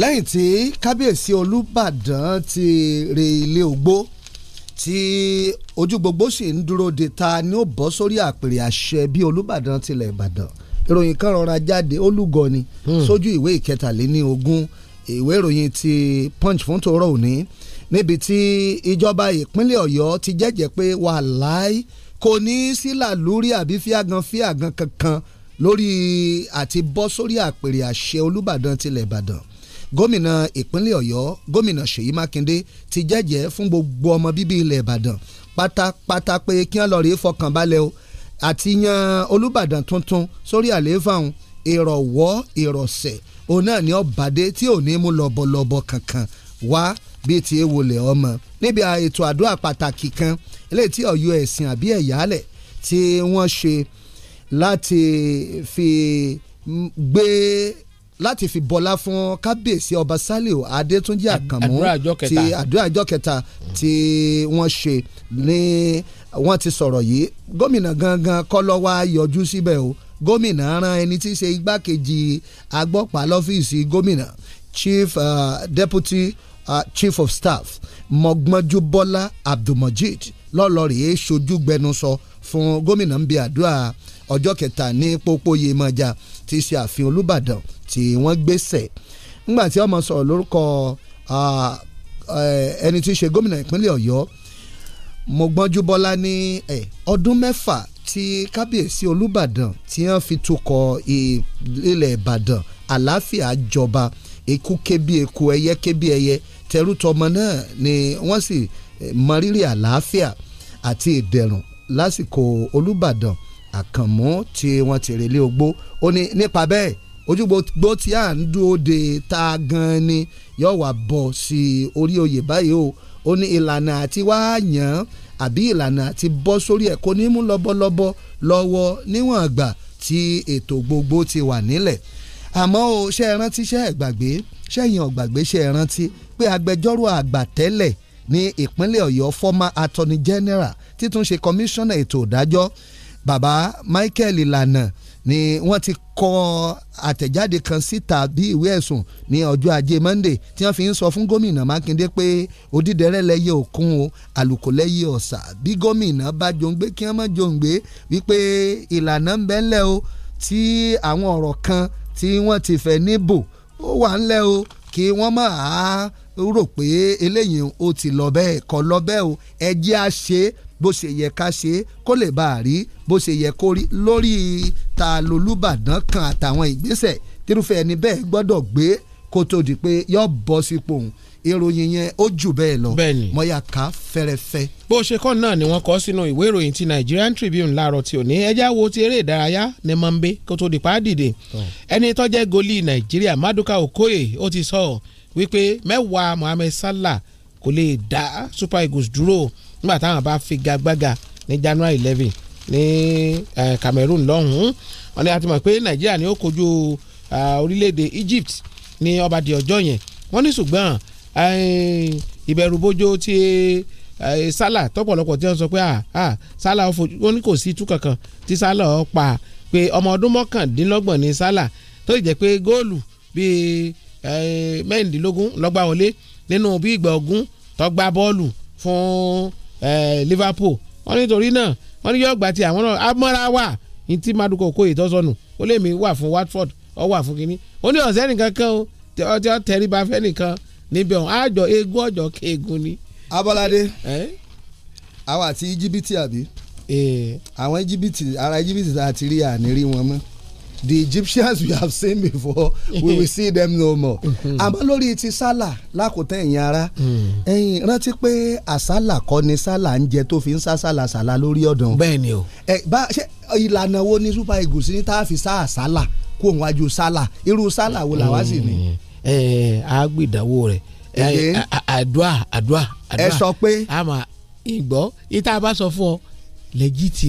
Speaker 5: lẹ́yìn tí kábíyèsí olúbàdàn ti re ilé ògbó tí ojú gbogbo sì ń dúró de ta ni ó bọ́ sórí àpèrè àṣẹ bí olúbàdàn tilẹ̀ ìbàdàn ìròyìn kan rọra jáde olúgọ hmm. sójú ìwé ìkẹtàléní ogún ìwé ìròyìn ti punch fún tòró òní níbi tí ìjọba ìpínlẹ̀ ọ̀yọ́ ti jẹ́jẹ́ pé wàláì kò ní sílà lórí àbí fíàgàn fíàgàn kankan lórí àti bọ́ sórí àpèrè àṣẹ olùbàdàn tilẹ̀ ìbàdàn gómìnà ìpínlẹ̀ ọ̀yọ́ gómìnà ṣèyí mákindé ti jẹ́jẹ́ fún gbogbo ọmọ bíbí ilẹ̀ ìbàdàn pátápátá pé kí wọ́n lọ rèé fọkàn balẹ̀ o àti yan olùbàdàn tuntun sórí àlééfà òun ìrọ̀wọ́ ìrọ̀sẹ̀ òun náà ni ọ̀bàdé tí ò ní mú lọ́bọ̀lọ́bọ̀ kankan wá bíi ti ewolẹ̀ ọmọ níbi ètò àdúrà pàtàkì kan eléyìí tí ọ̀yọ́ ẹ̀sìn àbí ẹ̀yálẹ̀ tí wọ́n ṣe láti fi gbé láti fi bọlá fún kábíyèsí ọba saliu adétúnjì àkànmú ti àdúrà àjọ kẹta tí wọ́n ṣe ní wọ́n ti sọ̀rọ̀ yìí gómìnà gangan kọ́ ló wá yọjú síbẹ̀ o gómìnà rán ẹni tí í ṣe igbákejì agbọ́pàá lọ́fíìsì gómìnà chief uh, deputy uh, chief of staff mọ̀gbọ́njú bọ́lá abdulmajid lọ́lọ́rì èé ṣojú gbẹnusọ fún gómìnà ń bi àdúrà ọjọ́ kẹta ní pópó yemọja ti ṣe ààfin olùbàdàn tí wọ́n gbéṣẹ̀ ńgbà tí ọmọ sọ̀rọ̀ lórúkọ ẹni tí í ṣe gómìnà ìpínlẹ̀ ọ̀yọ́ mọ̀gbọ́njú bọ́lá ní ọdún mẹ́fà tí kábíyèsí olùbàdàn tí wọ́n fi tukọ̀ ilẹ̀ ìbàdàn àlàáfíà jọba eku ké bí eku ẹyẹ ké ẹyẹ tẹrú tọmọ náà ni wọ́n sì eh, mọrírì àlàáfíà àti ìdẹ̀rùn lásìkò Olúbàdàn Àkànmú tí wọ́n ti relé ogbó ó ní nípa bẹ́ẹ̀ ojúgbó tí à ń dúró de ta gan ni yóò wá bọ̀ sí orí oyè báyìí o ó ní ìlànà àti wáá yàn án àbí ìlànà àti bọ́ sórí ẹ̀ kò ní mú lọ́bọ̀lọ́bọ̀ lọ́wọ́ níwọ̀n àgbà tí ètò gbogbo ti wà nílẹ̀ àmọ́ o ṣe é rántí ṣe é gbàgbé ṣẹ́yìn ọ̀gbàgbé ṣe é rántí pé agbẹjọ́rò àgbà tẹ́lẹ̀ ní ìpínlẹ̀ ọ̀yọ́ former attorney general títún ṣe commissioner ètò ìdájọ́ bàbá michael ìlànà ni wọ́n ti kọ àtẹ̀jáde kan síta bí ìwé ẹ̀sùn ní ọjọ́ ajé monday tí wọ́n fi ń sọ fún gómìnà mákindé pé odídẹrẹ́ lẹ́yẹ òkun o àlùkò lẹ́yẹ ọ̀sà bí gómìnà bá jòǹgbé kí wọ́n má jòǹgbé wípé ìlànà ń bẹ́ńlẹ̀ o tí àwọn ọ̀rọ̀ kan tí wọ́n ti fẹ́ níbò ó wà ńlẹ̀ o kí wọ́n a rò pé eléyìí ó ti lọ bẹ́ẹ̀ kọ́ lọ bẹ́ẹ̀ o ẹ jẹ́ a ṣe bó ṣe yẹ ká ṣe kó lè bá a rí bó ṣe yẹ kó rí lórí ta lolúbàdàn kan àtàwọn ìgbésẹ̀ tírúfẹ́ ẹni bẹ́ẹ̀ gbọ́dọ̀ gbé kó tó di pé yọ bọ́ sípò òun ìròyìn yẹn ó jù bẹ́ẹ̀ lọ mo yà ká fẹ́rẹ́fẹ́.
Speaker 4: bó o ṣe kọ́ náà ni wọ́n kọ́ sínú ìwé ìròyìn ti Nigerian Tribune láàárọ̀ tí ò ní ẹjá wo ti eré ìdárayá ní mọ̀nbé kó tó di pa á dìde ẹni tó jẹ́ goli Nàìjíríà Maduka Okoye ó ti sọ wípé mẹ́wàá Mohammed Salah kò lè dá Super Eagles dúró nígbà táwọn bá figagbága ní January eleven ní Cameroon lọ́hùn-ún wọn ni a mọ̀ pé Nàìjíríà ni ó kojú orílẹ̀-èdè Egypt ní ọba di ọjọ́ yẹn wọ́n ní ṣùgbọ́n ìbẹ̀rùbojo ti sálà tọ́pọ̀lọpọ̀ tí wọ́n sọ pé ah, ah, sálà ó ní kò sí tú kankan tí sálà ó pa pé ọmọ ọdún mọ́kàndínlọ́gbọ̀n ni sálà tó sì jẹ́ pé góòlù bíi mẹ́rìndínlógún lọ́gbà wọlé nínú bí ìgbà ogún tọ́gbà bọ́ọ̀lù fún Liverpool wọ́n nítorí náà wọ́n ní yóò gbà tí àwọn náà amọ́ra wà ní tí Maduka Okoye tọ́sọ̀nù ó lè mí wà fún Watford ó wà fún kínní ó ní ọ̀sẹ́ nìkan kan ó tí ó tẹríba fẹ́ nìkan níbẹ̀ ọ̀hún àjọ eégún ọ̀jọ̀ kéegun ni.
Speaker 5: Abọ́ládé àwa àti íjíbítì àbí eh. àwọn íjíbítì ara íjíbítì tá a ti rí àníri wọn mọ́ the Egyptians we have seen before we will see them no more. àmọ́ lórí ti sálà lákòótán ẹ̀yin ara hmm. ẹ̀yin rántí pé àsálà kọ́ ni sálà ń jẹ tó fi ń sá sálà sálà lórí ọ̀dàn. bẹ́ẹ̀ni o. ẹ bá ṣe ìlànà wo ni Super Eagles ní tá a fi sá àsálà kó wájú sálà irú sálà wo làwa sì ni.
Speaker 4: Mm. àgbìdánwò rẹ̀ àdúà adu'a adu'a ẹ sọ pé Ama ìgbọ́ ita bá sọ fún ọ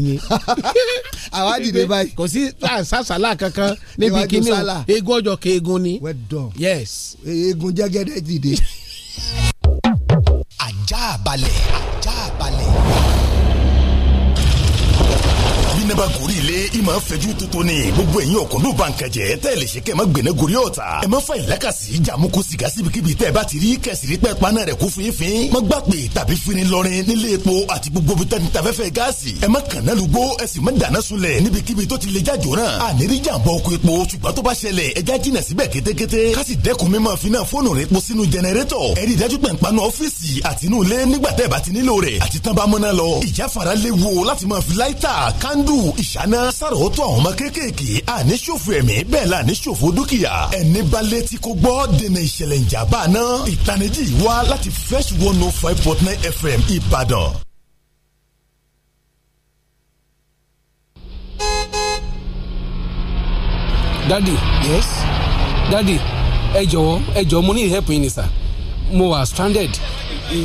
Speaker 4: ni. àwa dìde báyìí. kò sí sàṣàlà kankan níbi kíní o egun ni.
Speaker 5: yes. eegun jẹ́gẹ́dẹ́ dìde. ajá balẹ̀ ajá
Speaker 7: bẹ́nẹ́bà gorí ilé ìmọ̀ fẹ́jú tuntun ni gbogbo ẹ̀yin ọ̀kọ́ndún bankẹ́jẹ́ tẹ́ lè ṣe kẹ́ ẹ̀ má gbẹ̀nẹ́ gorí ọ̀tà ẹ̀ má fa ìlàkàsí jàmú kó sìgá síbikíbi tẹ́ ẹ bá ti rí kẹsìrí pẹ́ paná rẹ̀ kú fínfín má gbà pé tàbí fini lọrin nílé epo àti gbogbo bí tẹ́ni tafẹ́fẹ́ gáàsì ẹ̀ má kànáà lùgbó ẹ̀ sì má dáná sunlẹ̀ níbikíbi tó ti lè jájò náà àníri jàǹbọ̀ ọkọ̀ epo ṣùgbọ́n tó bá ṣẹlẹ̀ ẹ já jìnà síbẹ̀ kétékété ká sì dẹ́kun sùúrù ìṣáná sàròótọ́ àwọn ọmọ kéékèèké àní ṣòfò ẹ̀mí bẹ́ẹ̀ la ní ṣòfò dúkìá ẹni bá létí kó gbọ́ dènà ìṣẹ̀lẹ̀ ìjàmbá náà ìtanijí wá láti fresh one oh five point nine fm ìbàdàn. dadi yes dadi ẹ jọ̀wọ́ ẹ jọ̀wọ́ mo ní help yín ni sà mo wà stranded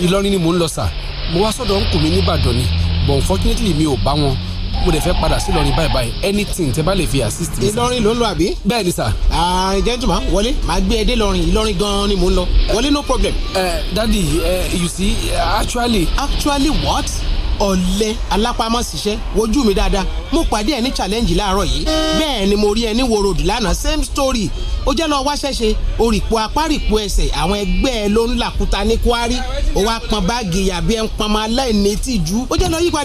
Speaker 7: Ìlọrin ni mo ń lọ sà mo wá sọ́dọ̀ ń kù mí ni but unfortunately mi ò bá wọn mo dẹ̀ fẹ́ padà sí
Speaker 4: Ìlọrin báyìí báyìí anything tẹ́ bá lè fi assist mi. Ìlọrin ló ń lọ àbí. bẹ́ẹ̀ ni sà. ààrin gentleman wọlé màá gbé ẹ dé Ìlọrin gan ni mò ń lọ wọlé no problem. ẹ uh, eh, eh, you see eh, actually. actually what? ọ̀lẹ alápámọ́síṣẹ́ wojú mi dáadáa mo pàdé ẹ challenge láàárọ̀ yìí bẹ́ẹ̀ ni mo rí ẹ wo road lánàá same story ó jẹ́ lọ́ọ́ wáṣẹ́ṣe orìpò apárìpò ẹsẹ̀ àwọn ẹgbẹ́ ẹ ló ń làkúta ní kwari ó wá pọn báàgì yàbí ẹ ń pọn máa láìní tìjú ó jẹ́ lọ́ọ́ yí kú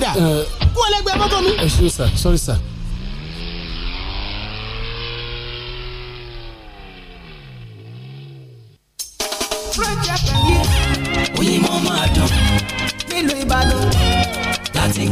Speaker 8: ọlẹ́gbẹ́ mọ́tò mi. ẹ
Speaker 4: ṣe sà sorry sà.
Speaker 7: Oyinmọ́
Speaker 6: máa dùn nílùú Ìbàdàn. think.